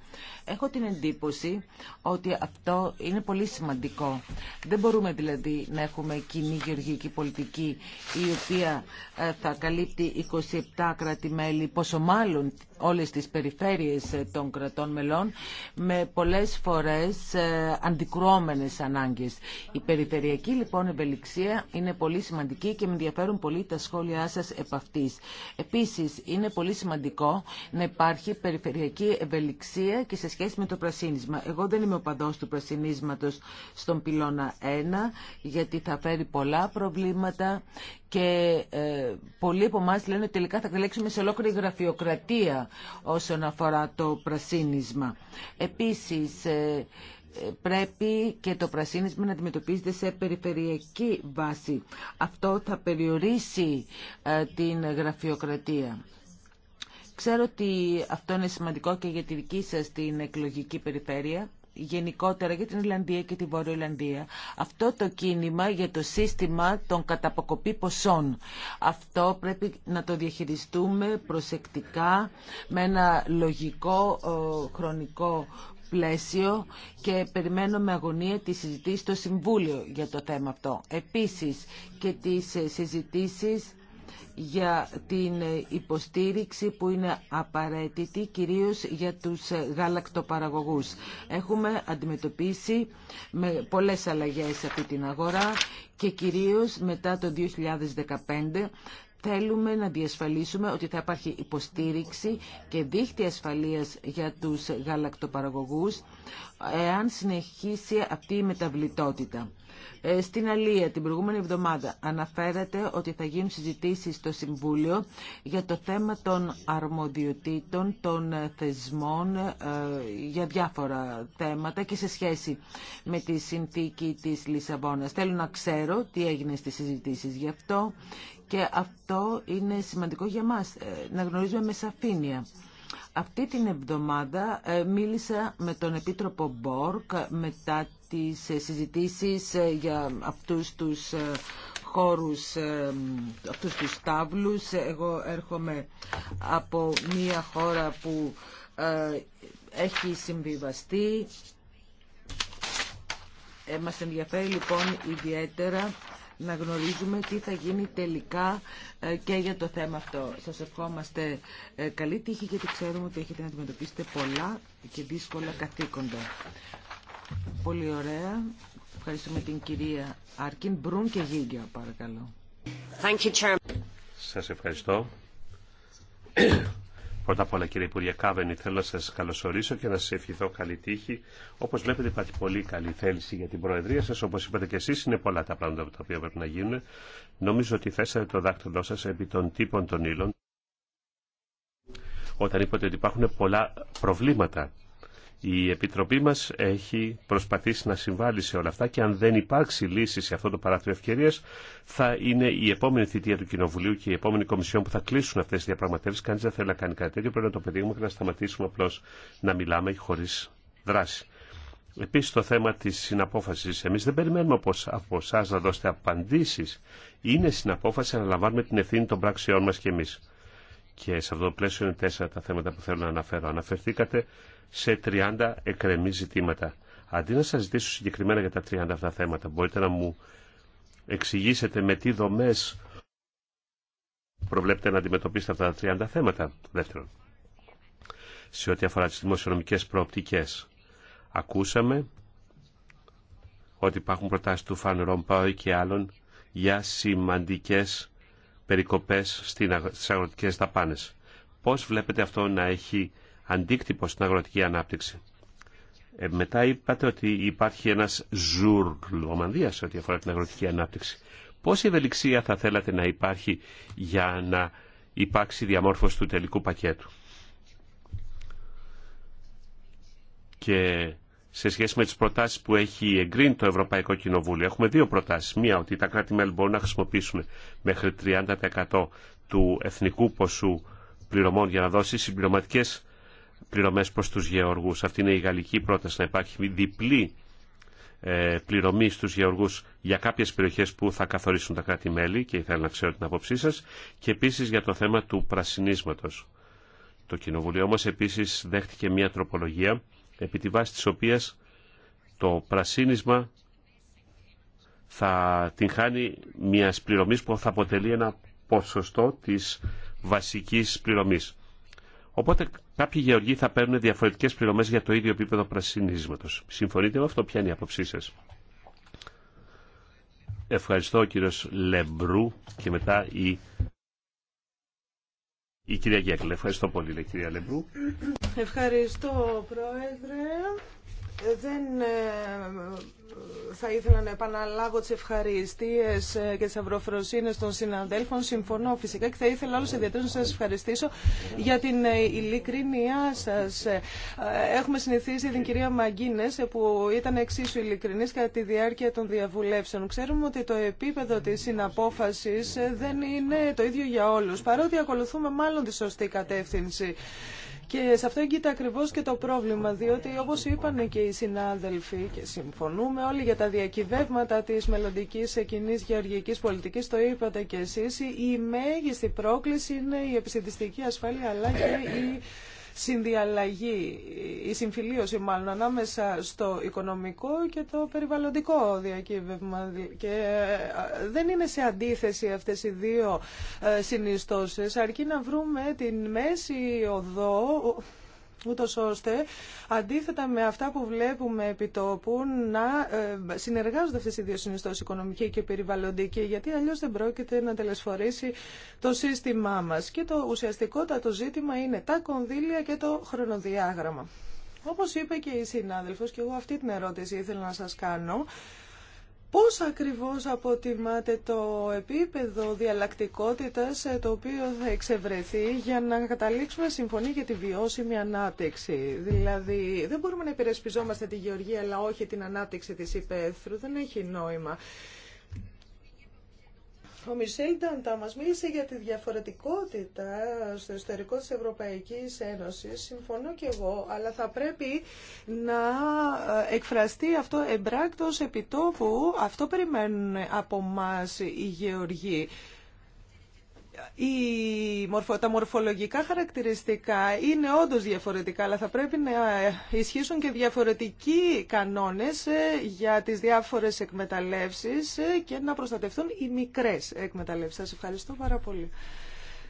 Έχω την εντύπωση ότι αυτό είναι πολύ σημαντικό. Δεν μπορούμε δηλαδή να έχουμε κοινή γεωργική πολιτική η οποία ε, θα καλύπτει 27 κράτη-μέλη, πόσο μάλλον όλες τις περιφέρειες ε, των κρατών μελών, με πολλές φορές ε, αντικρώμενες ανάγκες. Η περιφερειακή λοιπόν ευελιξία είναι πολύ σημαντική και με ενδιαφέρουν πολύ τα σχόλιά σας επ' αυτής. Επίσης, είναι πολύ σημαντικό να υπάρχει περιφερειακή ευελιξία και σε σχέση με το πρασίνισμα. Εγώ δεν είμαι οπαδός του πρασινίσματος στον πυλώνα 1, γιατί θα φέρει πολλά προβλήματα και ε, πολλοί από εμά λένε ότι τελικά θα καλέξουμε σε ολόκληρη γραφειοκρατία όσον αφορά το πρασίνισμα. Επίσης, ε, πρέπει και το πρασίνισμα να αντιμετωπίζεται σε περιφερειακή βάση. Αυτό θα περιορίσει ε, την γραφειοκρατία. Ξέρω ότι αυτό είναι σημαντικό και για τη δική σας την εκλογική περιφέρεια γενικότερα για την Ιλλανδία και τη Βόρεια Ιλλανδία. Αυτό το κίνημα για το σύστημα των καταποκοπή ποσών. Αυτό πρέπει να το διαχειριστούμε προσεκτικά με ένα λογικό ε, χρονικό πλαίσιο και περιμένω με αγωνία τη συζητήση στο Συμβούλιο για το θέμα αυτό. Επίσης και τις ε, συζητήσεις για την ε, υποστήριξη που είναι απαραίτητη κυρίως για τους ε, γαλακτοπαραγωγούς. Έχουμε αντιμετωπίσει με πολλές αλλαγές αυτή την αγορά και κυρίως μετά το 2015 Θέλουμε να διασφαλίσουμε ότι θα υπάρχει υποστήριξη και δίχτυ ασφαλείας για τους γαλακτοπαραγωγούς εάν συνεχίσει αυτή η μεταβλητότητα. Ε, στην Αλία την προηγούμενη εβδομάδα αναφέρατε ότι θα γίνουν συζητήσεις στο Συμβούλιο για το θέμα των αρμοδιοτήτων, των θεσμών ε, για διάφορα θέματα και σε σχέση με τη συνθήκη της Λισαβόνας. Θέλω να ξέρω τι έγινε στις συζητήσεις γι' αυτό και αυτό είναι σημαντικό για μας, ε, να γνωρίζουμε με σαφήνεια. Αυτή την εβδομάδα ε, μίλησα με τον Επίτροπο Μπόρκ μετά τις ε, συζητήσεις για αυτούς τους χώρους, αυτούς τους τάβλους. Εγώ έρχομαι από μια χώρα που έχει συμβιβαστεί. Μας ενδιαφέρει λοιπόν ιδιαίτερα να γνωρίζουμε τι θα γίνει τελικά ε, και για το θέμα αυτό. Σας ευχόμαστε ε, καλή τύχη γιατί ξέρουμε ότι έχετε να αντιμετωπίσετε πολλά και δύσκολα καθήκοντα. Πολύ ωραία. Ευχαριστούμε την κυρία Αρκίν Μπρούν και Γίγκια, παρακαλώ. Σας ευχαριστώ. Πρώτα απ' όλα κύριε Υπουργέ Κάβενη θέλω να σας καλωσορίσω και να σας ευχηθώ καλή τύχη. Όπως βλέπετε υπάρχει πολύ καλή θέληση για την Προεδρία σας. Όπως είπατε και εσείς είναι πολλά τα πράγματα τα οποία πρέπει να γίνουν. Νομίζω ότι θέσατε το δάκτυλό σας επί των τύπων των ύλων όταν είπατε ότι υπάρχουν πολλά προβλήματα η Επιτροπή μας έχει προσπαθήσει να συμβάλλει σε όλα αυτά και αν δεν υπάρξει λύση σε αυτό το παράθυρο ευκαιρία, θα είναι η επόμενη θητεία του Κοινοβουλίου και η επόμενη Κομισιόν που θα κλείσουν αυτές τις διαπραγματεύσεις. Κανείς δεν θέλει να κάνει κάτι τέτοιο, πρέπει να το πετύχουμε και να σταματήσουμε απλώς να μιλάμε χωρίς δράση. Επίση το θέμα τη συναπόφαση. Εμεί δεν περιμένουμε από εσά να δώσετε απαντήσει. Είναι συναπόφαση να λαμβάνουμε την ευθύνη των πράξεών μα κι εμεί. Και σε αυτό το πλαίσιο είναι τέσσερα τα θέματα που θέλω να αναφέρω. Αναφερθήκατε σε 30 εκρεμή ζητήματα. Αντί να σας ζητήσω συγκεκριμένα για τα 30 αυτά θέματα, μπορείτε να μου εξηγήσετε με τι δομές προβλέπετε να αντιμετωπίσετε αυτά τα 30 θέματα. Δεύτερον, σε ό,τι αφορά τις δημοσιονομικές προοπτικές, ακούσαμε ότι υπάρχουν προτάσεις του Φαν Ρομπάου και άλλων για σημαντικές περικοπές στις αγροτικές δαπάνες. Πώς βλέπετε αυτό να έχει αντίκτυπο στην αγροτική ανάπτυξη. Ε, μετά είπατε ότι υπάρχει ένας σε ό,τι αφορά την αγροτική ανάπτυξη. Πόση ευελιξία θα θέλατε να υπάρχει για να υπάρξει διαμόρφωση του τελικού πακέτου. Και σε σχέση με τις προτάσεις που έχει εγκρίνει το Ευρωπαϊκό Κοινοβούλιο, έχουμε δύο προτάσεις. Μία ότι τα κράτη-μέλη μπορούν να χρησιμοποιήσουν μέχρι 30% του εθνικού ποσού πληρωμών για να δώσει συμπληρωματικές Πληρωμέ προ του γεωργού. Αυτή είναι η γαλλική πρόταση να υπάρχει διπλή ε, πληρωμή στου γεωργού για κάποιε περιοχέ που θα καθορίσουν τα κράτη-μέλη και ήθελα να ξέρω την απόψή σα, και επίση για το θέμα του πρασινίσματο. Το Κοινοβουλίο όμω επίση δέχτηκε μια τροπολογία επί τη βάση τη οποίας το πρασίνισμα θα την χάνει μια πληρωμή που θα αποτελεί ένα ποσοστό της βασικής πληρωμής. Οπότε Κάποιοι γεωργοί θα παίρνουν διαφορετικέ πληρωμέ για το ίδιο επίπεδο πρασινίσματο. Συμφωνείτε με αυτό, ποια είναι η άποψή σα. Ευχαριστώ κύριο Λεμπρού και μετά η. Η κυρία Γέκλε. Ευχαριστώ πολύ, λέει, κυρία Λεμπρού. Ευχαριστώ, Πρόεδρε δεν ε, θα ήθελα να επαναλάβω τι ευχαριστίε ε, και τι αυροφροσύνε των συναδέλφων. Συμφωνώ φυσικά και θα ήθελα όλου ιδιαίτερω να σα ευχαριστήσω για την ε, ειλικρίνειά σα. Έχουμε συνηθίσει την κυρία Μαγκίνε που ήταν εξίσου ειλικρινή κατά τη διάρκεια των διαβουλεύσεων. Ξέρουμε ότι το επίπεδο τη συναπόφαση δεν είναι το ίδιο για όλου, παρότι ακολουθούμε μάλλον τη σωστή κατεύθυνση. Και σε αυτό εγγύεται ακριβώ και το πρόβλημα, διότι όπω είπαν και οι συνάδελφοι, και συμφωνούμε όλοι για τα διακυβεύματα τη μελλοντική κοινή γεωργική πολιτική, το είπατε και εσεί, η μέγιστη πρόκληση είναι η επιστημιστική ασφάλεια αλλά και η συνδιαλλαγή, η συμφιλίωση μάλλον ανάμεσα στο οικονομικό και το περιβαλλοντικό διακύβευμα. Και ε, δεν είναι σε αντίθεση αυτές οι δύο ε, συνιστώσεις, αρκεί να βρούμε την μέση οδό ούτως ώστε αντίθετα με αυτά που βλέπουμε επί να ε, συνεργάζονται αυτέ οι δύο συνιστώσει, οικονομική και περιβαλλοντική, γιατί αλλιώς δεν πρόκειται να τελεσφορήσει το σύστημά μας. Και το ουσιαστικότατο ζήτημα είναι τα κονδύλια και το χρονοδιάγραμμα. Όπως είπε και η συνάδελφος, και εγώ αυτή την ερώτηση ήθελα να σας κάνω, Πώς ακριβώς αποτιμάτε το επίπεδο διαλλακτικότητας ε, το οποίο θα εξευρεθεί για να καταλήξουμε συμφωνή για τη βιώσιμη ανάπτυξη. Δηλαδή δεν μπορούμε να υπερασπιζόμαστε τη γεωργία αλλά όχι την ανάπτυξη της υπαίθρου. Δεν έχει νόημα. Ο Μισελ Νταντά μας μίλησε για τη διαφορετικότητα στο εσωτερικό τη Ευρωπαϊκή Ένωση. Συμφωνώ και εγώ, αλλά θα πρέπει να ε, εκφραστεί αυτό εμπράκτο επιτόπου. Αυτό περιμένουν από εμά οι γεωργοί η, τα μορφολογικά χαρακτηριστικά είναι όντως διαφορετικά, αλλά θα πρέπει να ισχύσουν και διαφορετικοί κανόνες ε, για τις διάφορες εκμεταλλεύσεις ε, και να προστατευτούν οι μικρές εκμεταλλεύσεις. Σας ευχαριστώ πάρα πολύ.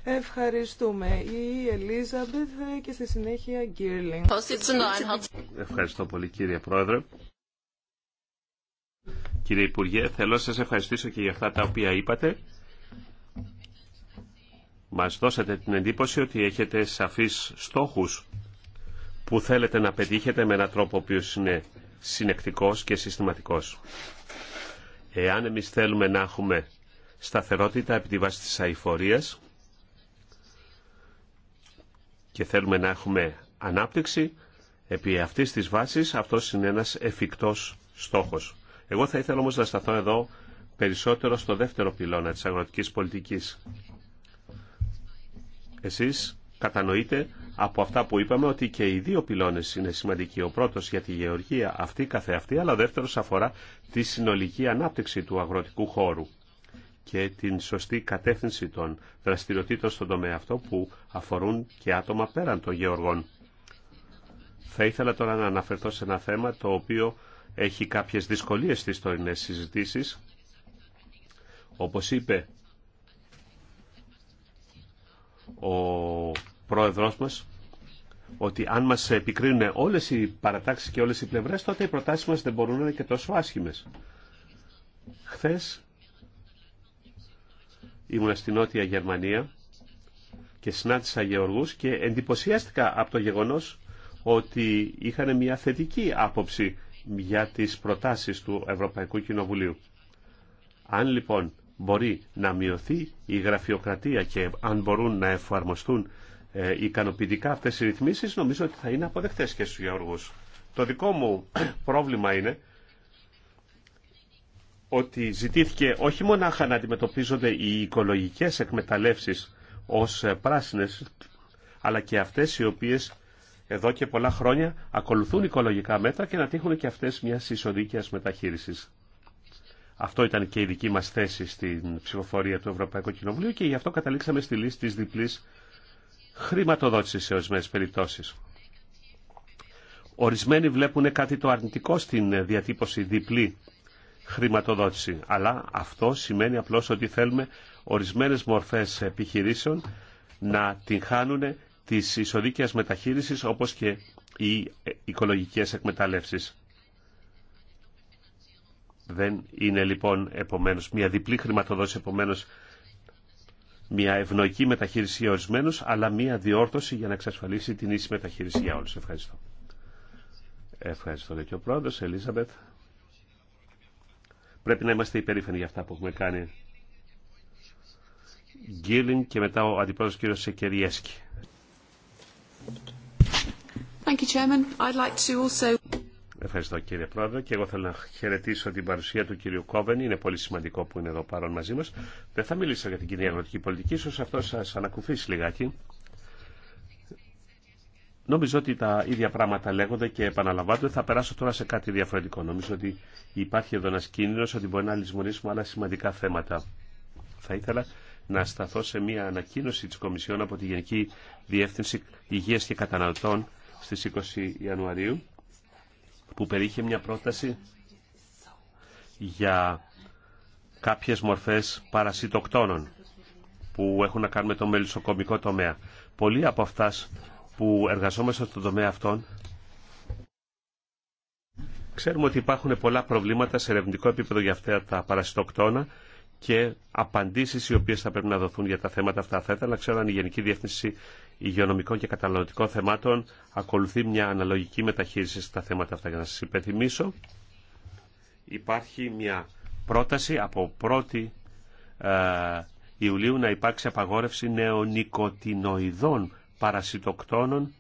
Ευχαριστούμε. Η Ελίζαμπεθ και στη συνέχεια Γκίρλινγκ. Ευχαριστώ πολύ κύριε Πρόεδρε. Κύριε Υπουργέ, θέλω να σας ευχαριστήσω και για αυτά τα οποία είπατε μας δώσατε την εντύπωση ότι έχετε σαφείς στόχους που θέλετε να πετύχετε με έναν τρόπο ο οποίος είναι συνεκτικός και συστηματικός. Εάν εμείς θέλουμε να έχουμε σταθερότητα επί τη βάση της αηφορίας και θέλουμε να έχουμε ανάπτυξη, επί αυτής της βάσης αυτό είναι ένας εφικτός στόχος. Εγώ θα ήθελα όμως να σταθώ εδώ περισσότερο στο δεύτερο πυλώνα της αγροτικής πολιτικής εσείς κατανοείτε από αυτά που είπαμε ότι και οι δύο πυλώνες είναι σημαντικοί. Ο πρώτος για τη γεωργία αυτή καθεαυτή, αλλά ο δεύτερος αφορά τη συνολική ανάπτυξη του αγροτικού χώρου και την σωστή κατεύθυνση των δραστηριοτήτων στον τομέα αυτό που αφορούν και άτομα πέραν των γεωργών. Θα ήθελα τώρα να αναφερθώ σε ένα θέμα το οποίο έχει κάποιες δυσκολίες στις τωρινές συζητήσεις. Όπως είπε ο πρόεδρός μας ότι αν μας επικρίνουν όλες οι παρατάξεις και όλες οι πλευρές, τότε οι προτάσεις μας δεν μπορούν να είναι και τόσο άσχημες. Χθες ήμουν στη Νότια Γερμανία και συνάντησα γεωργούς και εντυπωσιάστηκα από το γεγονός ότι είχαν μια θετική άποψη για τις προτάσεις του Ευρωπαϊκού Κοινοβουλίου. Αν λοιπόν μπορεί να μειωθεί η γραφειοκρατία και αν μπορούν να εφαρμοστούν ε, ικανοποιητικά αυτές οι ρυθμίσεις νομίζω ότι θα είναι αποδεκτές και στους γεωργούς. Το δικό μου [COUGHS] πρόβλημα είναι ότι ζητήθηκε όχι μονάχα να αντιμετωπίζονται οι οικολογικές εκμεταλλεύσεις ως ε, πράσινες, αλλά και αυτές οι οποίες εδώ και πολλά χρόνια ακολουθούν οικολογικά μέτρα και να τύχουν και αυτές μια ισοδίκαιας μεταχείρισης. Αυτό ήταν και η δική μας θέση στην ψηφοφορία του Ευρωπαϊκού Κοινοβουλίου και γι' αυτό καταλήξαμε στη λύση της διπλής χρηματοδότησης σε ορισμένες περιπτώσεις. Ορισμένοι βλέπουν κάτι το αρνητικό στην διατύπωση διπλή χρηματοδότηση, αλλά αυτό σημαίνει απλώς ότι θέλουμε ορισμένες μορφές επιχειρήσεων να την χάνουν τη ισοδίκαια μεταχείρισης όπως και οι οικολογικές εκμεταλλεύσεις. Δεν είναι λοιπόν επομένως μια διπλή χρηματοδότηση, επομένως μια ευνοϊκή μεταχείριση για ορισμένους, αλλά μια διόρθωση για να εξασφαλίσει την ίση μεταχείριση για όλους. Ευχαριστώ. Ευχαριστώ λέει και ο πρόεδρος, Ελίζαμπετ. Πρέπει να είμαστε υπερήφανοι για αυτά που έχουμε κάνει. Γκίλιν και μετά ο αντιπρόεδρος κύριος Σεκεριέσκη. Ευχαριστώ κύριε Πρόεδρε και εγώ θέλω να χαιρετήσω την παρουσία του κύριου Κόβεν. Είναι πολύ σημαντικό που είναι εδώ παρόν μαζί μας. Δεν θα μιλήσω για την κοινή αγροτική πολιτική, ίσως αυτό σας ανακουφίσει λιγάκι. Νομίζω ότι τα ίδια πράγματα λέγονται και επαναλαμβάνονται. Θα περάσω τώρα σε κάτι διαφορετικό. Νομίζω ότι υπάρχει εδώ ένα κίνδυνο ότι μπορεί να λησμονήσουμε άλλα σημαντικά θέματα. Θα ήθελα να σταθώ σε μια ανακοίνωση της Κομισιόν από τη Γενική Διεύθυνση Υγείας και Καταναλωτών στις 20 Ιανουαρίου που περιείχε μια πρόταση για κάποιες μορφές παρασιτοκτόνων που έχουν να κάνουν με το μελισσοκομικό τομέα. Πολλοί από αυτά που εργαζόμαστε στον τομέα αυτών ξέρουμε ότι υπάρχουν πολλά προβλήματα σε ερευνητικό επίπεδο για αυτά τα παρασιτοκτόνα και απαντήσεις οι οποίες θα πρέπει να δοθούν για τα θέματα αυτά. Θα ήθελα να ξέρω αν η Γενική Διεύθυνση υγειονομικών και καταναλωτικών θεμάτων ακολουθεί μια αναλογική μεταχείριση στα θέματα αυτά. Για να σας υπενθυμίσω, υπάρχει μια πρόταση από 1η ε, Ιουλίου να υπάρξει απαγόρευση νεονικοτινοειδών παρασιτοκτόνων,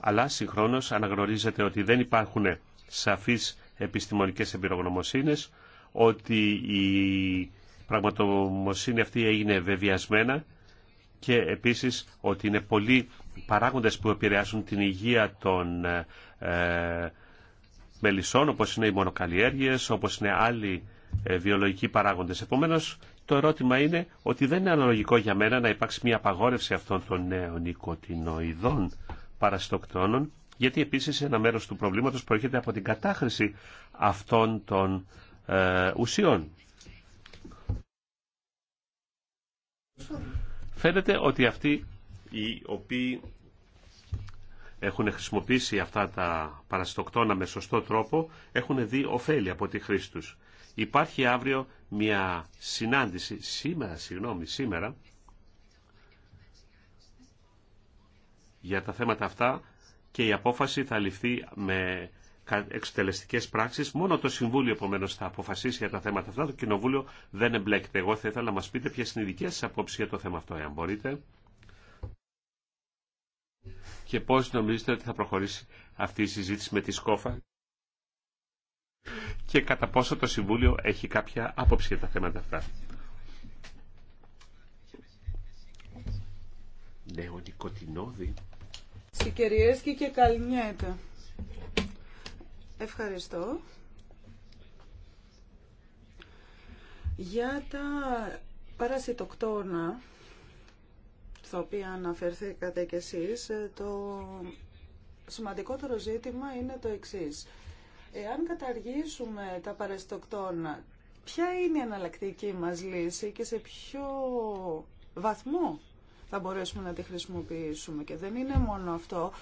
αλλά συγχρόνως αναγνωρίζεται ότι δεν υπάρχουν σαφείς επιστημονικές εμπειρογνωμοσύνες, ότι η πραγματομοσύνη αυτή έγινε βεβαιασμένα και επίσης ότι είναι πολλοί παράγοντες που επηρεάζουν την υγεία των ε, ε μελισσών, όπως είναι οι μονοκαλλιέργειες, όπως είναι άλλοι ε, βιολογικοί παράγοντες. Επομένως, το ερώτημα είναι ότι δεν είναι αναλογικό για μένα να υπάρξει μια απαγόρευση αυτών των νέων οικοτινοειδών παραστοκτώνων, γιατί επίσης ένα μέρος του προβλήματος προέρχεται από την κατάχρηση αυτών των ε, ουσιών. Φαίνεται ότι αυτοί οι οποίοι έχουν χρησιμοποιήσει αυτά τα παραστοκτόνα με σωστό τρόπο έχουν δει ωφέλη από τη χρήση τους. Υπάρχει αύριο μια συνάντηση, σήμερα, συγγνώμη, σήμερα, για τα θέματα αυτά και η απόφαση θα ληφθεί με Εξτελεστικέ πράξεις. Μόνο το Συμβούλιο επομένως θα αποφασίσει για τα θέματα αυτά. Το Κοινοβούλιο δεν εμπλέκεται. Εγώ θα ήθελα να μας πείτε ποιες είναι οι δικές σας για το θέμα αυτό, εάν μπορείτε. Και πώς νομίζετε ότι θα προχωρήσει αυτή η συζήτηση με τη Σκόφα και κατά πόσο το Συμβούλιο έχει κάποια άποψη για τα θέματα αυτά. Νέο και Ευχαριστώ. Για τα παρασιτοκτόνα, τα οποία αναφερθήκατε κι εσείς, ε, το σημαντικότερο ζήτημα είναι το εξής. Εάν καταργήσουμε τα παρασιτοκτόνα, ποια είναι η αναλλακτική μας λύση και σε ποιο βαθμό θα μπορέσουμε να τη χρησιμοποιήσουμε. Και δεν είναι μόνο αυτό.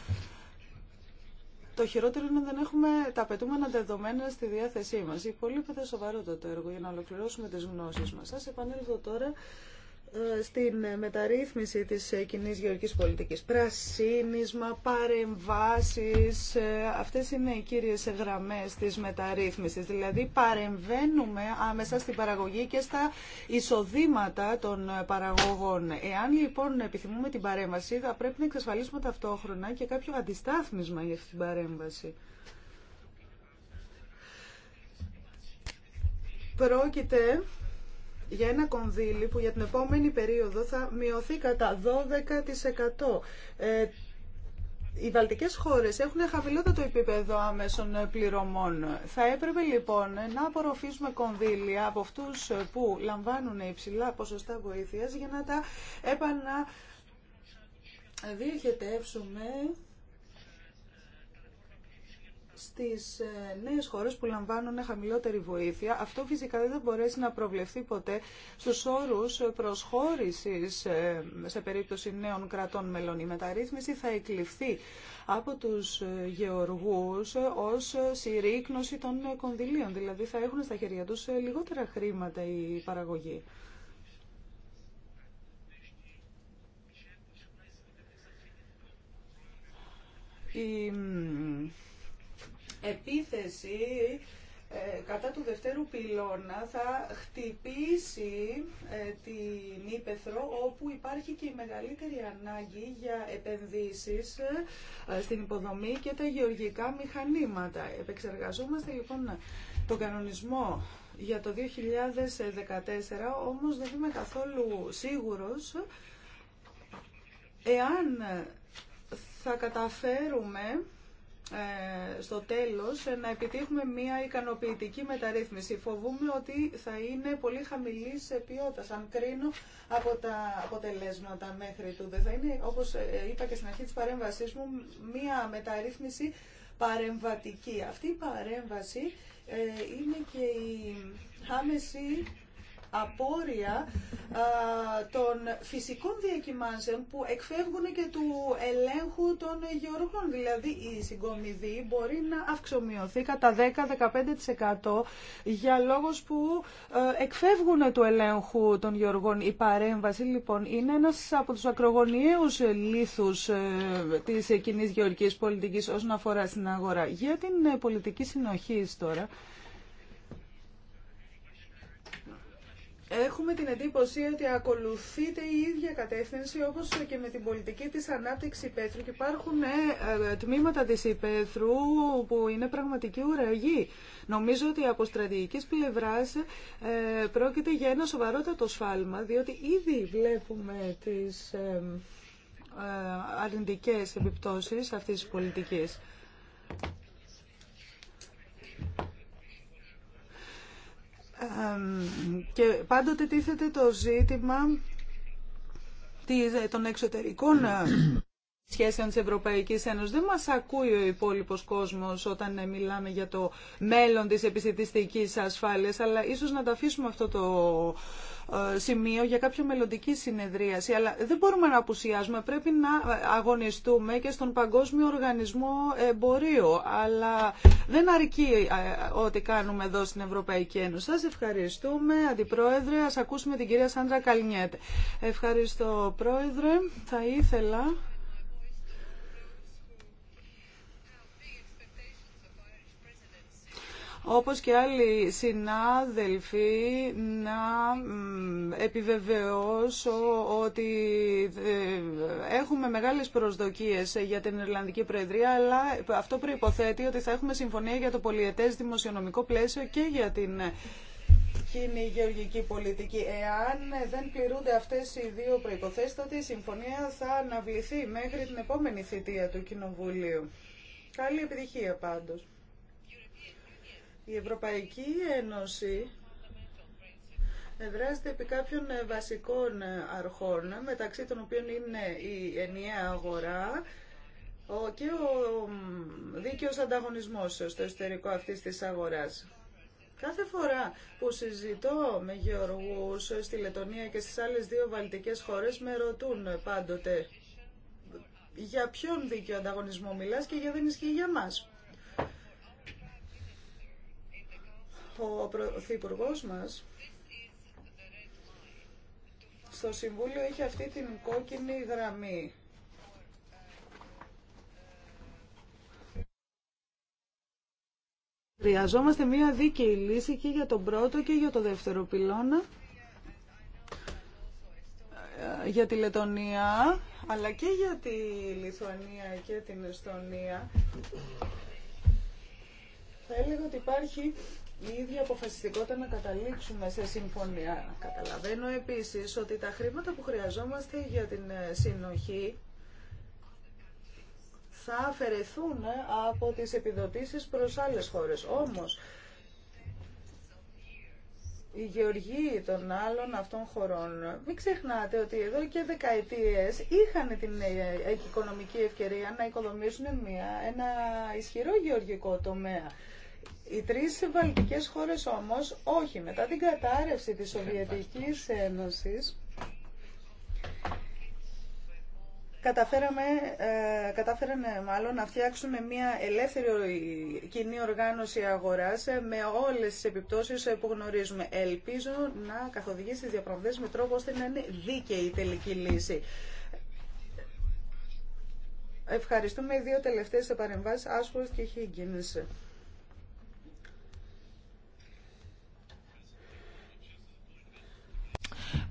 Το χειρότερο είναι να δεν έχουμε τα απαιτούμενα δεδομένα στη διάθεσή μας. Υπολείπεται σοβαρό το έργο για να ολοκληρώσουμε τις γνώσεις μας. σα επανέλθω τώρα στην μεταρρύθμιση της κοινή γεωργικής πολιτικής. Πρασίνισμα, παρεμβάσεις, ε, αυτές είναι οι κύριες γραμμές της μεταρρύθμισης. Δηλαδή παρεμβαίνουμε άμεσα στην παραγωγή και στα εισοδήματα των παραγωγών. Εάν λοιπόν επιθυμούμε την παρέμβαση θα πρέπει να εξασφαλίσουμε ταυτόχρονα και κάποιο αντιστάθμισμα για αυτή την παρέμβαση. Πρόκειται για ένα κονδύλι που για την επόμενη περίοδο θα μειωθεί κατά 12%. Ε, οι βαλτικές χώρες έχουν χαμηλότερο επίπεδο άμεσων πληρωμών. Θα έπρεπε λοιπόν να απορροφήσουμε κονδύλια από αυτούς που λαμβάνουν υψηλά ποσοστά βοήθειας για να τα επαναδιοχετεύσουμε στις ε, νέες χώρες που λαμβάνουν χαμηλότερη βοήθεια. Αυτό φυσικά δεν θα μπορέσει να προβλεφθεί ποτέ στους όρους προσχώρησης ε, σε περίπτωση νέων κρατών μελών. Η μεταρρύθμιση θα εκλειφθεί από τους ε, γεωργούς ως συρρήκνωση των κονδυλίων. Δηλαδή θα έχουν στα χέρια τους λιγότερα χρήματα η παραγωγή επίθεση ε, κατά του δευτέρου πυλώνα θα χτυπήσει ε, την Ήπεθρο όπου υπάρχει και η μεγαλύτερη ανάγκη για επενδύσεις ε, στην υποδομή και τα γεωργικά μηχανήματα. Επεξεργαζόμαστε λοιπόν τον κανονισμό για το 2014, όμως δεν είμαι καθόλου σίγουρος εάν θα καταφέρουμε ε, στο τέλος ε, να επιτύχουμε μια ικανοποιητική μεταρρύθμιση. Φοβούμαι ότι θα είναι πολύ χαμηλή σε ποιότητα, αν κρίνω από τα αποτελέσματα μέχρι τούδε. Θα είναι, όπως ε, είπα και στην αρχή της παρέμβασής μου, μια μεταρρύθμιση παρεμβατική. Αυτή η παρέμβαση είναι και η άμεση απόρρια των φυσικών διακυμάνσεων που εκφεύγουν και του ελέγχου των γεωργών. Δηλαδή η συγκομιδή μπορεί να αυξομοιωθεί κατά 10-15% για λόγους που ε, εκφεύγουν του ελέγχου των γεωργών. Η παρέμβαση λοιπόν είναι ένας από τους ακρογωνιαίους λήθους ε, της κοινή γεωργικής πολιτικής όσον αφορά στην αγορά. Για την ε, πολιτική συνοχή τώρα, Έχουμε την εντύπωση ότι ακολουθείται η ίδια κατεύθυνση όπως και με την πολιτική της ανάπτυξη υπαίθρου και υπάρχουν ε, ε, τμήματα της υπαίθρου που είναι πραγματική ουραγή. Νομίζω ότι από στρατηγικής πλευράς ε, πρόκειται για ένα σοβαρότατο σφάλμα διότι ήδη βλέπουμε τις ε, αρνητικές επιπτώσεις αυτής της πολιτικής και πάντοτε τίθεται το ζήτημα των εξωτερικών ε, σχέσεων της Ευρωπαϊκής Ένωσης. Δεν μας ακούει ο υπόλοιπος κόσμος όταν ε, μιλάμε για το μέλλον της επιστημιστικής ασφάλειας, αλλά ίσως να τα αφήσουμε αυτό το ε, σημείο για κάποιο μελλοντική συνεδρίαση. Αλλά δεν μπορούμε να απουσιάζουμε. Πρέπει να αγωνιστούμε και στον Παγκόσμιο Οργανισμό Εμπορίου. Αλλά δεν αρκεί ε, ό,τι κάνουμε εδώ στην Ευρωπαϊκή Ένωση. Σας ευχαριστούμε, Αντιπρόεδρε. Ας ακούσουμε την κυρία Σάντρα Καλνιέτ. Ευχαριστώ, Πρόεδρε. Θα ήθελα όπως και άλλοι συνάδελφοι να επιβεβαιώσω ότι ε, έχουμε μεγάλες προσδοκίες για την Ιρλανδική Προεδρία αλλά αυτό προϋποθέτει ότι θα έχουμε συμφωνία για το πολιετές δημοσιονομικό πλαίσιο και για την κοινή γεωργική πολιτική. Εάν δεν πληρούνται αυτές οι δύο προϋποθέσεις, τότε η συμφωνία θα αναβληθεί μέχρι την επόμενη θητεία του Κοινοβουλίου. Καλή επιτυχία πάντως. Η Ευρωπαϊκή Ένωση δράζεται επί κάποιων βασικών αρχών, μεταξύ των οποίων είναι η ενιαία αγορά και ο δίκαιος ανταγωνισμός στο εσωτερικό αυτής της αγοράς. Κάθε φορά που συζητώ με γεωργούς στη Λετωνία και στις άλλες δύο βαλτικές χώρες με ρωτούν πάντοτε για ποιον δίκαιο ανταγωνισμό μιλάς και για δεν ισχύει για μας. Ο Πρωθυπουργό μα. στο Συμβούλιο έχει αυτή την κόκκινη γραμμή. Χρειαζόμαστε μία δίκαιη λύση και για τον πρώτο και για το δεύτερο πυλώνα ε, για τη Λετωνία αλλά και για τη Λιθουανία και την Εστονία θα έλεγα ότι υπάρχει η ίδια αποφασιστικότητα να καταλήξουμε σε συμφωνία. Καταλαβαίνω επίσης ότι τα χρήματα που χρειαζόμαστε για την ε, συνοχή θα αφαιρεθούν ε, από τις επιδοτήσεις προς άλλες χώρες. Όμως, η γεωργοί των άλλων αυτών χωρών, μην ξεχνάτε ότι εδώ και δεκαετίες είχαν την ε, οικονομική ευκαιρία να οικοδομήσουν μια, ένα ισχυρό γεωργικό τομέα. Οι τρεις βαλτικές χώρες όμως όχι. Μετά την κατάρρευση της Σοβιετικής Ένωσης καταφέραμε, ε, κατάφεραν μάλλον να φτιάξουμε μια ελεύθερη κοινή οργάνωση αγοράς ε, με όλες τις επιπτώσεις ε, που γνωρίζουμε. Ελπίζω να καθοδηγήσει τις διαπραγματεύσεις με τρόπο ώστε να είναι δίκαιη η τελική λύση. Ευχαριστούμε οι δύο τελευταίες παρεμβάσεις, και Χίγκινς.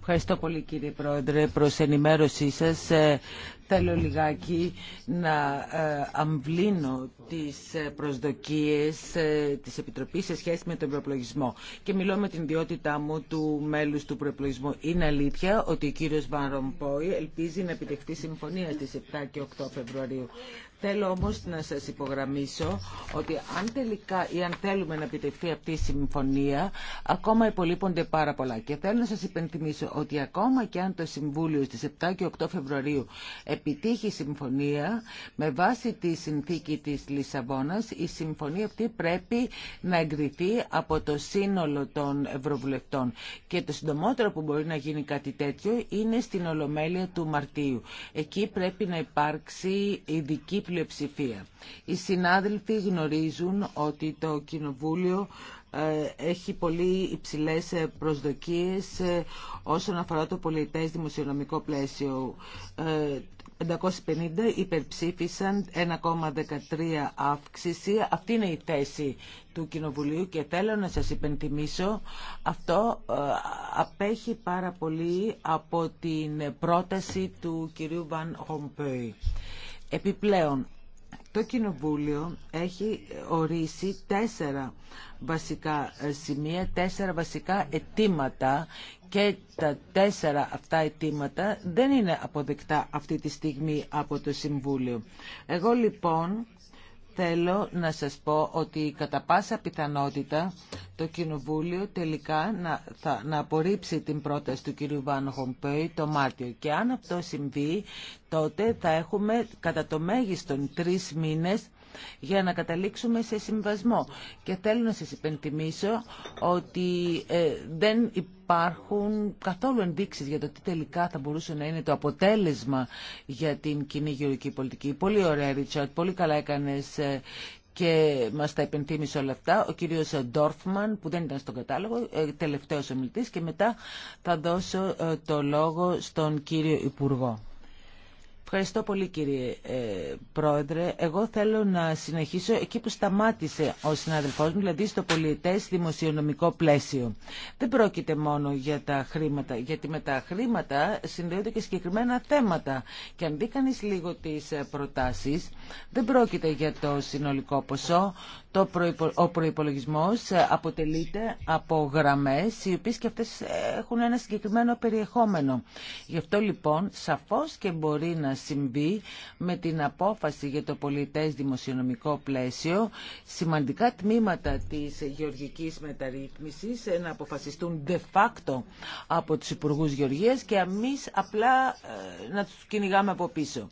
Ευχαριστώ πολύ κύριε Πρόεδρε προς ενημέρωσή σας. Ε, θέλω λιγάκι να ε, αμβλύνω τις ε, προσδοκίες της Επιτροπής σε σχέση με τον προπλογισμό. Και μιλώ με την ιδιότητά μου του μέλους του προπλογισμού. Είναι αλήθεια ότι ο κύριος Βαν ελπίζει να επιτευχθεί συμφωνία στις 7 και 8 Φεβρουαρίου. Θέλω όμως να σας υπογραμμίσω ότι αν τελικά ή αν θέλουμε να επιτευχθεί αυτή η συμφωνία, ακόμα υπολείπονται πάρα πολλά. Και θέλω να σας υπενθυμίσω ότι ακόμα και αν το Συμβούλιο στις 7 και 8 Φεβρουαρίου επιτύχει συμφωνία, με βάση τη συνθήκη της Λισαβόνας, η συμφωνία αυτή πρέπει να εγκριθεί από το σύνολο των Ευρωβουλευτών. Και το συντομότερο που μπορεί να γίνει κάτι τέτοιο είναι στην Ολομέλεια του Μαρτίου. Εκεί πρέπει να υπάρξει ειδική πληροφορία πλειοψηφία. Οι συνάδελφοι γνωρίζουν ότι το Κοινοβούλιο ε, έχει πολύ υψηλές ε, προσδοκίες ε, όσον αφορά το πολιτές δημοσιονομικό πλαίσιο. 550 υπερψήφισαν 1,13 αύξηση. Αυτή είναι η θέση του Κοινοβουλίου και θέλω να σας υπενθυμίσω αυτό απέχει πάρα πολύ από την πρόταση του κυρίου Βαν Χομπέη. Επιπλέον, το Κοινοβούλιο έχει ορίσει τέσσερα βασικά σημεία, τέσσερα βασικά αιτήματα και τα τέσσερα αυτά αιτήματα δεν είναι αποδεκτά αυτή τη στιγμή από το Συμβούλιο. Εγώ λοιπόν θέλω να σας πω ότι κατά πάσα πιθανότητα το Κοινοβούλιο τελικά να, θα, να απορρίψει την πρόταση του κυρίου Βαν Χομπέη το Μάρτιο. Και αν αυτό συμβεί, τότε θα έχουμε κατά το μέγιστον τρεις μήνες για να καταλήξουμε σε συμβασμό. Και θέλω να σας υπενθυμίσω ότι ε, δεν υπάρχουν καθόλου ενδείξεις για το τι τελικά θα μπορούσε να είναι το αποτέλεσμα για την κοινή γεωργική πολιτική. Πολύ ωραία, Ρίτσαρτ, πολύ καλά έκανες ε, και μας τα υπενθύμισε όλα αυτά ο κύριος Ντόρφμαν που δεν ήταν στον κατάλογο, ε, τελευταίος ομιλητής και μετά θα δώσω το λόγο στον κύριο Υπουργό. Ευχαριστώ πολύ κύριε ε, Πρόεδρε. Εγώ θέλω να συνεχίσω εκεί που σταμάτησε ο συναδελφός μου, δηλαδή στο πολιτές δημοσιονομικό πλαίσιο. Δεν πρόκειται μόνο για τα χρήματα, γιατί με τα χρήματα συνδέονται και συγκεκριμένα θέματα. Και αν δει λίγο τις ε, προτάσεις, δεν πρόκειται για το συνολικό ποσό το ο προϋπολογισμός ε, αποτελείται από γραμμές οι οποίες και αυτές ε, έχουν ένα συγκεκριμένο περιεχόμενο. Γι' αυτό λοιπόν σαφώς και μπορεί να συμβεί με την απόφαση για το πολιτές δημοσιονομικό πλαίσιο σημαντικά τμήματα της γεωργικής μεταρρύθμισης ε, να αποφασιστούν de facto από τους Υπουργούς Γεωργίας και εμεί απλά να τους κυνηγάμε από πίσω.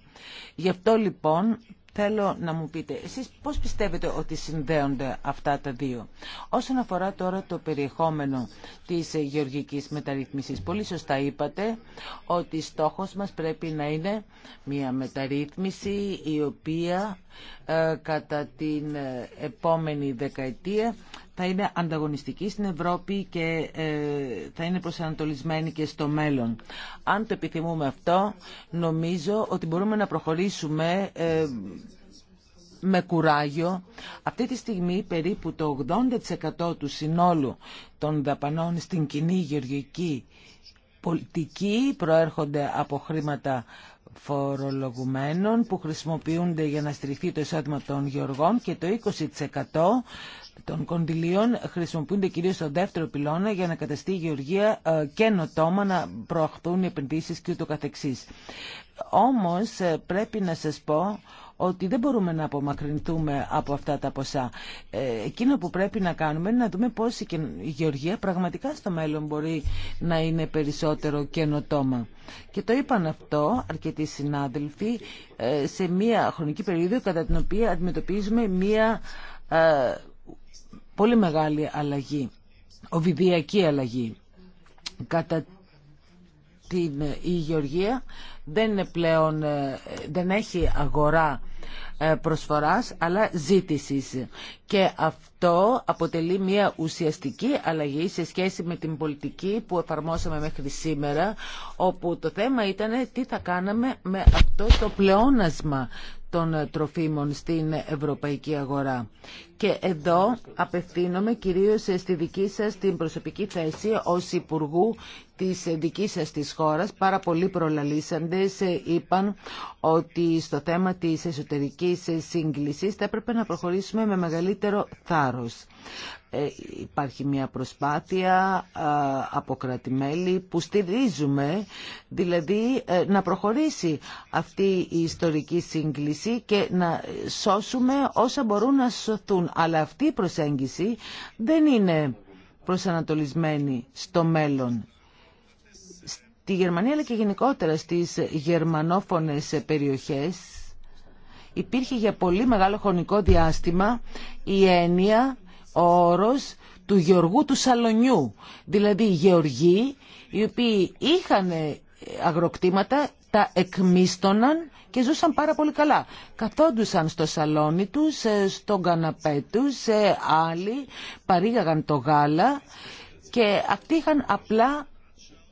Γι' αυτό λοιπόν Θέλω να μου πείτε, εσείς πώς πιστεύετε ότι συνδέονται αυτά τα δύο. Όσον αφορά τώρα το περιεχόμενο της γεωργικής μεταρρύθμισης, πολύ σωστά είπατε ότι στόχος μας πρέπει να είναι μια μεταρρύθμιση η οποία ε, κατά την ε, επόμενη δεκαετία θα είναι ανταγωνιστική στην Ευρώπη και ε, θα είναι προσανατολισμένη και στο μέλλον. Αν το επιθυμούμε αυτό, νομίζω ότι μπορούμε να προχωρήσουμε ε, με κουράγιο. Αυτή τη στιγμή περίπου το 80% του συνόλου των δαπανών στην κοινή γεωργική πολιτική προέρχονται από χρήματα φορολογουμένων που χρησιμοποιούνται για να στηριχθεί το εισόδημα των γεωργών και το 20% των κονδυλίων χρησιμοποιούνται κυρίως στον δεύτερο πυλώνα για να καταστεί η γεωργία ε, καινοτόμα να προαχθούν οι επενδύσεις και ούτω καθεξής. Όμως ε, πρέπει να σας πω ότι δεν μπορούμε να απομακρυνθούμε από αυτά τα ποσά. Ε, εκείνο που πρέπει να κάνουμε είναι να δούμε πώς η γεωργία πραγματικά στο μέλλον μπορεί να είναι περισσότερο καινοτόμα. Και το είπαν αυτό αρκετοί συνάδελφοι σε μια χρονική περίοδο κατά την οποία αντιμετωπίζουμε μια πολύ μεγάλη αλλαγή, οβιδιακή αλλαγή. Κατά την, ε, η δεν, είναι πλέον, ε, δεν έχει αγορά ε, προσφοράς αλλά ζήτησης. Και αυτό αποτελεί μια ουσιαστική αλλαγή σε σχέση με την πολιτική που εφαρμόσαμε μέχρι σήμερα, όπου το θέμα ήταν τι θα κάναμε με αυτό το πλεόνασμα των τροφίμων στην ευρωπαϊκή αγορά. Και εδώ απευθύνομαι κυρίως στη δική σας την προσωπική θέση ως Υπουργού της δικής σας της χώρας. Πάρα πολλοί προλαλήσαντες είπαν ότι στο θέμα της εσωτερικής της σύγκλησης θα έπρεπε να προχωρήσουμε με μεγαλύτερο θάρρος. Ε, υπάρχει μια προσπάθεια ε, από κρατημέλη που στηρίζουμε, δηλαδή ε, να προχωρήσει αυτή η ιστορική σύγκληση και να σώσουμε όσα μπορούν να σωθούν. Αλλά αυτή η προσέγγιση δεν είναι προσανατολισμένη στο μέλλον. Στη Γερμανία αλλά και γενικότερα στις γερμανόφωνες περιοχές υπήρχε για πολύ μεγάλο χρονικό διάστημα η έννοια, ο όρος του γεωργού του σαλονιού. Δηλαδή γεωργοί οι οποίοι είχαν ε, αγροκτήματα, τα εκμίστοναν και ζούσαν πάρα πολύ καλά. Καθόντουσαν στο σαλόνι τους, ε, στον καναπέ τους, ε, άλλοι παρήγαγαν το γάλα και αυτοί είχαν απλά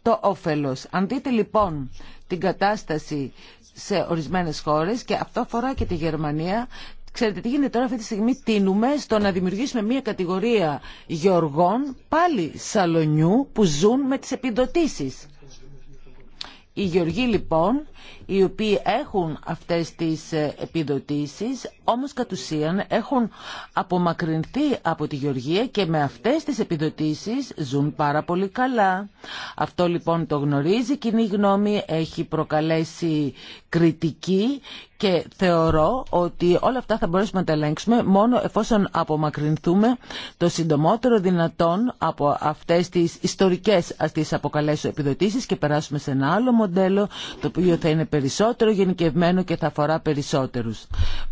το όφελος. Αν δείτε λοιπόν την κατάσταση σε ορισμένες χώρες και αυτό αφορά και τη Γερμανία. Ξέρετε τι γίνεται τώρα αυτή τη στιγμή τίνουμε στο να δημιουργήσουμε μια κατηγορία γεωργών πάλι σαλονιού που ζουν με τις επιδοτήσεις. Οι γεωργοί λοιπόν οι οποίοι έχουν αυτές τις ε, επιδοτήσεις, όμως κατ' ουσίαν έχουν απομακρυνθεί από τη Γεωργία και με αυτές τις επιδοτήσεις ζουν πάρα πολύ καλά. Αυτό λοιπόν το γνωρίζει η κοινή γνώμη, έχει προκαλέσει κριτική και θεωρώ ότι όλα αυτά θα μπορέσουμε να τα ελέγξουμε μόνο εφόσον απομακρυνθούμε το συντομότερο δυνατόν από αυτές τις ιστορικές, αυτές τις επιδοτήσεις και περάσουμε σε ένα άλλο μοντέλο το οποίο θα είναι περισσότερο γενικευμένο και θα αφορά περισσότερους.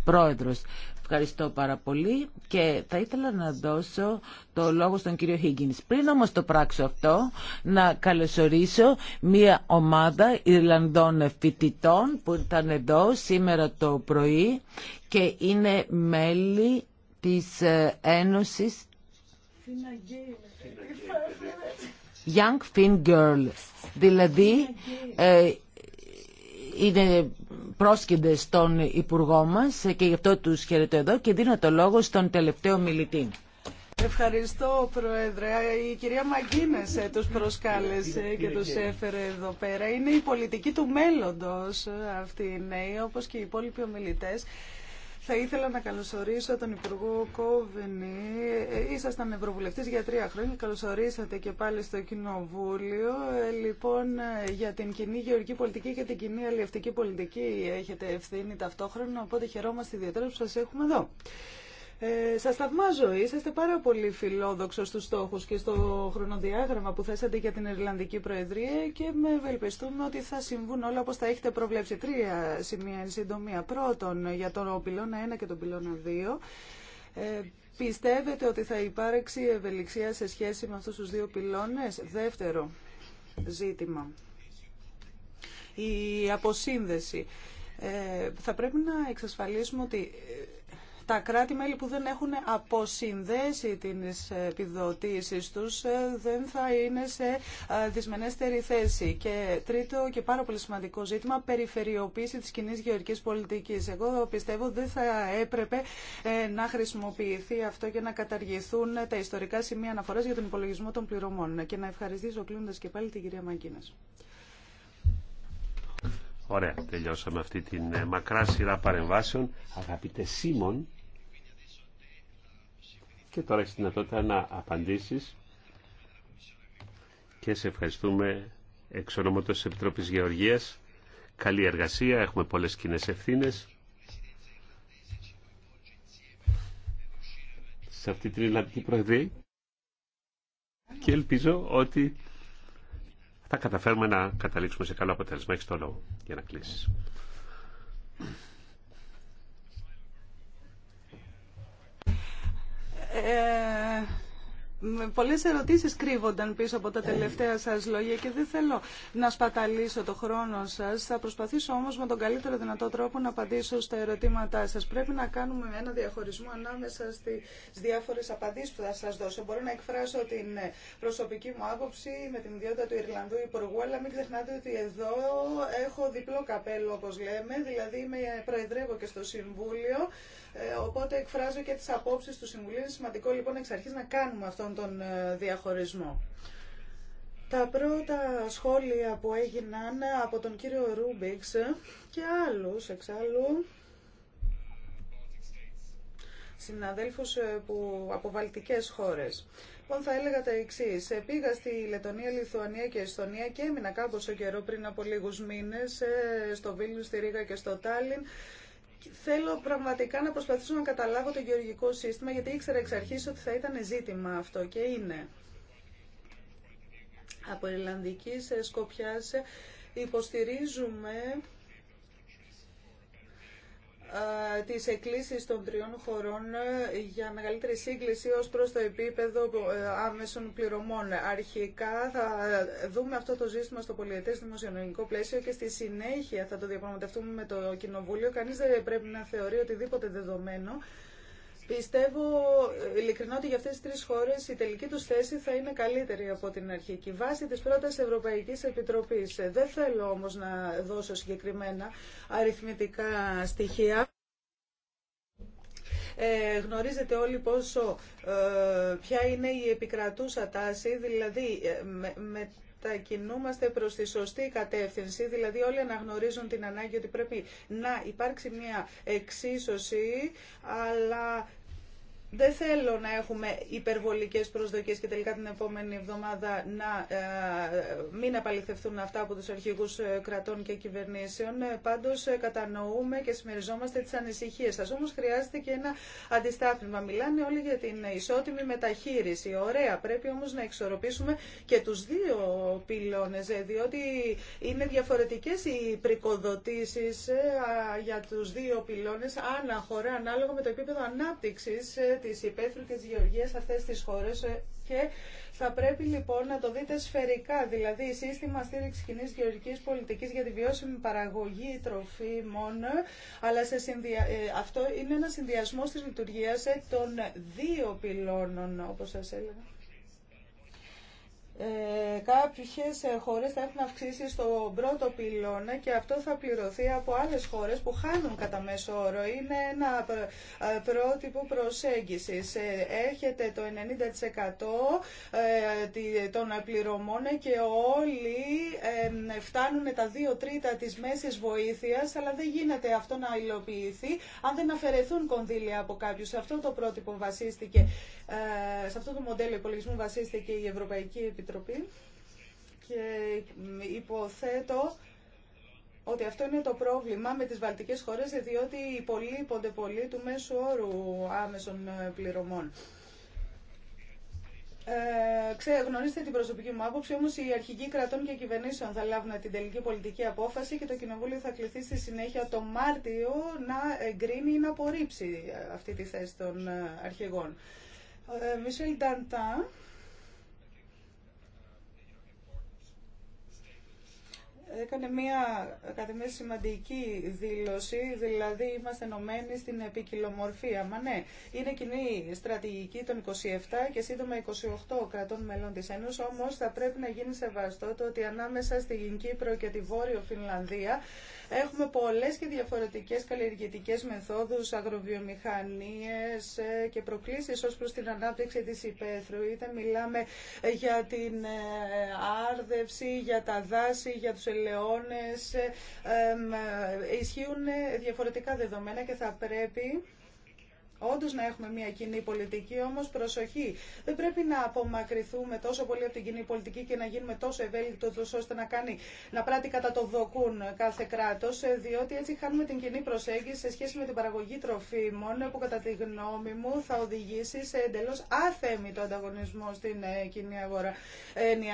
Πρόεδρος, ευχαριστώ πάρα πολύ και θα ήθελα να δώσω το λόγο στον κύριο Higgins. Πριν όμως το πράξω αυτό, να καλωσορίσω μία ομάδα Ιρλανδών φοιτητών που ήταν εδώ σήμερα το πρωί και είναι μέλη της ε, Ένωσης Young Fin Girls δηλαδή ε, είναι πρόσκυντες στον Υπουργό μας και γι' αυτό τους χαιρετώ εδώ και δίνω το λόγο στον τελευταίο μιλητή. Ευχαριστώ, Πρόεδρε. Η κυρία Μαγκίνες ε, τους προσκάλεσε και τους έφερε εδώ πέρα. Είναι η πολιτική του μέλλοντος ε, αυτή η νέη, όπως και οι υπόλοιποι ομιλητές. Θα ήθελα να καλωσορίσω τον Υπουργό Κόβενη. Ε, ήσασταν Ευρωβουλευτή για τρία χρόνια. Καλωσορίσατε και πάλι στο Κοινοβούλιο. Ε, λοιπόν, ε, για την κοινή γεωργική πολιτική και την κοινή αλληλευτική πολιτική έχετε ευθύνη ταυτόχρονα, οπότε χαιρόμαστε ιδιαίτερα που σας έχουμε εδώ. Ε, σας θαυμάζω, είσαστε πάρα πολύ φιλόδοξο στους στόχους και στο χρονοδιάγραμμα που θέσατε για την Ιρλανδική Προεδρία και με ευελπιστούμε ότι θα συμβούν όλα όπως θα έχετε προβλέψει. Τρία σημεία εν συντομία. Πρώτον, για τον πυλώνα 1 και τον πυλώνα 2. Ε, πιστεύετε ότι θα υπάρξει ευελιξία σε σχέση με αυτούς τους δύο πυλώνες. Δεύτερο ζήτημα, η αποσύνδεση. Ε, θα πρέπει να εξασφαλίσουμε ότι τα κράτη-μέλη που δεν έχουν αποσυνδέσει τις επιδοτήσεις τους ε, δεν θα είναι σε ε, δυσμενέστερη θέση. Και τρίτο και πάρα πολύ σημαντικό ζήτημα, περιφερειοποίηση της κοινή γεωργικής πολιτικής. Εγώ πιστεύω δεν θα έπρεπε ε, να χρησιμοποιηθεί αυτό και να καταργηθούν τα ιστορικά σημεία αναφοράς για τον υπολογισμό των πληρωμών. Και να ευχαριστήσω κλείνοντας και πάλι την κυρία Μαγκίνας. Ωραία, τελειώσαμε αυτή την μακρά σειρά παρεμβάσεων. Αγαπητέ Σίμων, και τώρα έχει δυνατότητα να απαντήσεις και σε ευχαριστούμε εξ ονόματος της Επιτροπής Γεωργίας. Καλή εργασία, έχουμε πολλές κοινέ ευθύνε. σε αυτή την ελλαδική Προεδρία και ελπίζω ότι θα καταφέρουμε να καταλήξουμε σε καλό αποτέλεσμα. Έχεις το λόγο για να κλείσεις. Ε, ε, πολλές ερωτήσεις κρύβονταν πίσω από τα τελευταία σας λόγια και δεν θέλω να σπαταλίσω το χρόνο σας. Θα προσπαθήσω όμως με τον καλύτερο δυνατό τρόπο να απαντήσω στα ερωτήματά σας. Πρέπει να κάνουμε ένα διαχωρισμό ανάμεσα στις διάφορες απαντήσεις που θα σας δώσω. Μπορώ να εκφράσω την προσωπική μου άποψη με την ιδιότητα του Ιρλανδού Υπουργού, αλλά μην ξεχνάτε ότι εδώ έχω διπλό καπέλο όπως λέμε, δηλαδή με προεδρεύω και στο Συμβούλιο ε, οπότε εκφράζω και τις απόψεις του Συμβουλίου. Είναι σημαντικό λοιπόν εξ αρχής να κάνουμε αυτόν τον ε, διαχωρισμό. Τα πρώτα σχόλια που έγιναν από τον κύριο Ρούμπιξ και άλλους εξάλλου συναδέλφους ε, που, από βαλτικές χώρες. Λοιπόν, θα έλεγα τα εξή. Πήγα στη Λετωνία, Λιθουανία και Εσθονία και έμεινα στο καιρό πριν από λίγου μήνε στο Βίλνιου, στη Ρίγα και στο Τάλιν. Θέλω πραγματικά να προσπαθήσω να καταλάβω το γεωργικό σύστημα, γιατί ήξερα εξ αρχής ότι θα ήταν ζήτημα αυτό και είναι. Από Ιρλανδικής Σκοπιάς υποστηρίζουμε ε, τις εκκλήσεις των τριών χωρών ε, για μεγαλύτερη σύγκληση ως προς το επίπεδο ε, άμεσων πληρωμών. Αρχικά θα δούμε αυτό το ζήτημα στο πολιετές δημοσιονομικό πλαίσιο και στη συνέχεια θα το διαπραγματευτούμε με το Κοινοβούλιο. Κανείς δεν πρέπει να θεωρεί οτιδήποτε δεδομένο Πιστεύω ειλικρινά ότι για αυτές τις τρεις χώρες η τελική τους θέση θα είναι καλύτερη από την αρχική βάση της πρώτης Ευρωπαϊκής Επιτροπής. Ε, δεν θέλω όμως να δώσω συγκεκριμένα αριθμητικά στοιχεία. Ε, γνωρίζετε όλοι πόσο, ε, ποια είναι η επικρατούσα τάση, δηλαδή ε, με, με τα κινούμαστε προς τη σωστή κατεύθυνση, δηλαδή όλοι αναγνωρίζουν την ανάγκη ότι πρέπει να υπάρξει μια εξίσωση, αλλά δεν θέλω να έχουμε υπερβολικές προσδοκίες και τελικά την επόμενη εβδομάδα να ε, μην απαλληθευτούν αυτά από τους αρχηγούς ε, κρατών και κυβερνήσεων. Ε, πάντως κατανοούμε και συμμεριζόμαστε τις ανησυχίες σας. Όμως χρειάζεται και ένα αντιστάθμιμα. Μιλάνε όλοι για την ισότιμη μεταχείριση. Ωραία, πρέπει όμως να εξορροπήσουμε και τους δύο πυλώνες, διότι είναι διαφορετικές οι πρικοδοτήσεις για τους δύο πυλώνες, ανά ανάλογα με το επίπεδο ανάπτυξης Τη υπαίθρου και σε αυτές τις χώρες ε, και θα πρέπει λοιπόν να το δείτε σφαιρικά, δηλαδή η σύστημα στήριξη κοινή γεωργικής πολιτική για τη βιώσιμη παραγωγή τροφίμων, αλλά σε ε, αυτό είναι ένα συνδυασμό τη λειτουργία ε, των δύο πυλώνων, όπω σα έλεγα. Ε, κάποιες ε, χώρες θα έχουν αυξήσει στον πρώτο πυλώνα και αυτό θα πληρωθεί από άλλες χώρες που χάνουν κατά μέσο όρο. Είναι ένα ε, πρότυπο προσέγγισης. Ε, έχετε το 90% των πληρωμών και όλοι φτάνουν τα δύο τρίτα της μέσης βοήθειας, αλλά δεν γίνεται αυτό να υλοποιηθεί αν δεν αφαιρεθούν κονδύλια από κάποιους. Σε αυτό το πρότυπο βασίστηκε, σε αυτό το μοντέλο υπολογισμού βασίστηκε η Ευρωπαϊκή Επιτροπή και υποθέτω ότι αυτό είναι το πρόβλημα με τις βαλτικές χώρες, διότι υπολείπονται πολύ του μέσου όρου άμεσων πληρωμών. Ε, γνωρίζετε την προσωπική μου άποψη, όμως οι αρχηγοί κρατών και κυβερνήσεων θα λάβουν την τελική πολιτική απόφαση και το Κοινοβούλιο θα κληθεί στη συνέχεια το Μάρτιο να εγκρίνει ή να απορρίψει αυτή τη θέση των αρχηγών. Μισελ έκανε μια κατά σημαντική δήλωση, δηλαδή είμαστε ενωμένοι στην επικοινομορφία. Μα ναι, είναι κοινή στρατηγική των 27 και σύντομα 28 κρατών μελών της Ένωσης, όμως θα πρέπει να γίνει σεβαστό το ότι ανάμεσα στην Κύπρο και τη Βόρειο Φινλανδία έχουμε πολλές και διαφορετικές καλλιεργητικές μεθόδους, αγροβιομηχανίες ε, και προκλήσεις ως προς την ανάπτυξη της υπαίθρου. Είτε μιλάμε για την ε, άρδευση, για τα δάση, για τους Λεόνες, ε, ε, ισχύουν διαφορετικά δεδομένα και θα πρέπει Όντω να έχουμε μια κοινή πολιτική, όμω προσοχή. Δεν πρέπει να απομακρυνθούμε τόσο πολύ από την κοινή πολιτική και να γίνουμε τόσο ευέλικτο ώστε να, κάνει, να πράττει κατά το δοκούν κάθε κράτο, ε, διότι έτσι χάνουμε την κοινή προσέγγιση σε σχέση με την παραγωγή τροφίμων, που κατά τη γνώμη μου θα οδηγήσει σε εντελώ το ανταγωνισμό στην ε, κοινή αγορά.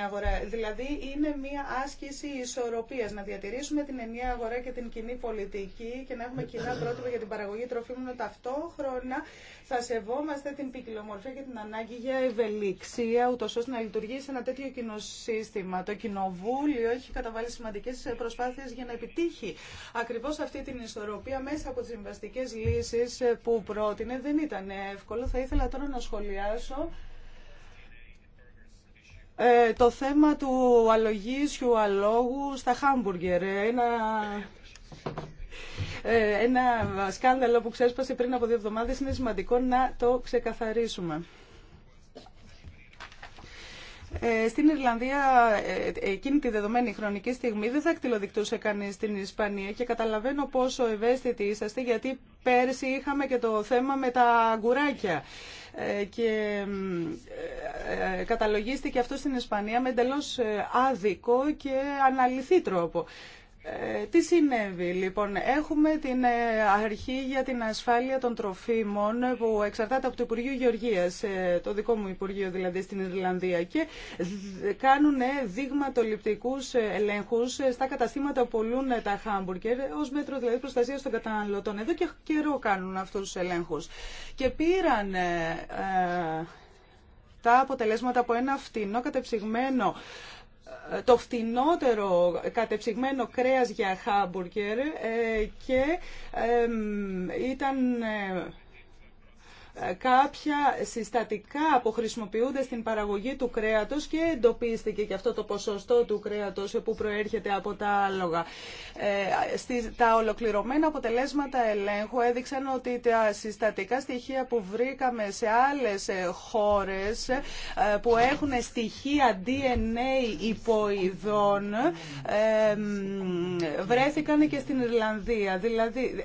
αγορά. Δηλαδή είναι μια άσκηση ισορροπία. Να διατηρήσουμε την ενιαία αγορά και την κοινή πολιτική και να έχουμε κοινά πρότυπα για την παραγωγή τροφίμων ταυτόχρονα θα σεβόμαστε την ποικιλομορφία και την ανάγκη για ευελιξία, ούτω ώστε να λειτουργήσει ένα τέτοιο κοινό σύστημα. Το Κοινοβούλιο έχει καταβάλει σημαντικέ προσπάθειε για να επιτύχει ακριβώ αυτή την ισορροπία μέσα από τι συμβαστικέ λύσει που πρότεινε. Δεν ήταν εύκολο. Θα ήθελα τώρα να σχολιάσω ε, το θέμα του αλογίσιου αλόγου στα χάμπουργκερ. Ένα ε, ένα σκάνδαλο που ξέσπασε πριν από δύο εβδομάδες είναι σημαντικό να το ξεκαθαρίσουμε. Ε, στην Ιρλανδία ε, εκείνη τη δεδομένη χρονική στιγμή δεν θα εκτιλοδεικτούσε κανείς στην Ισπανία και καταλαβαίνω πόσο ευαίσθητοι είσαστε γιατί πέρσι είχαμε και το θέμα με τα αγκουράκια και καταλογίστηκε αυτό στην Ισπανία με εντελώ άδικο και αναλυθή τρόπο. Ε, τι συνέβη λοιπόν. Έχουμε την ε, αρχή για την ασφάλεια των τροφίμων που εξαρτάται από το Υπουργείο Γεωργίας, ε, το δικό μου Υπουργείο δηλαδή στην Ιρλανδία και κάνουν δείγματοληπτικούς ελέγχους στα καταστήματα που πουλούν τα χάμπουργκερ ως μέτρο δηλαδή προστασίας των καταναλωτών. Εδώ και καιρό κάνουν αυτούς τους ελέγχους. Και πήραν τα αποτελέσματα από ένα φτηνό κατεψυγμένο ε, το φθηνότερο κατεψυγμένο κρέας για χάμπουργκερ ε, και ήταν ε, κάποια συστατικά που χρησιμοποιούνται στην παραγωγή του κρέατος και εντοπίστηκε και αυτό το ποσοστό του κρέατος που προέρχεται από τα άλογα. Ε, τα ολοκληρωμένα αποτελέσματα ελέγχου έδειξαν ότι τα συστατικά στοιχεία που βρήκαμε σε άλλες ε, χώρες ε, που έχουν στοιχεία DNA υποειδών βρέθηκαν και στην Ιρλανδία. Δηλαδή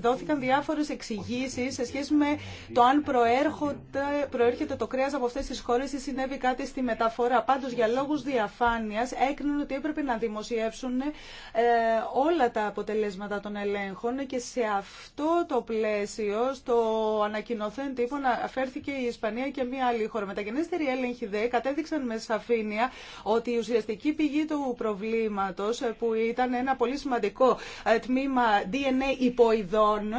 δόθηκαν διάφορες εξηγήσεις σε σχέση με το αν προέρχεται το κρέα από αυτέ τι χώρε, ή συνέβη κάτι στη μεταφορά. Πάντως για λόγους διαφάνειας έκριναν ότι έπρεπε να δημοσιεύσουν ε, όλα τα αποτελέσματα των ελέγχων και σε αυτό το πλαίσιο, στο ανακοινωθέν τύπο, αφέρθηκε η Ισπανία και μία άλλη χώρα. Μεταγενέστεροι έλεγχοι δε κατέδειξαν με σαφήνεια ότι η ουσιαστική πηγή του προβλήματο ε, που ήταν ένα πολύ σημαντικό ε, τμήμα DNA υποειδών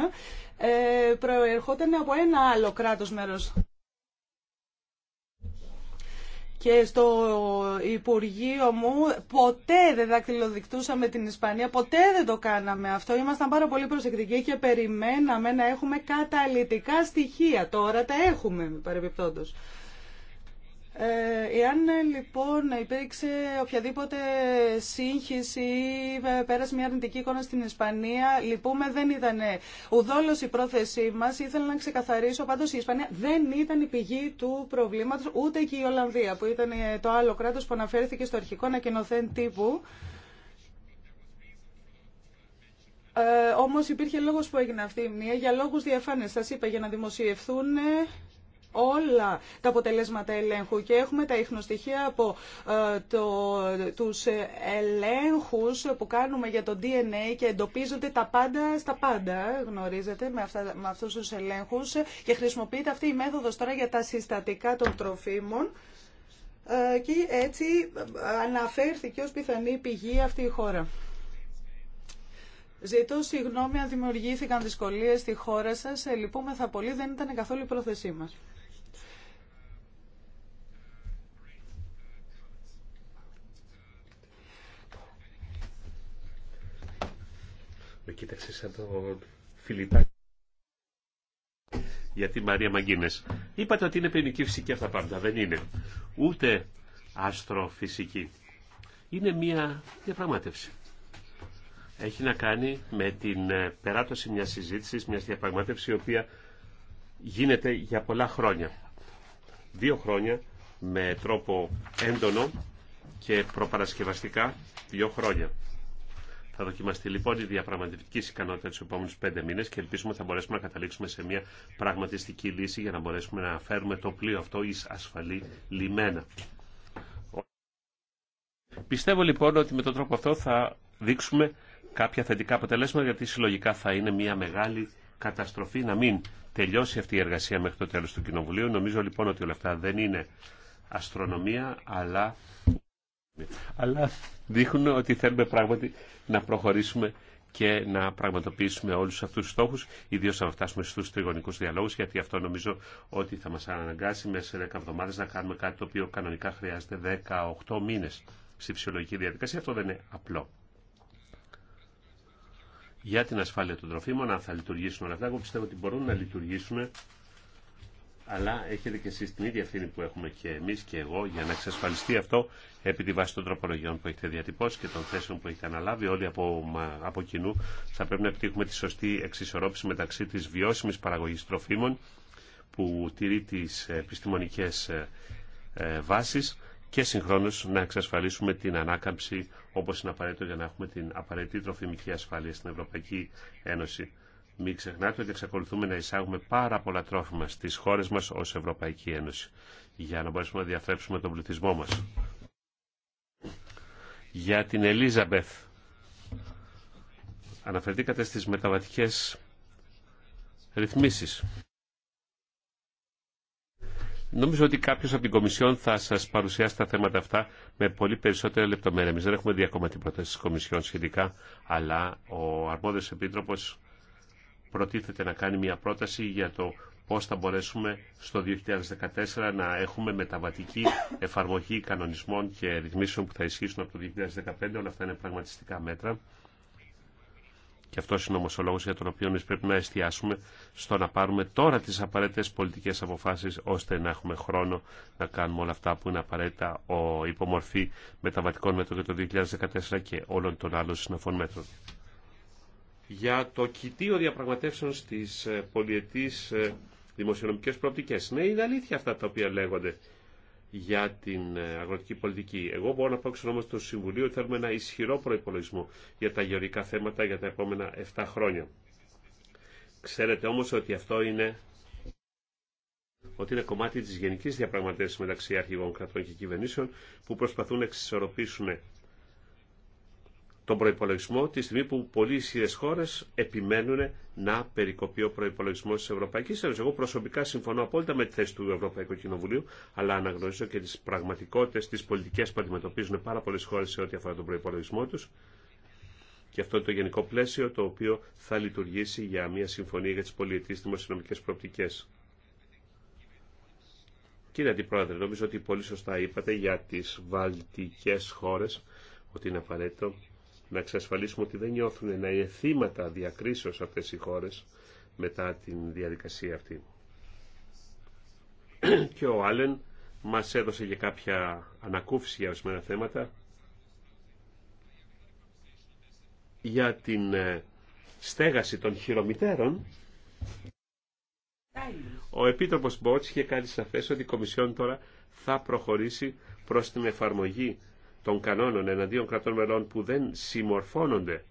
ε, προερχόταν από ένα άλλο κράτος μέρος. Και στο Υπουργείο μου ποτέ δεν δακτυλοδεικτούσαμε την Ισπανία, ποτέ δεν το κάναμε αυτό. Ήμασταν πάρα πολύ προσεκτικοί και περιμέναμε να έχουμε καταλητικά στοιχεία. Τώρα τα έχουμε, παρεμπιπτόντως. Ε, εάν λοιπόν υπήρξε οποιαδήποτε σύγχυση ή ε, πέρασε μια αρνητική εικόνα στην Ισπανία, λυπούμε, δεν ήταν ουδόλως η πρόθεσή μας. Ήθελα να ξεκαθαρίσω, πάντως η Ισπανία δεν ήταν η πηγή του προβλήματος, ούτε και η Ολλανδία, που ήταν ε, το άλλο κράτος που αναφέρθηκε στο αρχικό ανακοινωθέν τύπου. Ε, Όμω υπήρχε λόγος που έγινε αυτή η μία για λόγους διαφάνειας Σα είπα για να δημοσιευθούν όλα τα αποτελέσματα ελέγχου και έχουμε τα ίχνοστοιχεία από ε, το, τους ελέγχους που κάνουμε για το DNA και εντοπίζονται τα πάντα στα πάντα, γνωρίζετε, με, αυτά, με αυτούς τους ελέγχους και χρησιμοποιείται αυτή η μέθοδος τώρα για τα συστατικά των τροφίμων ε, και έτσι ε, αναφέρθηκε ως πιθανή πηγή αυτή η χώρα. Ζητώ συγγνώμη αν δημιουργήθηκαν δυσκολίες στη χώρα σας. Λυπούμεθα πολύ, δεν ήταν καθόλου η πρόθεσή μας. Με κοίταξε σαν το φιλιτάκι για τη Μαρία Μαγκίνες. Είπατε ότι είναι ποινική φυσική αυτά πάντα Δεν είναι. Ούτε αστροφυσική. Είναι μια διαπραγμάτευση. Έχει να κάνει με την ε, περάτωση μιας συζήτησης, μιας διαπραγμάτευσης η οποία γίνεται για πολλά χρόνια. Δύο χρόνια με τρόπο έντονο και προπαρασκευαστικά δύο χρόνια. Θα δοκιμαστεί λοιπόν η διαπραγματευτική ικανότητα του επόμενου πέντε μήνε και ελπίζουμε θα μπορέσουμε να καταλήξουμε σε μια πραγματιστική λύση για να μπορέσουμε να φέρουμε το πλοίο αυτό ει ασφαλή λιμένα. Πιστεύω λοιπόν ότι με τον τρόπο αυτό θα δείξουμε κάποια θετικά αποτελέσματα γιατί συλλογικά θα είναι μια μεγάλη καταστροφή να μην τελειώσει αυτή η εργασία μέχρι το τέλος του Κοινοβουλίου. Νομίζω λοιπόν ότι όλα αυτά δεν είναι αστρονομία αλλά αλλά δείχνουν ότι θέλουμε πράγματι να προχωρήσουμε και να πραγματοποιήσουμε όλους αυτούς τους στόχους, ιδίως αν φτάσουμε στους τριγωνικούς διαλόγους, γιατί αυτό νομίζω ότι θα μας αναγκάσει μέσα σε 10 εβδομάδες να κάνουμε κάτι το οποίο κανονικά χρειάζεται 18 μήνες στη φυσιολογική διαδικασία. Αυτό δεν είναι απλό. Για την ασφάλεια των τροφίμων, αν θα λειτουργήσουν όλα αυτά, εγώ πιστεύω ότι μπορούν να λειτουργήσουν αλλά έχετε και εσεί την ίδια ευθύνη που έχουμε και εμεί και εγώ για να εξασφαλιστεί αυτό επί τη βάση των τροπολογιών που έχετε διατυπώσει και των θέσεων που έχετε αναλάβει όλοι από, από κοινού θα πρέπει να επιτύχουμε τη σωστή εξισορρόπηση μεταξύ τη βιώσιμη παραγωγή τροφίμων που τηρεί τι επιστημονικέ ε, ε, βάσει και συγχρόνω να εξασφαλίσουμε την ανάκαμψη όπω είναι απαραίτητο για να έχουμε την απαραίτητη τροφιμική ασφάλεια στην Ευρωπαϊκή Ένωση. Μην ξεχνάτε ότι εξακολουθούμε να εισάγουμε πάρα πολλά τρόφιμα στις χώρες μας ως Ευρωπαϊκή Ένωση για να μπορέσουμε να διαφρέψουμε τον πληθυσμό μας. Για την Ελίζαμπεθ αναφερθήκατε στις μεταβατικές ρυθμίσεις. Νομίζω ότι κάποιο από την Κομισιόν θα σα παρουσιάσει τα θέματα αυτά με πολύ περισσότερα λεπτομέρεια. Εμεί δεν έχουμε δει ακόμα την πρόταση τη Κομισιόν σχετικά, αλλά ο αρμόδιο επίτροπο προτίθεται να κάνει μια πρόταση για το πώς θα μπορέσουμε στο 2014 να έχουμε μεταβατική εφαρμογή κανονισμών και ρυθμίσεων που θα ισχύσουν από το 2015. Όλα αυτά είναι πραγματιστικά μέτρα. Και αυτό είναι όμω ο λόγο για τον οποίο εμεί πρέπει να εστιάσουμε στο να πάρουμε τώρα τι απαραίτητε πολιτικέ αποφάσει, ώστε να έχουμε χρόνο να κάνουμε όλα αυτά που είναι απαραίτητα υπομορφή μεταβατικών μέτρων για το 2014 και όλων των άλλων συναφών μέτρων για το κοιτίο διαπραγματεύσεων στις ε, πολιετής ε, δημοσιονομικές προοπτικές. Ναι, είναι αλήθεια αυτά τα οποία λέγονται για την ε, αγροτική πολιτική. Εγώ μπορώ να πω εξ ονόματο του Συμβουλίου ότι θέλουμε ένα ισχυρό προπολογισμό για τα γεωργικά θέματα για τα επόμενα 7 χρόνια. Ξέρετε όμως ότι αυτό είναι ότι είναι κομμάτι της γενικής διαπραγματεύσης μεταξύ αρχηγών κρατών και κυβερνήσεων που προσπαθούν να εξισορροπήσουν τον προπολογισμό τη στιγμή που πολλοί ισχυρέ χώρε επιμένουν να περικοπεί ο προπολογισμό τη Ευρωπαϊκή Ένωση. Εγώ προσωπικά συμφωνώ απόλυτα με τη θέση του Ευρωπαϊκού Κοινοβουλίου, αλλά αναγνωρίζω και τι πραγματικότητε, τι πολιτικέ που αντιμετωπίζουν πάρα πολλέ χώρε σε ό,τι αφορά τον προπολογισμό του. Και αυτό είναι το γενικό πλαίσιο το οποίο θα λειτουργήσει για μια συμφωνία για τι πολιτικές δημοσιονομικέ προοπτικέ. Κύριε Αντιπρόεδρε, νομίζω ότι πολύ σωστά είπατε για τι βαλτικέ χώρε ότι είναι απαραίτητο να εξασφαλίσουμε ότι δεν νιώθουν να είναι θύματα διακρίσεως αυτές οι χώρες μετά την διαδικασία αυτή. [CLEARS THROAT] Και ο Άλεν μας έδωσε και κάποια ανακούφιση για ορισμένα θέματα για την ε, στέγαση των χειρομητέρων ο Επίτροπος Μπότς είχε κάνει σαφές ότι η Κομισιόν τώρα θα προχωρήσει προς την εφαρμογή των κανόνων εναντίον κρατών μελών που δεν συμμορφώνονται.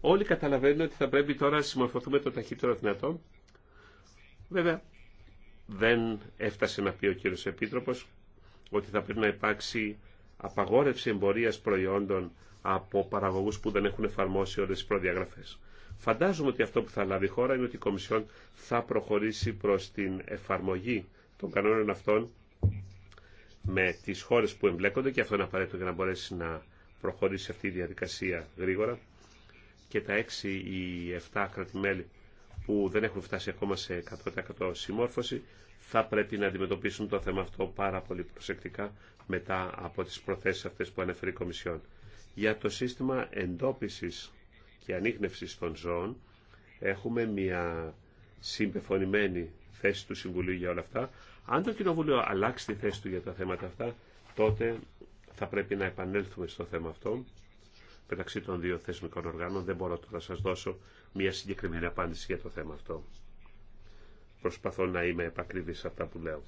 Όλοι καταλαβαίνουν ότι θα πρέπει τώρα να συμμορφωθούμε το ταχύτερο δυνατό. Βέβαια, δεν έφτασε να πει ο κύριος Επίτροπος ότι θα πρέπει να υπάρξει απαγόρευση εμπορίας προϊόντων από παραγωγούς που δεν έχουν εφαρμόσει όλες τις προδιαγραφές. Φαντάζομαι ότι αυτό που θα λάβει η χώρα είναι ότι η Κομισιόν θα προχωρήσει προς την εφαρμογή των κανόνων αυτών με τις χώρες που εμπλέκονται και αυτό είναι απαραίτητο για να μπορέσει να προχωρήσει αυτή η διαδικασία γρήγορα και τα 6 ή 7 κρατημέλη που δεν έχουν φτάσει ακόμα σε 100% συμμόρφωση θα πρέπει να αντιμετωπίσουν το θέμα αυτό πάρα πολύ προσεκτικά μετά από τις προθέσεις αυτές που ανέφερε η Κομισιόν. Για το σύστημα εντόπισης και ανείχνευσης των ζώων έχουμε μια συμπεφωνημένη θέση του Συμβουλίου για όλα αυτά, αν το Κοινοβούλιο αλλάξει τη θέση του για τα θέματα αυτά, τότε θα πρέπει να επανέλθουμε στο θέμα αυτό. Μεταξύ των δύο θεσμικών οργάνων δεν μπορώ τώρα να σας δώσω μια συγκεκριμένη απάντηση για το θέμα αυτό. Προσπαθώ να είμαι επακριβής σε αυτά που λέω.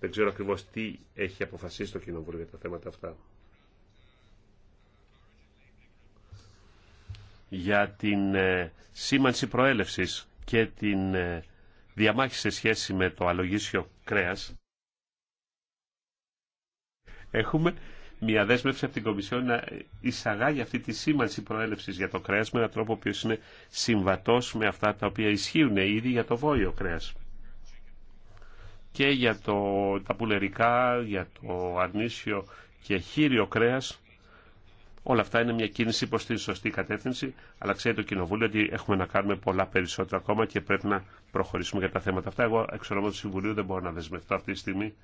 Δεν ξέρω ακριβώς τι έχει αποφασίσει το Κοινοβούλιο για τα θέματα αυτά. Για την ε, σήμανση προέλευσης και την ε, διαμάχη σε σχέση με το αλογίσιο κρέας, έχουμε μια δέσμευση από την Κομισιόν να εισαγάγει αυτή τη σήμανση προέλευσης για το κρέας με έναν τρόπο που είναι συμβατός με αυτά τα οποία ισχύουν ήδη για το βόλιο κρέας και για το, τα πουλερικά, για το αρνίσιο και χείριο κρέας Όλα αυτά είναι μια κίνηση προς την σωστή κατεύθυνση, αλλά ξέρει το Κοινοβούλιο ότι έχουμε να κάνουμε πολλά περισσότερα ακόμα και πρέπει να προχωρήσουμε για τα θέματα αυτά. Εγώ εξ ονόματος του Συμβουλίου δεν μπορώ να δεσμευτώ αυτή τη στιγμή,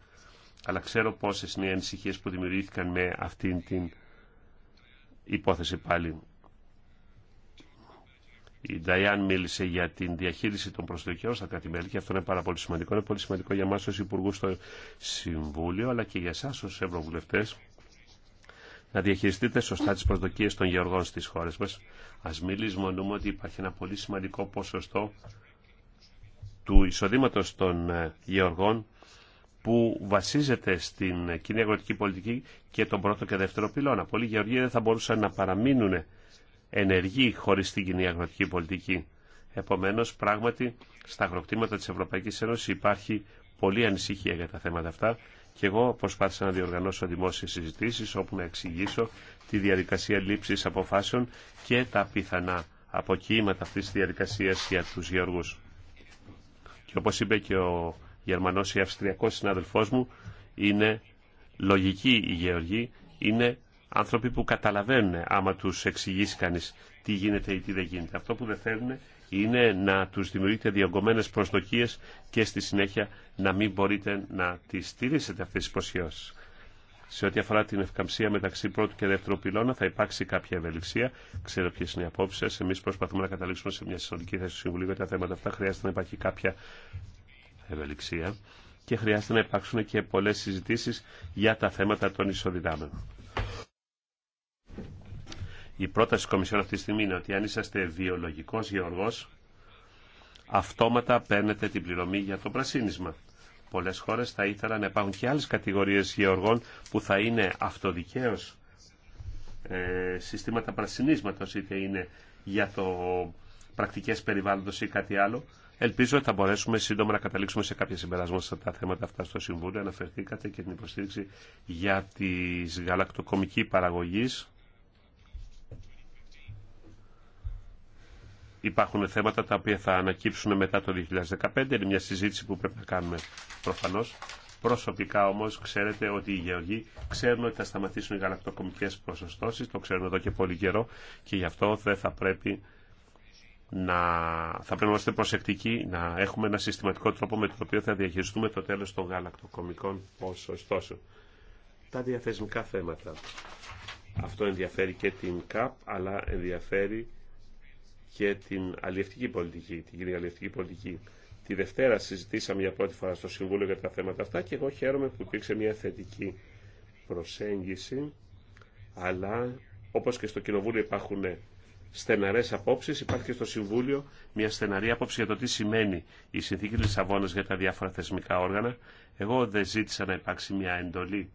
αλλά ξέρω πόσες είναι οι ανησυχίε που δημιουργήθηκαν με αυτή την υπόθεση πάλι. Η Νταϊάν μίλησε για την διαχείριση των προσδοκιών στα κρατη και αυτό είναι πάρα πολύ σημαντικό. Είναι πολύ σημαντικό για εμά ω Υπουργού στο Συμβούλιο αλλά και για εσά ω Ευρωβουλευτέ να διαχειριστείτε σωστά τις προσδοκίες των γεωργών στις χώρες μας. Ας μιλήσουμε λησμονούμε ότι υπάρχει ένα πολύ σημαντικό ποσοστό του εισοδήματος των ε, γεωργών που βασίζεται στην ε, κοινή αγροτική πολιτική και τον πρώτο και δεύτερο πυλώνα. Πολλοί γεωργοί δεν θα μπορούσαν να παραμείνουν ενεργοί χωρίς την κοινή αγροτική πολιτική. Επομένως, πράγματι, στα αγροκτήματα της Ευρωπαϊκής Ένωσης υπάρχει πολλή ανησυχία για τα θέματα αυτά και εγώ προσπάθησα να διοργανώσω δημόσιες συζητήσεις όπου να εξηγήσω τη διαδικασία λήψης αποφάσεων και τα πιθανά αποκοίηματα αυτής της διαδικασίας για τους γεωργούς. Και όπως είπε και ο Γερμανός ή Αυστριακός συνάδελφός μου, είναι λογικη η γεωργη είναι άνθρωποι που καταλαβαίνουν άμα τους εξηγήσει κανείς τι γίνεται ή τι δεν γίνεται. Αυτό που δεν θέλουν είναι να τους δημιουργείτε διαγκωμένες προσδοκίες και στη συνέχεια να μην μπορείτε να τις στηρίσετε αυτές τις υποσχέσεις. Σε ό,τι αφορά την ευκαμψία μεταξύ πρώτου και δεύτερου πυλώνα, θα υπάρξει κάποια ευελιξία. Ξέρω ποιε είναι οι απόψει σα. Εμεί προσπαθούμε να καταλήξουμε σε μια συνολική θέση του Συμβουλίου για τα θέματα αυτά. Χρειάζεται να υπάρχει κάποια ευελιξία και χρειάζεται να υπάρξουν και πολλέ συζητήσει για τα θέματα των ισοδυνάμεων. Η πρόταση της Κομισιόν αυτή τη στιγμή είναι ότι αν είσαστε βιολογικός γεωργός, αυτόματα παίρνετε την πληρωμή για το πρασίνισμα. Πολλές χώρες θα ήθελαν να υπάρχουν και άλλες κατηγορίες γεωργών που θα είναι αυτοδικαίως ε, συστήματα πρασινίσματος, είτε είναι για το πρακτικές περιβάλλοντος ή κάτι άλλο. Ελπίζω ότι θα μπορέσουμε σύντομα να καταλήξουμε σε κάποια συμπεράσματα σε τα θέματα αυτά στο Συμβούλιο. Αναφερθήκατε και την υποστήριξη για τη γαλακτοκομική παραγωγής. υπάρχουν θέματα τα οποία θα ανακύψουν μετά το 2015. Είναι μια συζήτηση που πρέπει να κάνουμε προφανώ. Προσωπικά όμω, ξέρετε ότι οι γεωργοί ξέρουν ότι θα σταματήσουν οι γαλακτοκομικές ποσοστώσει. το ξέρουν εδώ και πολύ καιρό και γι' αυτό δεν θα πρέπει να, θα πρέπει να είμαστε προσεκτικοί, να έχουμε ένα συστηματικό τρόπο με τον οποίο θα διαχειριστούμε το τέλος των γαλακτοκομικών ποσοστώσεων. Τα διαθεσμικά θέματα. Αυτό ενδιαφέρει και την ΚΑΠ, αλλά ενδιαφέρει και την αλληλευτική πολιτική, την κοινή αλληλευτική πολιτική. Τη Δευτέρα συζητήσαμε για πρώτη φορά στο Συμβούλιο για τα θέματα αυτά και εγώ χαίρομαι που υπήρξε μια θετική προσέγγιση, αλλά όπως και στο Κοινοβούλιο υπάρχουν στεναρές απόψεις, υπάρχει και στο Συμβούλιο μια στεναρή απόψη για το τι σημαίνει η συνθήκη Λισαβόνας για τα διάφορα θεσμικά όργανα. Εγώ δεν ζήτησα να υπάρξει μια εντολή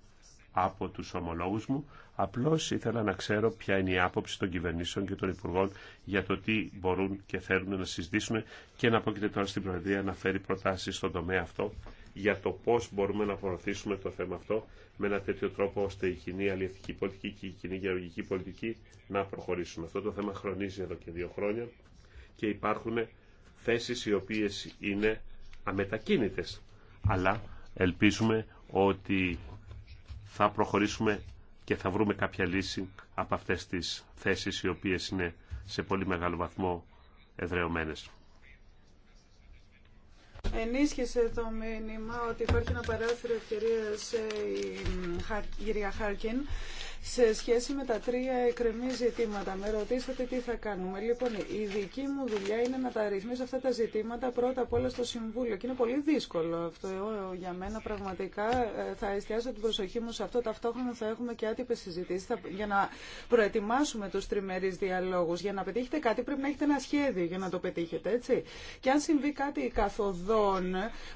από τους ομολόγους μου. Απλώς ήθελα να ξέρω ποια είναι η άποψη των κυβερνήσεων και των υπουργών για το τι μπορούν και θέλουν να συζητήσουν και να και τώρα στην Προεδρία να φέρει προτάσεις στον τομέα αυτό για το πώς μπορούμε να προωθήσουμε το θέμα αυτό με ένα τέτοιο τρόπο ώστε η κοινή αλληλευτική πολιτική και η κοινή γεωργική πολιτική να προχωρήσουν. Αυτό το θέμα χρονίζει εδώ και δύο χρόνια και υπάρχουν θέσεις οι οποίες είναι αμετακίνητες. Αλλά ελπίζουμε ότι θα προχωρήσουμε και θα βρούμε κάποια λύση από αυτές τις θέσεις οι οποίες είναι σε πολύ μεγάλο βαθμό εδρεωμένες. Ενίσχυσε το μήνυμα ότι υπάρχει ένα παράθυρο ευκαιρία ε, η κυρία Χάρκιν σε σχέση με τα τρία εκκρεμή ζητήματα. Με ρωτήσατε τι θα κάνουμε. Λοιπόν, η δική μου δουλειά είναι να τα ρυθμίσω αυτά τα ζητήματα πρώτα απ' όλα στο Συμβούλιο. Και είναι πολύ δύσκολο αυτό ε, για μένα πραγματικά. Ε, θα εστιάσω την προσοχή μου σε αυτό. Ταυτόχρονα θα έχουμε και άτυπε συζητήσει για να προετοιμάσουμε του τριμερεί διαλόγου. Για να πετύχετε κάτι πρέπει να έχετε ένα σχέδιο για να το πετύχετε, έτσι. Και αν συμβεί κάτι καθοδόν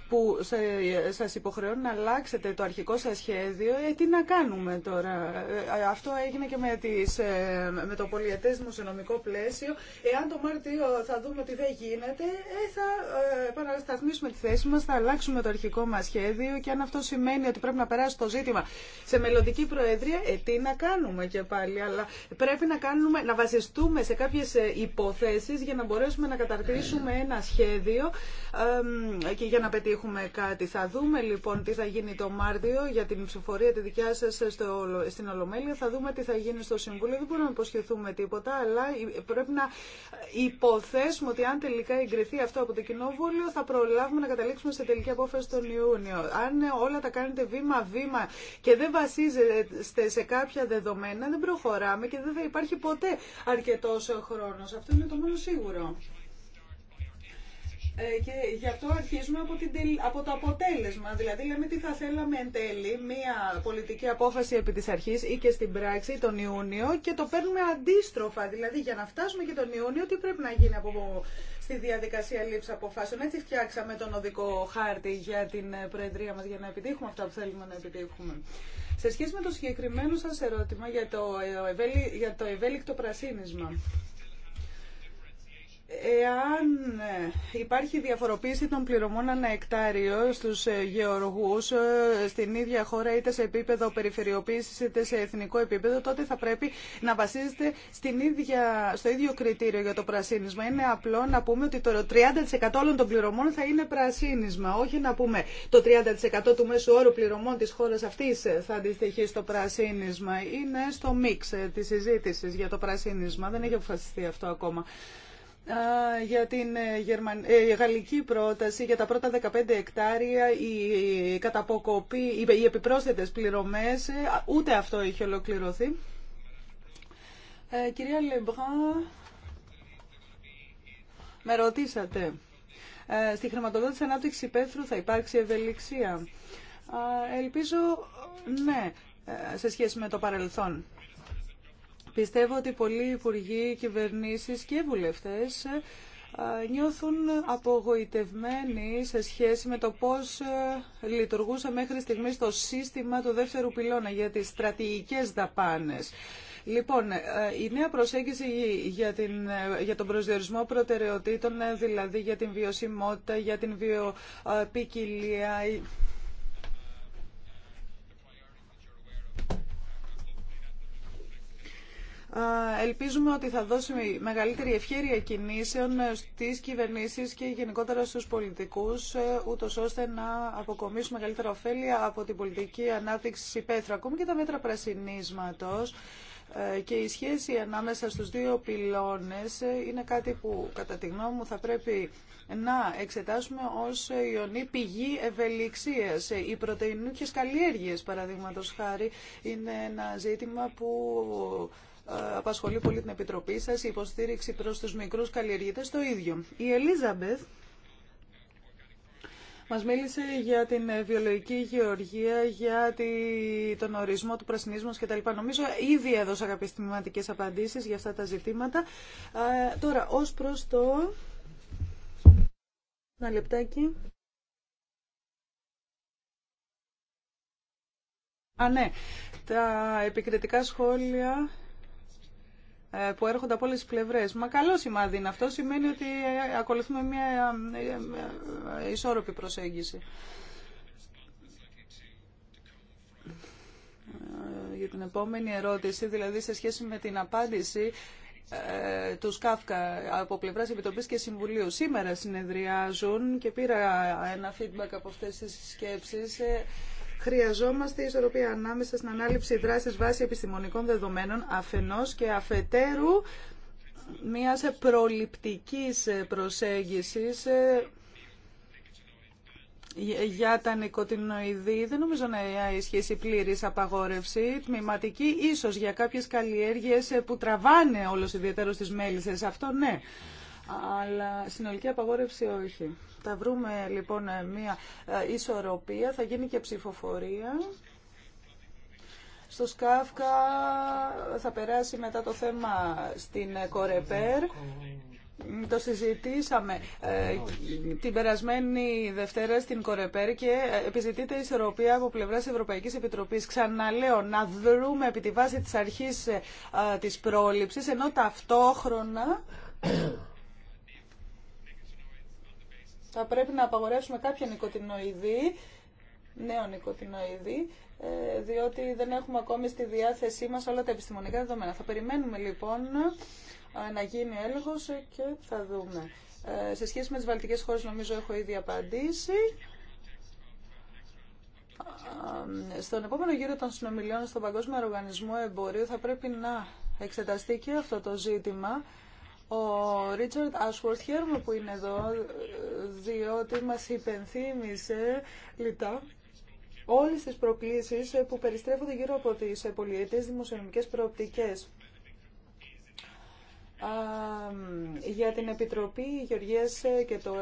που σα υποχρεώνει να αλλάξετε το αρχικό σα σχέδιο, ε, τι να κάνουμε τώρα. Ε, αυτό έγινε και με, τις, ε, με το πολιετές δημοσιονομικό πλαίσιο. Εάν το Μάρτιο θα δούμε ότι δεν γίνεται, ε, θα ε, επανασταθμίσουμε τη θέση μας, θα αλλάξουμε το αρχικό μας σχέδιο και αν αυτό σημαίνει ότι πρέπει να περάσει το ζήτημα σε μελλοντική προεδρία, ε, τι να κάνουμε και πάλι. Αλλά πρέπει να, κάνουμε, να βασιστούμε σε κάποιες υποθέσεις για να μπορέσουμε να καταρτήσουμε ένα σχέδιο και για να πετύχουμε κάτι. Θα δούμε λοιπόν τι θα γίνει το Μάρτιο για την ψηφορία τη δικιά σας στην Ολομέλη θα δούμε τι θα γίνει στο Συμβούλιο. Δεν μπορούμε να υποσχεθούμε τίποτα, αλλά πρέπει να υποθέσουμε ότι αν τελικά εγκριθεί αυτό από το Κοινοβούλιο, θα προλάβουμε να καταλήξουμε σε τελική απόφαση τον Ιούνιο. Αν όλα τα κάνετε βήμα-βήμα και δεν βασίζεστε σε κάποια δεδομένα, δεν προχωράμε και δεν θα υπάρχει ποτέ αρκετό χρόνο. Αυτό είναι το μόνο σίγουρο. Ε, και γι' αυτό αρχίζουμε από, την, από το αποτέλεσμα. Δηλαδή λέμε τι θα θέλαμε εν τέλει, μία πολιτική απόφαση επί της αρχής ή και στην πράξη τον Ιούνιο και το παίρνουμε αντίστροφα. Δηλαδή για να φτάσουμε και τον Ιούνιο τι πρέπει να γίνει από, στη διαδικασία λήψη αποφάσεων. Έτσι φτιάξαμε τον οδικό χάρτη για την ε, Προεδρία μας για να επιτύχουμε αυτά που θέλουμε να επιτύχουμε. Σε σχέση με το συγκεκριμένο σας ερώτημα για το, ε, για το ευέλικτο πρασίνισμα. Εάν ε, υπάρχει διαφοροποίηση των πληρωμών ανά εκτάριο στους ε, γεωργούς ε, στην ίδια χώρα είτε σε επίπεδο περιφερειοποίησης είτε σε εθνικό επίπεδο τότε θα πρέπει να βασίζεται στην ίδια, στο ίδιο κριτήριο για το πρασίνισμα. Είναι απλό να πούμε ότι το 30% όλων των πληρωμών θα είναι πρασίνισμα. Όχι να πούμε το 30% του μέσου όρου πληρωμών της χώρας αυτής θα αντιστοιχεί στο πρασίνισμα. Είναι στο μίξ της συζήτησης για το πρασίνισμα. Δεν έχει αποφασιστεί αυτό ακόμα για την ε, ε, γαλλική πρόταση για τα πρώτα 15 εκτάρια η καταποκοπή, οι επιπρόσθετες πληρωμές, ε, ούτε αυτό έχει ολοκληρωθεί. κυρία Λεμπρά, με ρωτήσατε. στη χρηματοδότηση ανάπτυξη υπαίθρου θα υπάρξει ευελιξία. ελπίζω ναι, σε σχέση με το παρελθόν. Πιστεύω ότι πολλοί υπουργοί, κυβερνήσεις και βουλευτές ε, νιώθουν απογοητευμένοι σε σχέση με το πώς ε, λειτουργούσε μέχρι στιγμής το σύστημα του δεύτερου πυλώνα για τις στρατηγικές δαπάνες. Λοιπόν, ε, η νέα προσέγγιση για, την, για τον προσδιορισμό προτεραιοτήτων, δηλαδή για την βιωσιμότητα, για την βιοπικιλία, Ελπίζουμε ότι θα δώσει μεγαλύτερη ευχέρεια κινήσεων στις κυβερνήσεις και γενικότερα στους πολιτικούς, ε, ούτως ώστε να αποκομίσουν μεγαλύτερα ωφέλεια από την πολιτική ανάπτυξη υπαίθρου, ακόμη και τα μέτρα πρασινίσματος ε, και η σχέση ανάμεσα στους δύο πυλώνες ε, είναι κάτι που κατά τη γνώμη μου θα πρέπει να εξετάσουμε ως ιονή πηγή ευελιξίας. Οι πρωτεϊνούχες καλλιέργειες παραδείγματος χάρη είναι ένα ζήτημα που απασχολεί πολύ την Επιτροπή σας, η υποστήριξη προς τους μικρούς καλλιεργητές το ίδιο. Η Ελίζαμπεθ μας μίλησε για την βιολογική γεωργία, για τον ορισμό του πρασινίσμου κτλ. Νομίζω ήδη έδωσα κάποιες τμηματικές απαντήσεις για αυτά τα ζητήματα. τώρα, ως προς το... Ένα λεπτάκι. Α, ναι. Τα επικριτικά σχόλια ε, που έρχονται από όλες τις πλευρές. Μα καλό σημάδι είναι αυτό, σημαίνει ότι ε, ακολουθούμε μια ε, ισόρροπη προσέγγιση. Για την επόμενη ερώτηση, δηλαδή σε σχέση με την απάντηση του ΣΚΑΦΚΑ από πλευρά Επιτροπή και Συμβουλίου. Σήμερα συνεδριάζουν και πήρα ένα feedback από αυτέ τι σκέψει. Χρειαζόμαστε ισορροπία ανάμεσα στην ανάληψη δράσης βάσει επιστημονικών δεδομένων αφενός και αφετέρου μια προληπτικής προσέγγισης ε, για τα νοικοτινοειδή δεν νομίζω να ισχύσει πλήρη απαγόρευση. Τμηματική ίσω για κάποιε καλλιέργειε που τραβάνε όλο ιδιαίτερο τι μέλισσε. Αυτό ναι αλλά συνολική απαγόρευση όχι. Θα βρούμε λοιπόν μια ε, ισορροπία, θα γίνει και ψηφοφορία. Στο Σκάφκα θα περάσει μετά το θέμα στην ε, Κορεπέρ. Το συζητήσαμε ε, την περασμένη Δευτέρα στην Κορεπέρ και επιζητείται ισορροπία από πλευρά Ευρωπαϊκή Επιτροπή. Ξαναλέω, να δρούμε επί τη βάση της αρχή τη πρόληψη, ενώ ταυτόχρονα θα πρέπει να απαγορεύσουμε κάποια νοικοτινοειδή, νέο νοικοτινοειδή, ε, διότι δεν έχουμε ακόμη στη διάθεσή μας όλα τα επιστημονικά δεδομένα. Θα περιμένουμε λοιπόν να γίνει έλεγχος και θα δούμε. Ε, σε σχέση με τις βαλτικές χώρες νομίζω έχω ήδη απαντήσει. Στον επόμενο γύρο των συνομιλιών στον Παγκόσμιο Οργανισμό Εμπορίου θα πρέπει να εξεταστεί και αυτό το ζήτημα. Ο Ρίτσαρτ Άσουαρτ χαίρομαι που είναι εδώ, διότι μας υπενθύμησε λιτά όλες τις προκλήσεις που περιστρέφονται γύρω από τις πολιετές δημοσιονομικές προοπτικές. Για την Επιτροπή Γεωργίας και το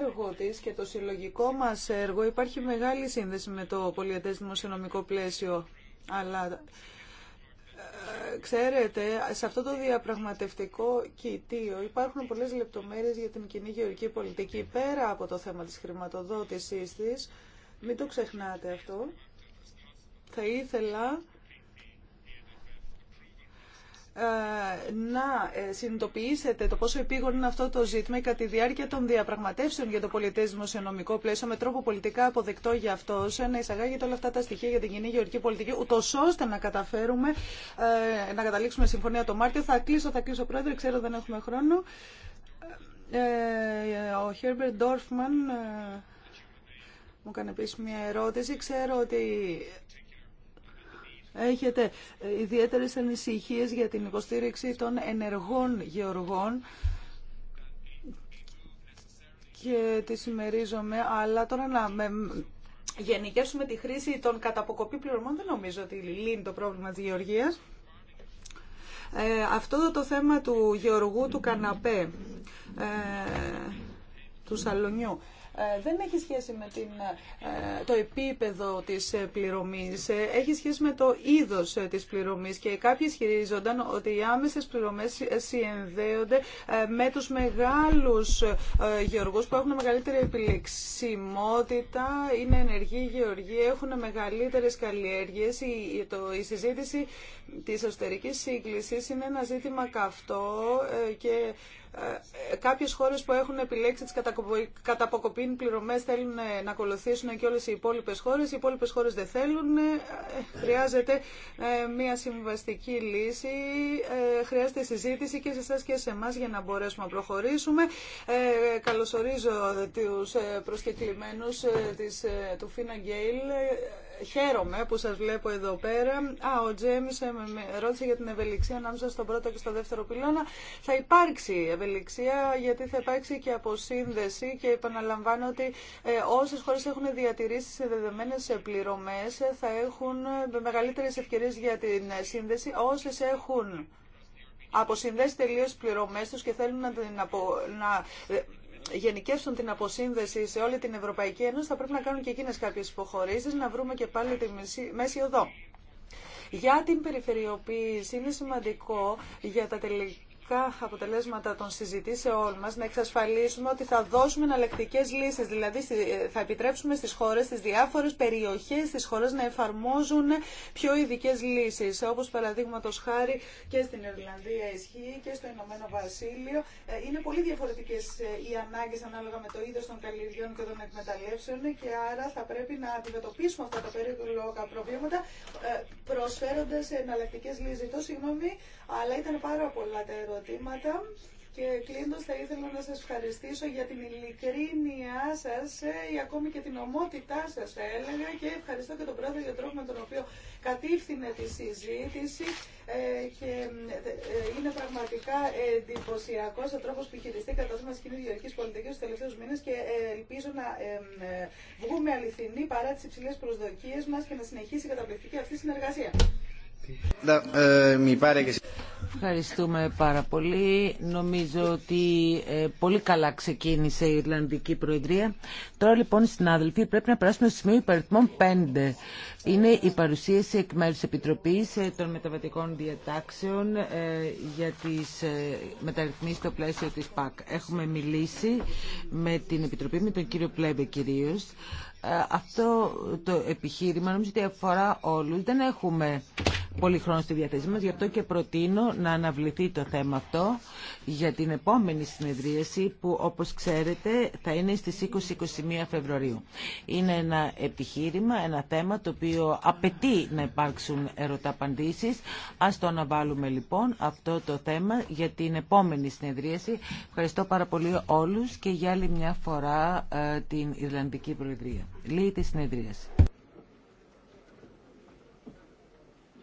έργο της και το συλλογικό μας έργο υπάρχει μεγάλη σύνδεση με το πολιετές δημοσιονομικό πλαίσιο. Αλλά Ξέρετε, σε αυτό το διαπραγματευτικό κοιτίο υπάρχουν πολλές λεπτομέρειες για την κοινή γεωργική πολιτική πέρα από το θέμα της χρηματοδότησής της. Μην το ξεχνάτε αυτό. Θα ήθελα ε, να ε, συνειδητοποιήσετε το πόσο επίγον είναι αυτό το ζήτημα κατά τη διάρκεια των διαπραγματεύσεων για το πολιτέ δημοσιονομικό πλαίσιο με τρόπο πολιτικά αποδεκτό για αυτό, να εισαγάγετε όλα αυτά τα στοιχεία για την κοινή γεωργική πολιτική, ούτω ώστε να καταφέρουμε ε, να καταλήξουμε συμφωνία το Μάρτιο. Θα κλείσω, θα κλείσω, Πρόεδρε, ξέρω δεν έχουμε χρόνο. ο Χέρμπερ Ντόρφμαν μου έκανε επίση μια ερώτηση. Ξέρω ότι έχετε ιδιαίτερες ανησυχίες για την υποστήριξη των ενεργών γεωργών και τη συμμερίζομαι, αλλά τώρα να με γενικεύσουμε τη χρήση των καταποκοπή πληρωμών δεν νομίζω ότι λύνει το πρόβλημα της γεωργίας. Ε, αυτό το θέμα του γεωργού του καναπέ, ε, του σαλονιού, ε, δεν έχει σχέση με την, ε, το επίπεδο της ε, πληρωμής, έχει σχέση με το είδος της πληρωμής και κάποιοι ισχυρίζονταν ότι οι άμεσες πληρωμές συνδέονται με τους μεγάλους γεωργούς που έχουν μεγαλύτερη επιλεξιμότητα, είναι ενεργοί γεωργοί, έχουν μεγαλύτερες καλλιέργειες. Η, το, η συζήτηση της εσωτερικής σύγκλησης είναι ένα ζήτημα καυτό ε, κάποιες χώρες που έχουν επιλέξει τις καταποκοπήν πληρωμές θέλουν ε, να ακολουθήσουν και όλες οι υπόλοιπες χώρες. Οι υπόλοιπες χώρες δεν θέλουν. Ε, χρειάζεται μια συμβαστική λύση. Χρειάζεται συζήτηση και σε εσάς και σε εμάς για να μπορέσουμε να προχωρήσουμε. Καλωσορίζω τους προσκεκλημένους του Φίνα Γκέιλ χαίρομαι που σας βλέπω εδώ πέρα. Α, ο Τζέμις ε, με ρώτησε για την ευελιξία ανάμεσα στον πρώτο και στο δεύτερο πυλώνα. Θα υπάρξει ευελιξία γιατί θα υπάρξει και αποσύνδεση και επαναλαμβάνω ότι ε, όσες χώρες έχουν διατηρήσει σε δεδομένες πληρωμές ε, θα έχουν μεγαλύτερες ευκαιρίες για την σύνδεση. Όσες έχουν αποσυνδέσει τελείως πληρωμές τους και θέλουν να, να γενικεύσουν την αποσύνδεση σε όλη την Ευρωπαϊκή Ένωση, θα πρέπει να κάνουν και εκείνες κάποιες υποχωρήσεις, να βρούμε και πάλι τη μέση οδό. Για την περιφερειοποίηση είναι σημαντικό για τα τελικά βασικά αποτελέσματα των συζητήσεών μας να εξασφαλίσουμε ότι θα δώσουμε εναλλακτικέ λύσεις, δηλαδή θα επιτρέψουμε στις χώρες, στις διάφορες περιοχές στις χώρες να εφαρμόζουν πιο ειδικέ λύσεις, όπως παραδείγματος χάρη και στην Ιρλανδία ισχύει και στο Ηνωμένο Βασίλειο. Ε, είναι πολύ διαφορετικές ε, οι ανάγκες ανάλογα με το είδος των καλλιδιών και των εκμεταλλεύσεων και άρα θα πρέπει να αντιμετωπίσουμε αυτά τα περίπλοκα προβλήματα ε, προσφέροντας εναλλακτικέ λύσεις. Το συγγνώμη, αλλά ήταν πάρα πολλά τα ερωτήματα ερωτήματα και κλείνοντας θα ήθελα να σας ευχαριστήσω για την ειλικρίνειά σας ε, ή ακόμη και την ομότητά σας θα έλεγα και ευχαριστώ και τον πρόεδρο για τον τρόπο με τον οποίο κατήφθηνε τη συζήτηση ε, και ε, είναι πραγματικά εντυπωσιακό ο τρόπο που χειριστεί κατά θέμα τη κοινή γεωργική πολιτική του τελευταίου μήνε και ελπίζω να βγούμε αληθινοί παρά τι υψηλέ προσδοκίε μα και να συνεχίσει η καταπληκτική αυτή συνεργασία. Ε, Ευχαριστούμε πάρα πολύ. Νομίζω ότι ε, πολύ καλά ξεκίνησε η Ιρλανδική Προεδρία. Τώρα λοιπόν, συνάδελφοι, πρέπει να περάσουμε στο σημείο υπαριθμών 5. Είναι η παρουσίαση εκ μέρου τη Επιτροπή ε, των Μεταβατικών Διατάξεων για τι μεταρρυθμίσει στο πλαίσιο τη ΠΑΚ. Έχουμε μιλήσει με την Επιτροπή, με τον κύριο Πλέμπε κυρίω. Αυτό το επιχείρημα νομίζω ότι αφορά όλου. Δεν έχουμε πολύ χρόνο στη διαθέση μας, γι' αυτό και προτείνω να αναβληθεί το θέμα αυτό για την επόμενη συνεδρίαση που όπως ξέρετε θα είναι στις 20-21 Φεβρουαρίου. Είναι ένα επιχείρημα, ένα θέμα το οποίο απαιτεί να υπάρξουν ερωταπαντήσεις. Ας το αναβάλουμε λοιπόν αυτό το θέμα για την επόμενη συνεδρίαση. Ευχαριστώ πάρα πολύ όλους και για άλλη μια φορά ε, την Ιρλανδική Προεδρία. Λύει τη συνεδρίαση.